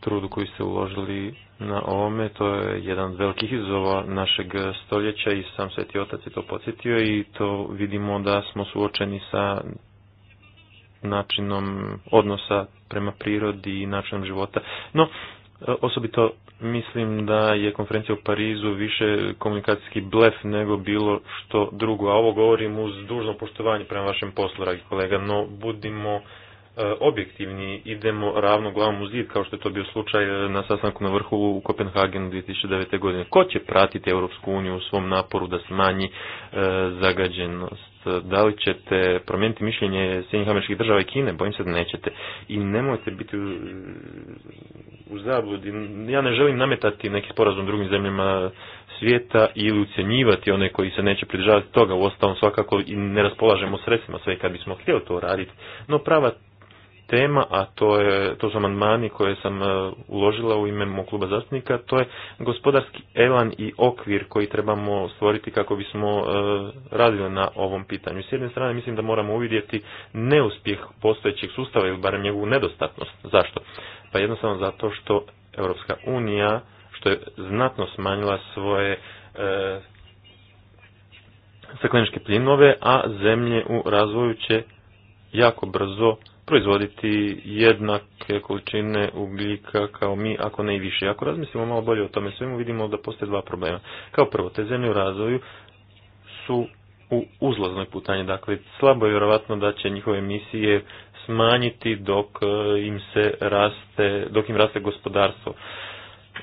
trudu koji ste uložili na ovome. To je jedan od velikih izazova našeg stoljeća i sam Sveti Otac je to podsjetio i to vidimo da smo suočeni sa načinom odnosa prema prirodi i načinom života. No, osobito mislim da je konferencija u Parizu više komunikacijski blef nego bilo što drugo, a ovo govorim uz dužno poštovanje prema vašem poslu, dragi kolega, no budimo E, objektivni, idemo ravno glavom u zid, kao što je to bio slučaj e, na sastanku na vrhu u Kopenhagenu 2009. godine. Ko će pratiti Europsku uniju u svom naporu da smanji e, zagađenost? Da li ćete promijeniti mišljenje Sjednjih američkih država i Kine? Bojim se da nećete. I nemojte biti u, zabludi. Ja ne želim nametati neki sporazum drugim zemljama svijeta ili ucjenjivati one koji se neće pridržavati toga. Uostalom svakako i ne raspolažemo sredstvima sve kad bismo htjeli to raditi. No prava tema, a to, je, to su amandmani koje sam e, uložila u ime mog kluba zastupnika, to je gospodarski elan i okvir koji trebamo stvoriti kako bismo e, radili na ovom pitanju. S jedne strane mislim da moramo uvidjeti neuspjeh postojećeg sustava ili barem njegovu nedostatnost. Zašto? Pa jednostavno zato što Europska unija, što je znatno smanjila svoje e, plinove, a zemlje u razvoju će jako brzo proizvoditi jednake količine ugljika kao mi, ako ne i više. Ako razmislimo malo bolje o tome svemu, vidimo da postoje dva problema. Kao prvo, te zemlje u razvoju su u uzlaznoj putanji, dakle slabo je vjerovatno da će njihove emisije smanjiti dok eh, im se raste, dok im raste gospodarstvo.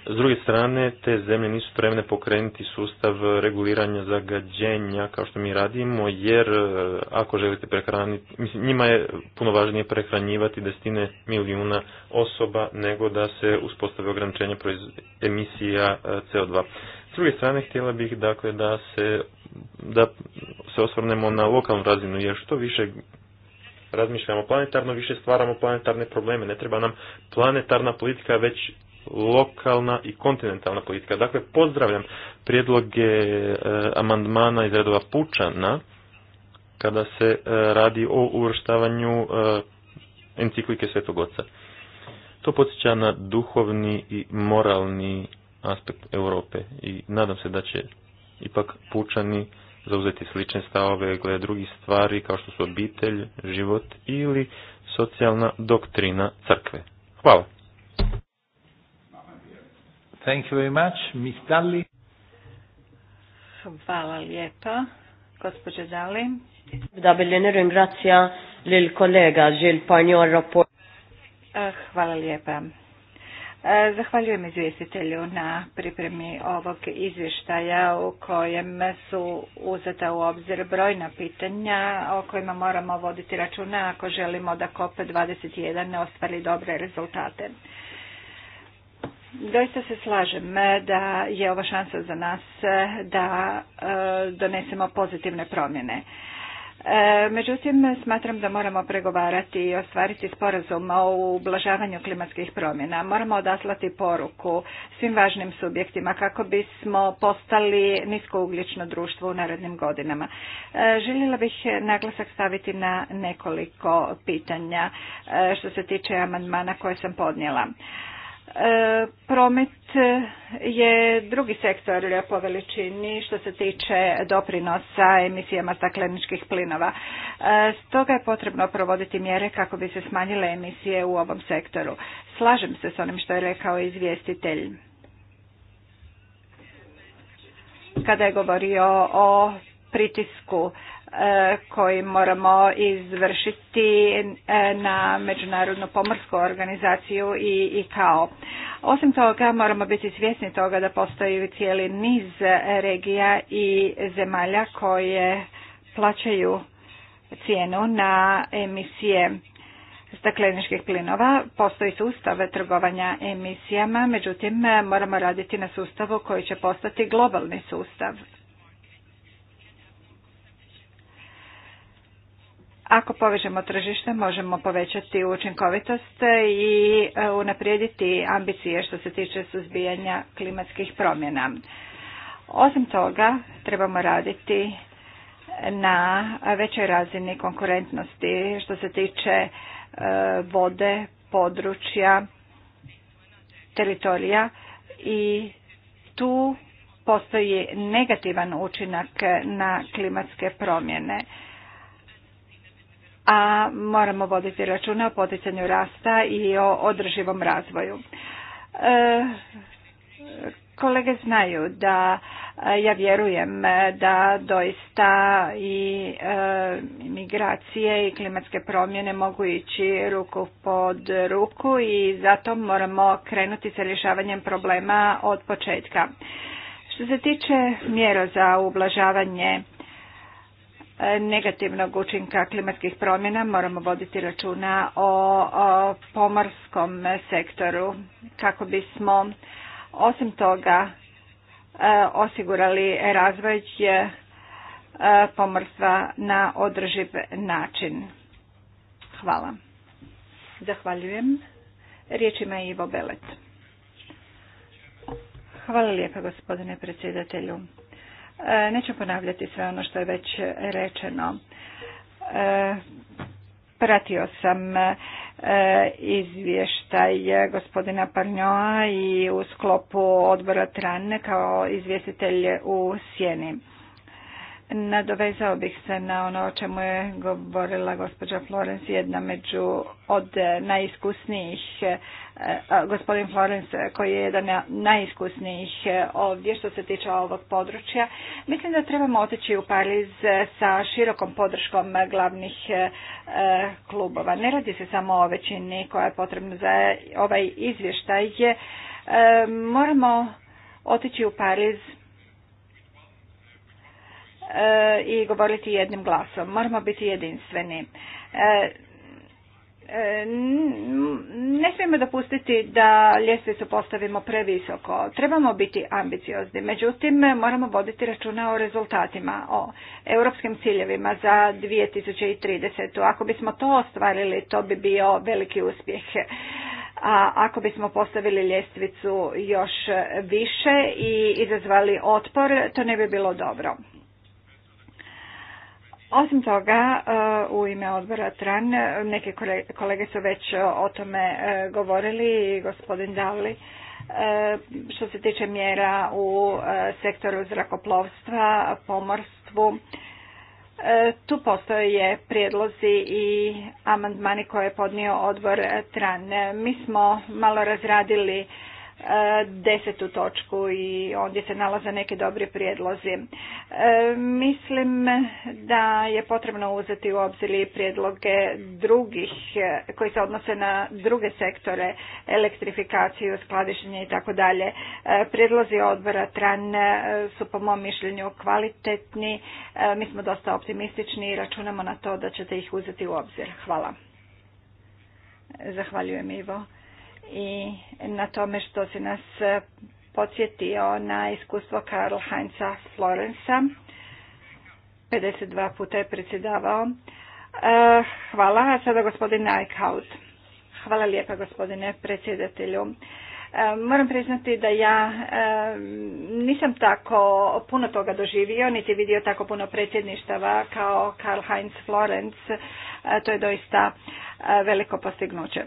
S druge strane, te zemlje nisu spremne pokrenuti sustav reguliranja zagađenja kao što mi radimo, jer e, ako želite prehraniti, mislim, njima je puno važnije prehranjivati desetine milijuna osoba nego da se uspostave ograničenja emisija e, CO2. S druge strane, htjela bih dakle da se da se osvrnemo na lokalnu razinu, jer što više razmišljamo planetarno, više stvaramo planetarne probleme. Ne treba nam planetarna politika, već lokalna i kontinentalna politika. Dakle, pozdravljam prijedloge e, amandmana iz redova Pučana kada se e, radi o uvrštavanju e, enciklike Svetog Oca. To podsjeća na duhovni i moralni aspekt Europe i nadam se da će ipak Pučani zauzeti slične stavove glede drugih stvari kao što su obitelj, život ili socijalna doktrina crkve. Hvala. Thank you very much. Miss Dalli. Hvala lijepa. Gospođe Dali. Da lil kolega Žil Panjo eh, Hvala lijepa. Eh, zahvaljujem izvjestitelju na pripremi ovog izvještaja u kojem su uzeta u obzir brojna pitanja o kojima moramo voditi računa ako želimo da COP21 ne ostvari dobre rezultate. Doista se slažem e, da je ova šansa za nas e, da e, donesemo pozitivne promjene. Međutim, smatram da moramo pregovarati i ostvariti sporazum o ublažavanju klimatskih promjena. Moramo odaslati poruku svim važnim subjektima kako bismo postali niskougljično društvo u narednim godinama. Željela bih naglasak staviti na nekoliko pitanja što se tiče amandmana koje sam podnijela. Promet je drugi sektor po veličini što se tiče doprinosa emisijama stakleničkih plinova. E, stoga je potrebno provoditi mjere kako bi se smanjile emisije u ovom sektoru. Slažem se s onim što je rekao izvjestitelj. Kada je govorio o pritisku koji moramo izvršiti e, na Međunarodnu pomorsku organizaciju i kao. Osim toga moramo biti svjesni toga da postoji cijeli niz regija i zemalja koje plaćaju cijenu na emisije stakleničkih plinova. Postoji sustav trgovanja emisijama, međutim moramo raditi na sustavu koji će postati globalni sustav Ako povežemo tržište, možemo povećati učinkovitost i e, unaprijediti ambicije što se tiče suzbijanja klimatskih promjena. Osim toga, trebamo raditi na većoj razini konkurentnosti što se tiče e, vode, područja, teritorija i tu postoji negativan učinak na klimatske promjene a moramo voditi računa o poticanju rasta i o održivom razvoju. E, kolege znaju da e, ja vjerujem e, da doista i migracije i klimatske promjene mogu ići ruku pod ruku i zato moramo krenuti sa rješavanjem problema od početka. Što se tiče mjera za ublažavanje E, negativnog učinka klimatskih promjena moramo voditi računa o pomorskom sektoru kako bismo osim toga e, osigurali razvoj e, pomorstva na održiv način. Hvala. Zahvaljujem. Riječ ima Ivo Belet. Hvala lijepa gospodine predsjedatelju. E, neću ponavljati sve ono što je već rečeno. E, pratio sam e, izvještaj gospodina Parnjoa i u sklopu odbora Tran kao izvjestitelj u Sjeni. Nadovezao bih se na ono o čemu je govorila gospođa Florence, jedna među od najiskusnijih, e, gospodin Florence koji je jedan najiskusnijih e, ovdje što se tiče ovog područja. Mislim da trebamo otići u Pariz e, sa širokom podrškom glavnih klubova. Ne radi se samo o većini koja je potrebna za ovaj izvještaj. Moramo otići u Pariz i govoriti jednim glasom. Moramo biti jedinstveni. E, e, ne smijemo dopustiti da ljestvicu postavimo previsoko. Trebamo biti ambiciozni, međutim moramo voditi računa o rezultatima, o europskim ciljevima za 2030. Ako bismo to ostvarili, to bi bio veliki uspjeh a ako bismo postavili ljestvicu još više i izazvali otpor, to ne bi bilo dobro. Osim toga, e, u ime odbora TRAN, neke kolege su već e, o tome e, govorili i gospodin Davli, što se tiče mjera u sektoru zrakoplovstva, pomorstvu, tu postoje prijedlozi i amandmani koje je podnio odbor TRAN. Mi smo malo razradili desetu točku i ondje se nalaze neki dobri prijedlozi. E, mislim da je potrebno uzeti u obzir i prijedloge drugih e, koji se odnose na druge sektore, elektrifikaciju, skladištenje i tako dalje. E, prijedlozi odbora TRAN su po mom mišljenju kvalitetni. Mi smo dosta optimistični i računamo na to da ćete ih uzeti u obzir. Hvala. Zahvaljujem Ivo i na tome što se nas e, podsjetio na iskustvo Karl Heinza Florensa. 52 puta je predsjedavao. E, hvala. A sada gospodin Eichhout. Hvala lijepa gospodine predsjedatelju. E, moram priznati da ja nisam tako puno toga doživio, niti vidio tako puno predsjedništava kao Karl Heinz Florenz. To je doista veliko postignuće.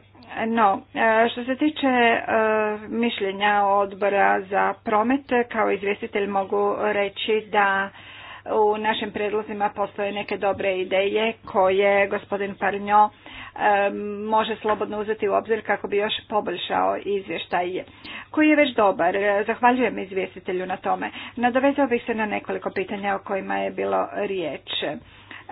No, e, što se tiče e, mišljenja odbora za promet, kao izvjestitelj mogu reći da u našim predlozima postoje neke dobre ideje koje gospodin Parnjo e, može slobodno uzeti u obzir kako bi još poboljšao izvještaj koji je već dobar. Zahvaljujem izvjestitelju na tome. Nadovezao bih se na nekoliko pitanja o kojima je bilo riječ.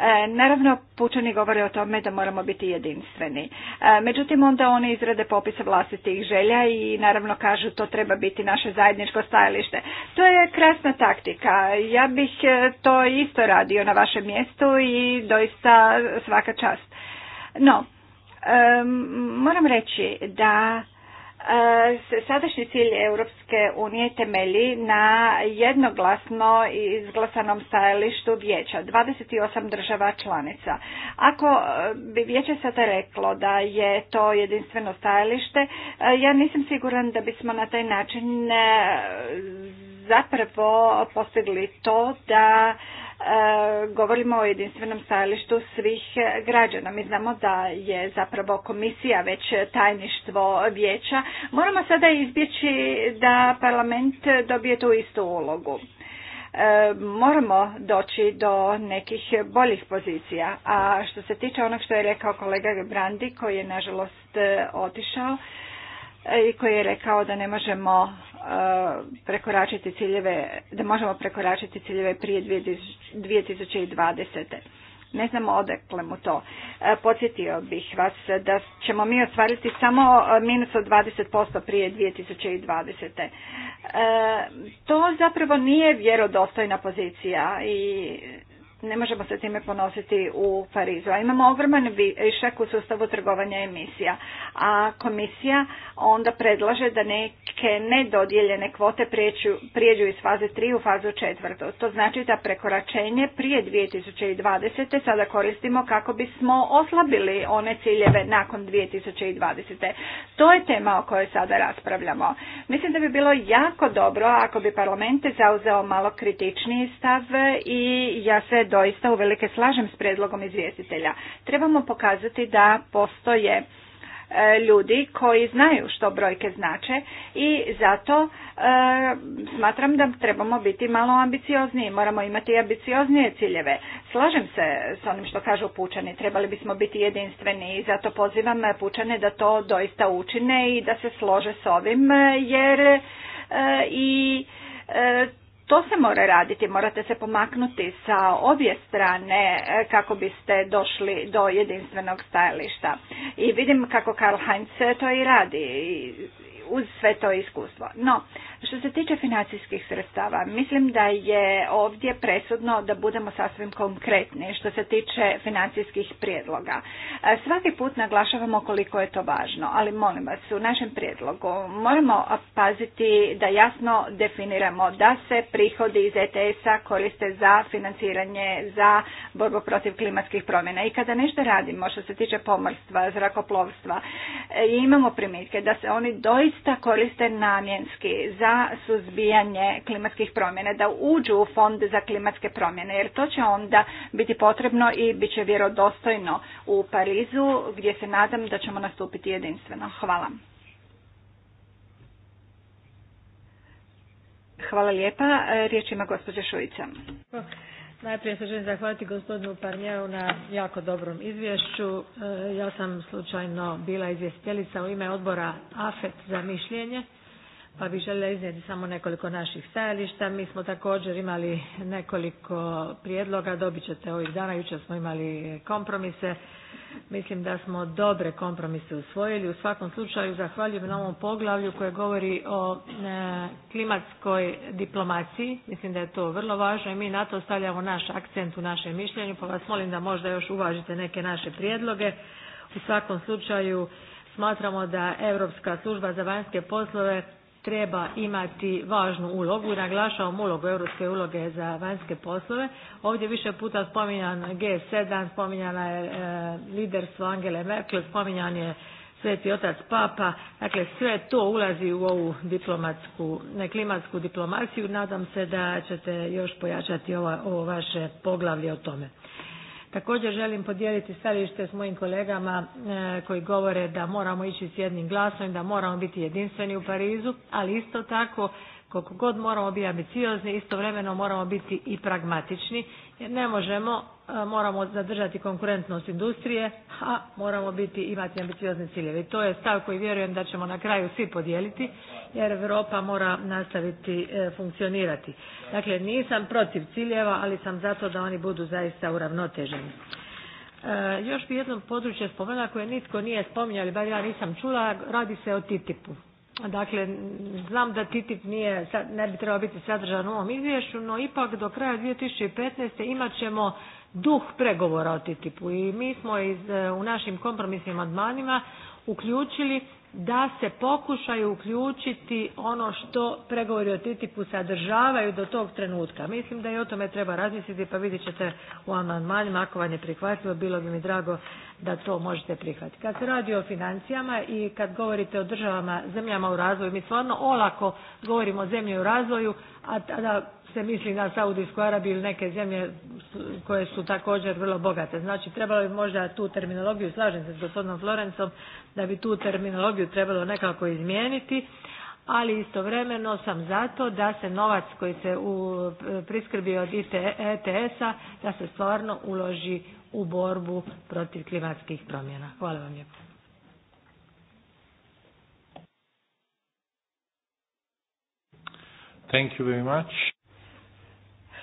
E, naravno, pučani govore o tome da moramo biti jedinstveni. E, međutim, onda oni izrade popis vlastitih želja i naravno kažu to treba biti naše zajedničko stajalište. To je krasna taktika. Ja bih e, to isto radio na vašem mjestu i doista svaka čast. No, moram reći da E, sadašnji cilj Europske unije temelji na jednoglasno izglasanom stajalištu vijeća, 28 država članica. Ako e, bi vijeće sada reklo da je to jedinstveno stajalište, e, ja nisam siguran da bismo na taj način zapravo postigli to da E, govorimo o jedinstvenom stajalištu svih građana. Mi znamo da je zapravo komisija već tajništvo vijeća. Moramo sada izbjeći da parlament dobije tu istu ulogu. E, moramo doći do nekih boljih pozicija. A što se tiče onog što je rekao kolega Brandi, koji je nažalost e, otišao, E, i koji je rekao da ne možemo e, prekoračiti ciljeve, da možemo prekoračiti ciljeve prije 2020. Ne znamo odakle mu to. E, podsjetio bih vas da ćemo mi ostvariti samo minus od 20% prije 2020. To zapravo nije vjerodostojna pozicija i ne možemo se time ponositi u Parizu. A imamo ogroman višak u sustavu trgovanja emisija. A komisija onda predlaže da neke nedodjeljene kvote prijeđu, iz faze 3 u fazu 4. To znači da prekoračenje prije 2020. sada koristimo kako bismo oslabili one ciljeve nakon 2020. To je tema o kojoj sada raspravljamo. Mislim da bi bilo jako dobro ako bi parlament zauzeo malo kritičniji stav i ja se doista velike slažem s predlogom izvjestitelja. Trebamo pokazati da postoje e, ljudi koji znaju što brojke znače i zato e, smatram da trebamo biti malo ambiciozniji, moramo imati ambicioznije ciljeve. Slažem se s onim što kažu pučani, trebali bismo biti jedinstveni i zato pozivam pučane da to doista učine i da se slože s ovim e, jer i to se mora raditi, morate se pomaknuti sa obje strane e, kako biste došli do jedinstvenog stajališta. I vidim kako Karl Heinz to i radi uz sve to iskustvo. No, što se tiče financijskih sredstava, mislim da je ovdje presudno da budemo sasvim konkretni što se tiče financijskih prijedloga. E, svaki put naglašavamo koliko je to važno, ali molim vas, u našem prijedlogu moramo paziti da jasno definiramo da se prihodi iz ETS-a koriste za financiranje, za borbu protiv klimatskih promjena. I kada nešto radimo što se tiče pomorstva, zrakoplovstva, e, imamo primitke da se oni doista doista koriste namjenski za suzbijanje klimatskih promjena, da uđu u fond za klimatske promjene, jer to će onda biti potrebno i bit će vjerodostojno u Parizu, gdje se nadam da ćemo nastupiti jedinstveno. Hvala. Hvala lijepa. Riječ ima gospođa Šujica. Najprije se želim zahvaliti gospodinu Parnjevu na jako dobrom izvješću. E, ja sam slučajno bila izvjestiteljica u ime odbora AFET za mišljenje, pa bih željela iznijeti samo nekoliko naših stajališta. Mi smo također imali nekoliko prijedloga, dobit ćete ovih dana, jučer smo imali kompromise Mislim da smo dobre kompromise usvojili. U svakom slučaju zahvaljujem na ovom poglavlju koje govori o e, klimatskoj diplomaciji. Mislim da je to vrlo važno i mi na to stavljamo naš akcent u našem mišljenju, pa vas molim da možda još uvažite neke naše prijedloge. U svakom slučaju smatramo da Europska služba za vanjske poslove treba imati važnu ulogu i naglašavam ulogu europske uloge za vanjske poslove. Ovdje više puta spominjan G7, spominjana je e, liderstvo Angele Merkel, spominjan je Sveti otac Papa, dakle sve to ulazi u ovu diplomatsku, ne klimatsku diplomaciju. Nadam se da ćete još pojačati ovo, ovo vaše poglavlje o tome. Također želim podijeliti stajalište s mojim kolegama e, koji govore da moramo ići s jednim glasom i da moramo biti jedinstveni u Parizu, ali isto tako koliko god moramo biti ambiciozni, istovremeno moramo biti i pragmatični, jer ne možemo, e, moramo zadržati konkurentnost industrije, a moramo biti, imati ambiciozne ciljeve. I to je stav koji vjerujem da ćemo na kraju svi podijeliti, jer Europa mora nastaviti e, funkcionirati. Dakle, nisam protiv ciljeva, ali sam zato da oni budu zaista uravnoteženi. E, još bi jedno područje spomenula koje nitko nije spominjao, ali bar ja nisam čula, radi se o TTIP-u. Dakle, znam da TTIP nije, ne bi trebao biti sadržan u ovom izvješću, no ipak do kraja 2015. imat ćemo duh pregovora o TTIP-u i mi smo iz, e, u našim kompromisnim amandmanima uključili da se pokušaju uključiti ono što pregovori o TTIP-u sadržavaju do tog trenutka. Mislim da i o tome treba razmisliti pa vidjet ćete u amandmanima ako vam je prihvatljivo bilo bi mi drago da to možete prihvatiti. Kad se radi o financijama i kad govorite o državama, zemljama u razvoju, mi stvarno olako govorimo o zemlji u razvoju, a tada se misli na Saudijsku Arabiju ili neke zemlje koje su također vrlo bogate. Znači trebalo bi možda tu terminologiju, slažem se s gospodinom Florencom, da bi tu terminologiju trebalo nekako izmijeniti, ali istovremeno sam zato da se novac koji se u, priskrbi od ETS-a, da se stvarno uloži u borbu protiv klimatskih promjena. Hvala vam lijepo. Thank you very much.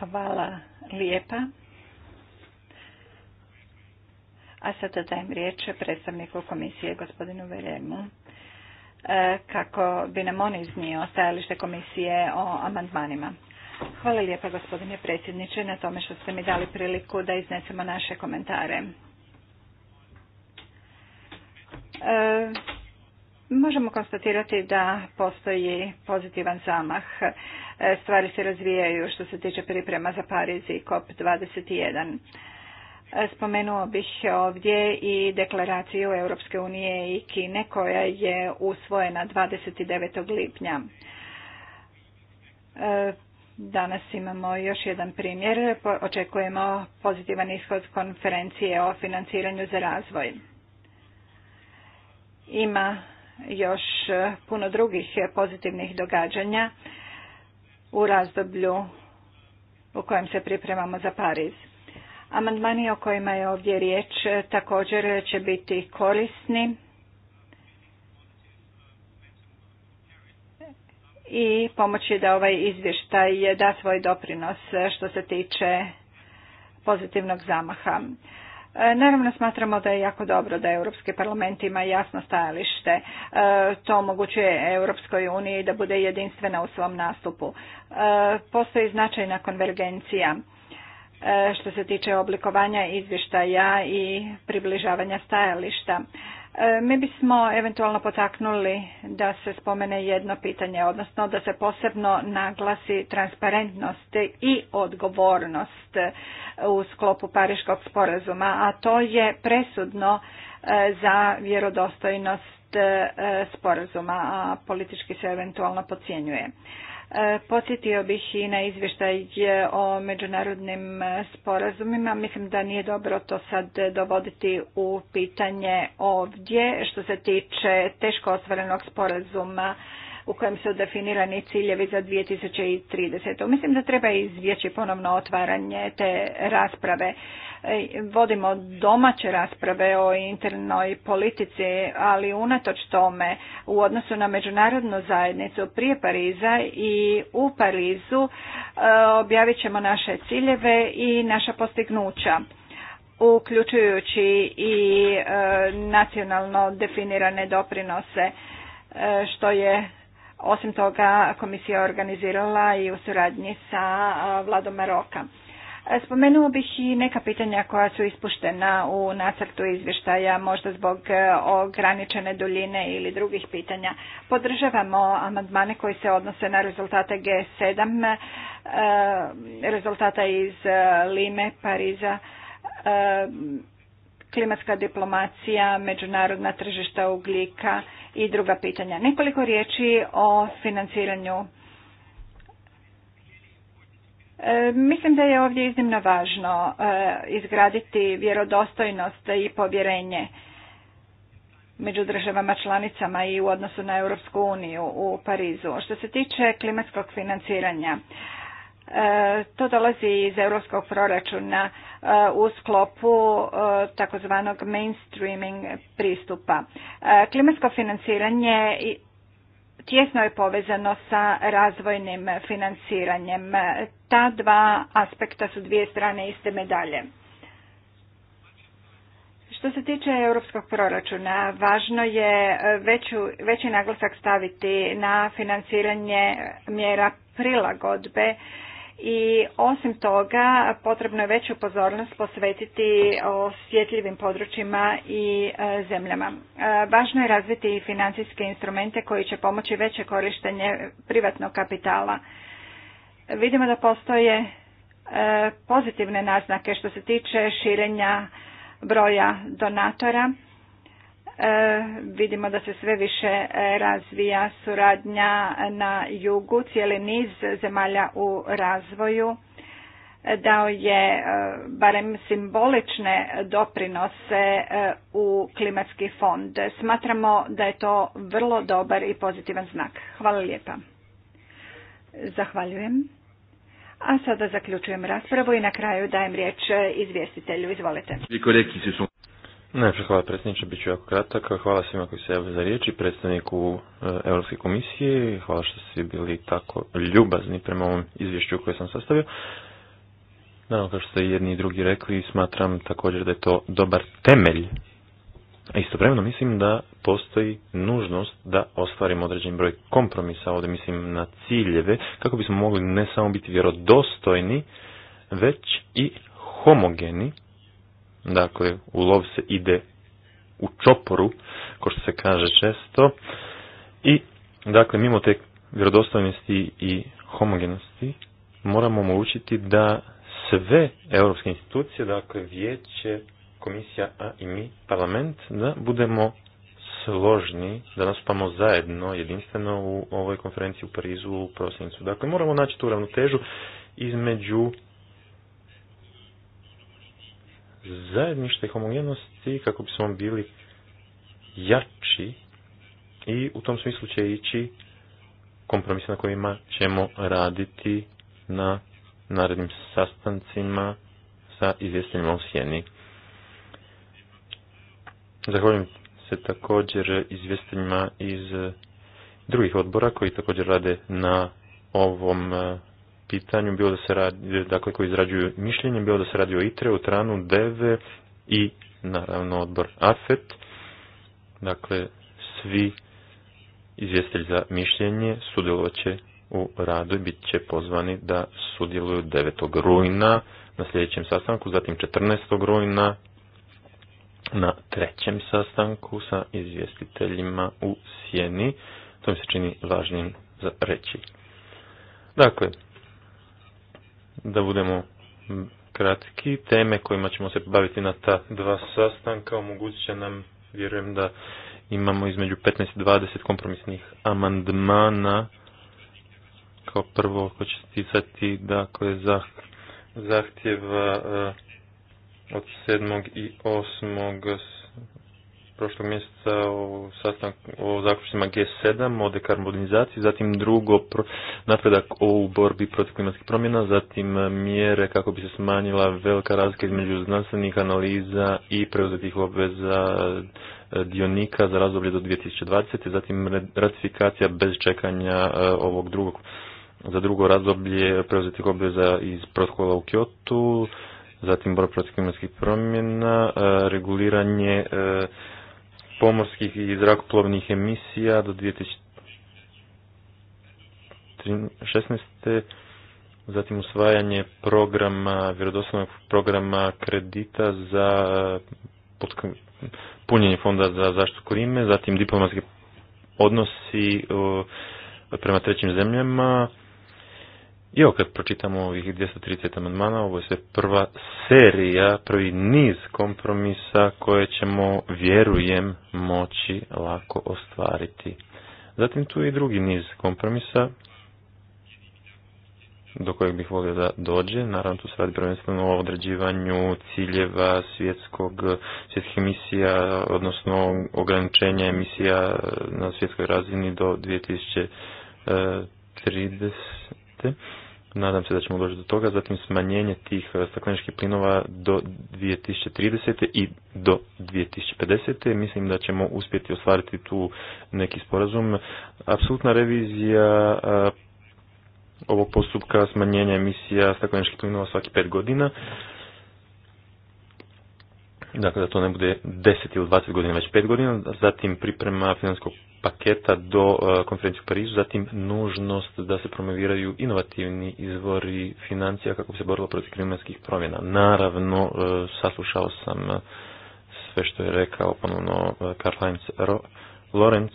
Hvala lijepa. A sada dajem riječ predstavniku komisije, gospodinu Veljemu, e, kako bi nam on iznio stajalište komisije o amandmanima. Hvala lijepa gospodine predsjedniče na tome što ste mi dali priliku da iznesemo naše komentare. E, Možemo konstatirati da postoji pozitivan zamah. E, stvari se razvijaju što se tiče priprema za Pariz i COP21. E, spomenuo bih ovdje i deklaraciju Europske unije i Kine koja je usvojena 29. lipnja. E, danas imamo još jedan primjer. Očekujemo pozitivan ishod konferencije o financiranju za razvoj. Ima još e, puno drugih e, pozitivnih događanja u razdoblju u kojem se pripremamo za Pariz. Amandmani o kojima je ovdje riječ e, također će biti korisni i pomoći da ovaj izvještaj da svoj doprinos što se tiče pozitivnog zamaha. E, naravno smatramo da je jako dobro da Europski parlament ima jasno stajalište. E, to omogućuje Europskoj uniji da bude jedinstvena u svom nastupu. E, postoji značajna konvergencija što se tiče oblikovanja izvještaja i približavanja stajališta. E, mi bismo eventualno potaknuli da se spomene jedno pitanje, odnosno da se posebno naglasi transparentnost i odgovornost e, u sklopu Pariškog sporazuma, a to je presudno e, za vjerodostojnost sporazuma, a politički se eventualno pocijenjuje. E, podsjetio bih i na izvještaj o međunarodnim sporazumima. Mislim da nije dobro to sad dovoditi u pitanje ovdje što se tiče teško ostvarenog sporazuma u kojem su definirani ciljevi za 2030. Mislim da treba izvjeći ponovno otvaranje te rasprave. E, vodimo domaće rasprave o internoj politici, ali unatoč tome u odnosu na međunarodnu zajednicu prije Pariza i u Parizu e, objavit ćemo naše ciljeve i naša postignuća uključujući i e, nacionalno definirane doprinose što je osim toga, komisija je organizirala i u suradnji sa vladom Maroka. E, spomenuo bih i neka pitanja koja su ispuštena u nacrtu izvještaja, možda zbog e, ograničene duljine ili drugih pitanja. Podržavamo amandmane koji se odnose na rezultate G7, e, rezultata iz Lime, Pariza, klimatska diplomacija, međunarodna tržišta ugljika i druga pitanja. Nekoliko riječi o financiranju. E, mislim da je ovdje iznimno važno e, izgraditi vjerodostojnost i povjerenje među državama članicama i u odnosu na Europsku uniju u Parizu. Što se tiče klimatskog financiranja, E, to dolazi iz europskog proračuna e, u sklopu e, takozvanog mainstreaming pristupa. Klimatsko financiranje tjesno je povezano sa razvojnim financiranjem. Ta dva aspekta su dvije strane iste medalje. Što se tiče europskog proračuna, važno je veću, veći naglasak staviti na financiranje mjera prilagodbe i osim toga potrebno je veću pozornost posvetiti osjetljivim područjima i e, zemljama. E, važno je razviti i financijske instrumente koji će pomoći veće korištenje privatnog kapitala. Vidimo da postoje e, pozitivne naznake što se tiče širenja broja donatora E, vidimo da se sve više e, razvija suradnja na jugu, cijeli niz zemalja u razvoju e, dao je barem simbolične doprinose u klimatski fond. Smatramo da je to vrlo dobar i pozitivan znak. Hvala lijepa. Zahvaljujem. A sada zaključujem raspravu i na kraju dajem riječ izvjestitelju. Izvolite. Najprej hvala predsjedniče, bit ću jako kratak. Hvala svima koji se javili za riječ predstavniku e, Europske komisije. Hvala što ste bili tako ljubazni prema ovom izvješću koje sam sastavio. Naravno, kao što ste jedni i drugi rekli, smatram također da je to dobar temelj. A istovremeno mislim da postoji nužnost da ostvarimo određeni broj kompromisa, ovdje mislim na ciljeve, kako bismo mogli ne samo biti vjerodostojni, već i homogeni Dakle, u lov se ide u čoporu, ko što se kaže često. I, dakle, mimo te vjerodostojnosti i homogenosti, moramo omogućiti da sve europske institucije, dakle vijeće, komisija, a i mi, parlament, da budemo složni, da nastupamo zajedno, jedinstveno u ovoj konferenciji u Parizu u prosincu. Dakle, moramo naći tu ravnotežu između zajedništva i homogenosti kako bismo bili jači i u tom smislu će ići kompromis na kojima ćemo raditi na narednim sastancima sa izvjestiteljima u Sjeni. Zahvaljujem se također izvjestiteljima iz drugih odbora koji također rade na ovom pitanju, bilo da se radi, dakle koji izrađuju mišljenje, bilo da se radi o ITRE, u Tranu, DEVE i naravno odbor AFET. Dakle, svi izvjestelji za mišljenje sudjelovat će u radu i bit će pozvani da sudjeluju 9. rujna na sljedećem sastanku, zatim 14. rujna na trećem sastanku sa izvjestiteljima u Sjeni. To mi se čini važnim za reći. Dakle, da budemo kratki. Teme kojima ćemo se baviti na ta dva sastanka omogućit će nam, vjerujem da imamo između 15 i 20 kompromisnih amandmana. Kao prvo ko će sticati dakle, za, zahtjeva eh, od 7. i 8 prošlog mjeseca o, sastanku, o zaključcima G7, o dekarbonizaciji, zatim drugo napredak o borbi protiv klimatskih promjena, zatim e, mjere kako bi se smanjila velika razlika između znanstvenih analiza i preuzetih obveza e, dionika za razdoblje do 2020. Zatim ratifikacija bez čekanja e, ovog drugog za drugo razdoblje preuzetih obveza iz protokola u Kyotu, zatim borba protiv klimatskih promjena, reguliranje pomorskih i zrakoplovnih emisija do 2016. Zatim usvajanje programa, vjerodoslovnog programa kredita za eh, punjenje fonda za zaštitu klime, zatim diplomatski odnosi eh, prema trećim zemljama, i evo kad pročitamo ovih 230 amandmana, ovo je sve prva serija, prvi niz kompromisa koje ćemo, vjerujem, moći lako ostvariti. Zatim tu je i drugi niz kompromisa do kojeg bih volio da dođe. Naravno tu se radi prvenstveno o određivanju ciljeva svjetskog, svjetskih emisija, odnosno ograničenja emisija na svjetskoj razini do 2030 Nadam se da ćemo doći do toga. Zatim smanjenje tih e, stakleničkih plinova do 2030. i do 2050. Mislim da ćemo uspjeti ostvariti tu neki sporazum. Apsolutna revizija e, ovog postupka smanjenja emisija stakleničkih plinova svaki pet godina. Dakle, da to ne bude 10 ili 20 godina, već 5 godina. Zatim priprema finanskog paketa do e, konferencije u Parizu, zatim nužnost da se promoviraju inovativni izvori financija kako bi se borilo protiv klimatskih promjena. Naravno, e, saslušao sam sve što je rekao ponovno e, Karl-Heinz Lorenz,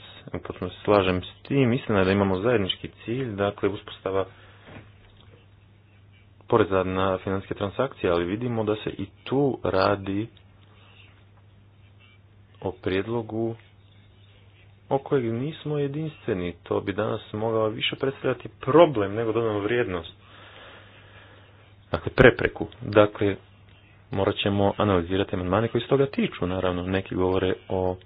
potpuno se slažem s tim, Mislim da imamo zajednički cilj, dakle uspostava poreza na financijske transakcije, ali vidimo da se i tu radi o prijedlogu o kojeg nismo jedinstveni. To bi danas mogao više predstavljati problem nego dodanu vrijednost. Dakle, prepreku. Dakle, morat ćemo analizirati amandmane koji se toga tiču. Naravno, neki govore o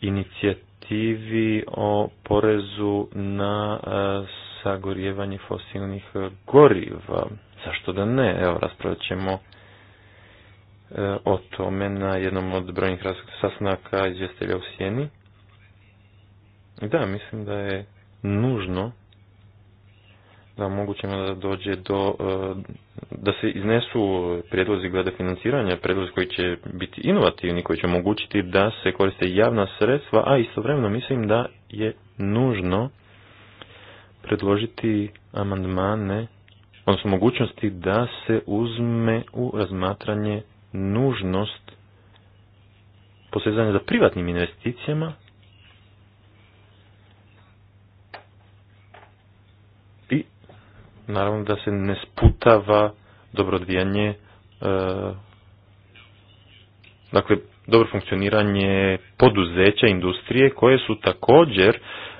inicijativi o porezu na e, sagorjevanje fosilnih e, goriva. Zašto da ne? Evo, raspravit ćemo e, o tome na jednom od brojnih sastanaka izvjestelja u Sjeni da, mislim da je nužno da omogućimo da dođe do, e, da se iznesu prijedlozi glede financiranja, prijedlozi koji će biti inovativni, koji će omogućiti da se koriste javna sredstva, a istovremeno mislim da je nužno predložiti amandmane, odnosno mogućnosti da se uzme u razmatranje nužnost posezanja za privatnim investicijama naravno da se ne sputava dobro odvijanje, e, dakle, dobro funkcioniranje poduzeća, industrije, koje su također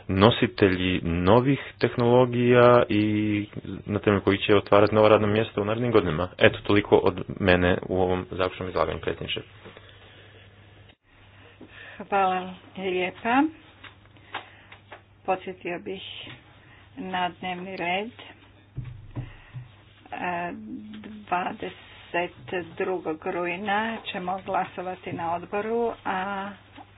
nositelji novih tehnologija i na temelju koji će otvarati nova radna mjesta u narednim godinama. Eto, toliko od mene u ovom završnom izlaganju, predsjedniče. Hvala lijepa. Podsjetio bih na dnevni red. 22. rujna ćemo glasovati na odboru, a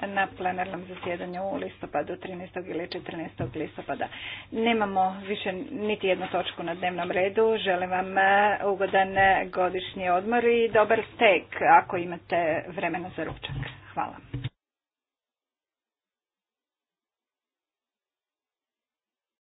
na plenarnom zasjedanju u listopadu 13. ili 14. listopada. Nemamo više niti jednu točku na dnevnom redu. Želim vam e, ugodan godišnji odmor i dobar tek ako imate vremena za ručak. Hvala.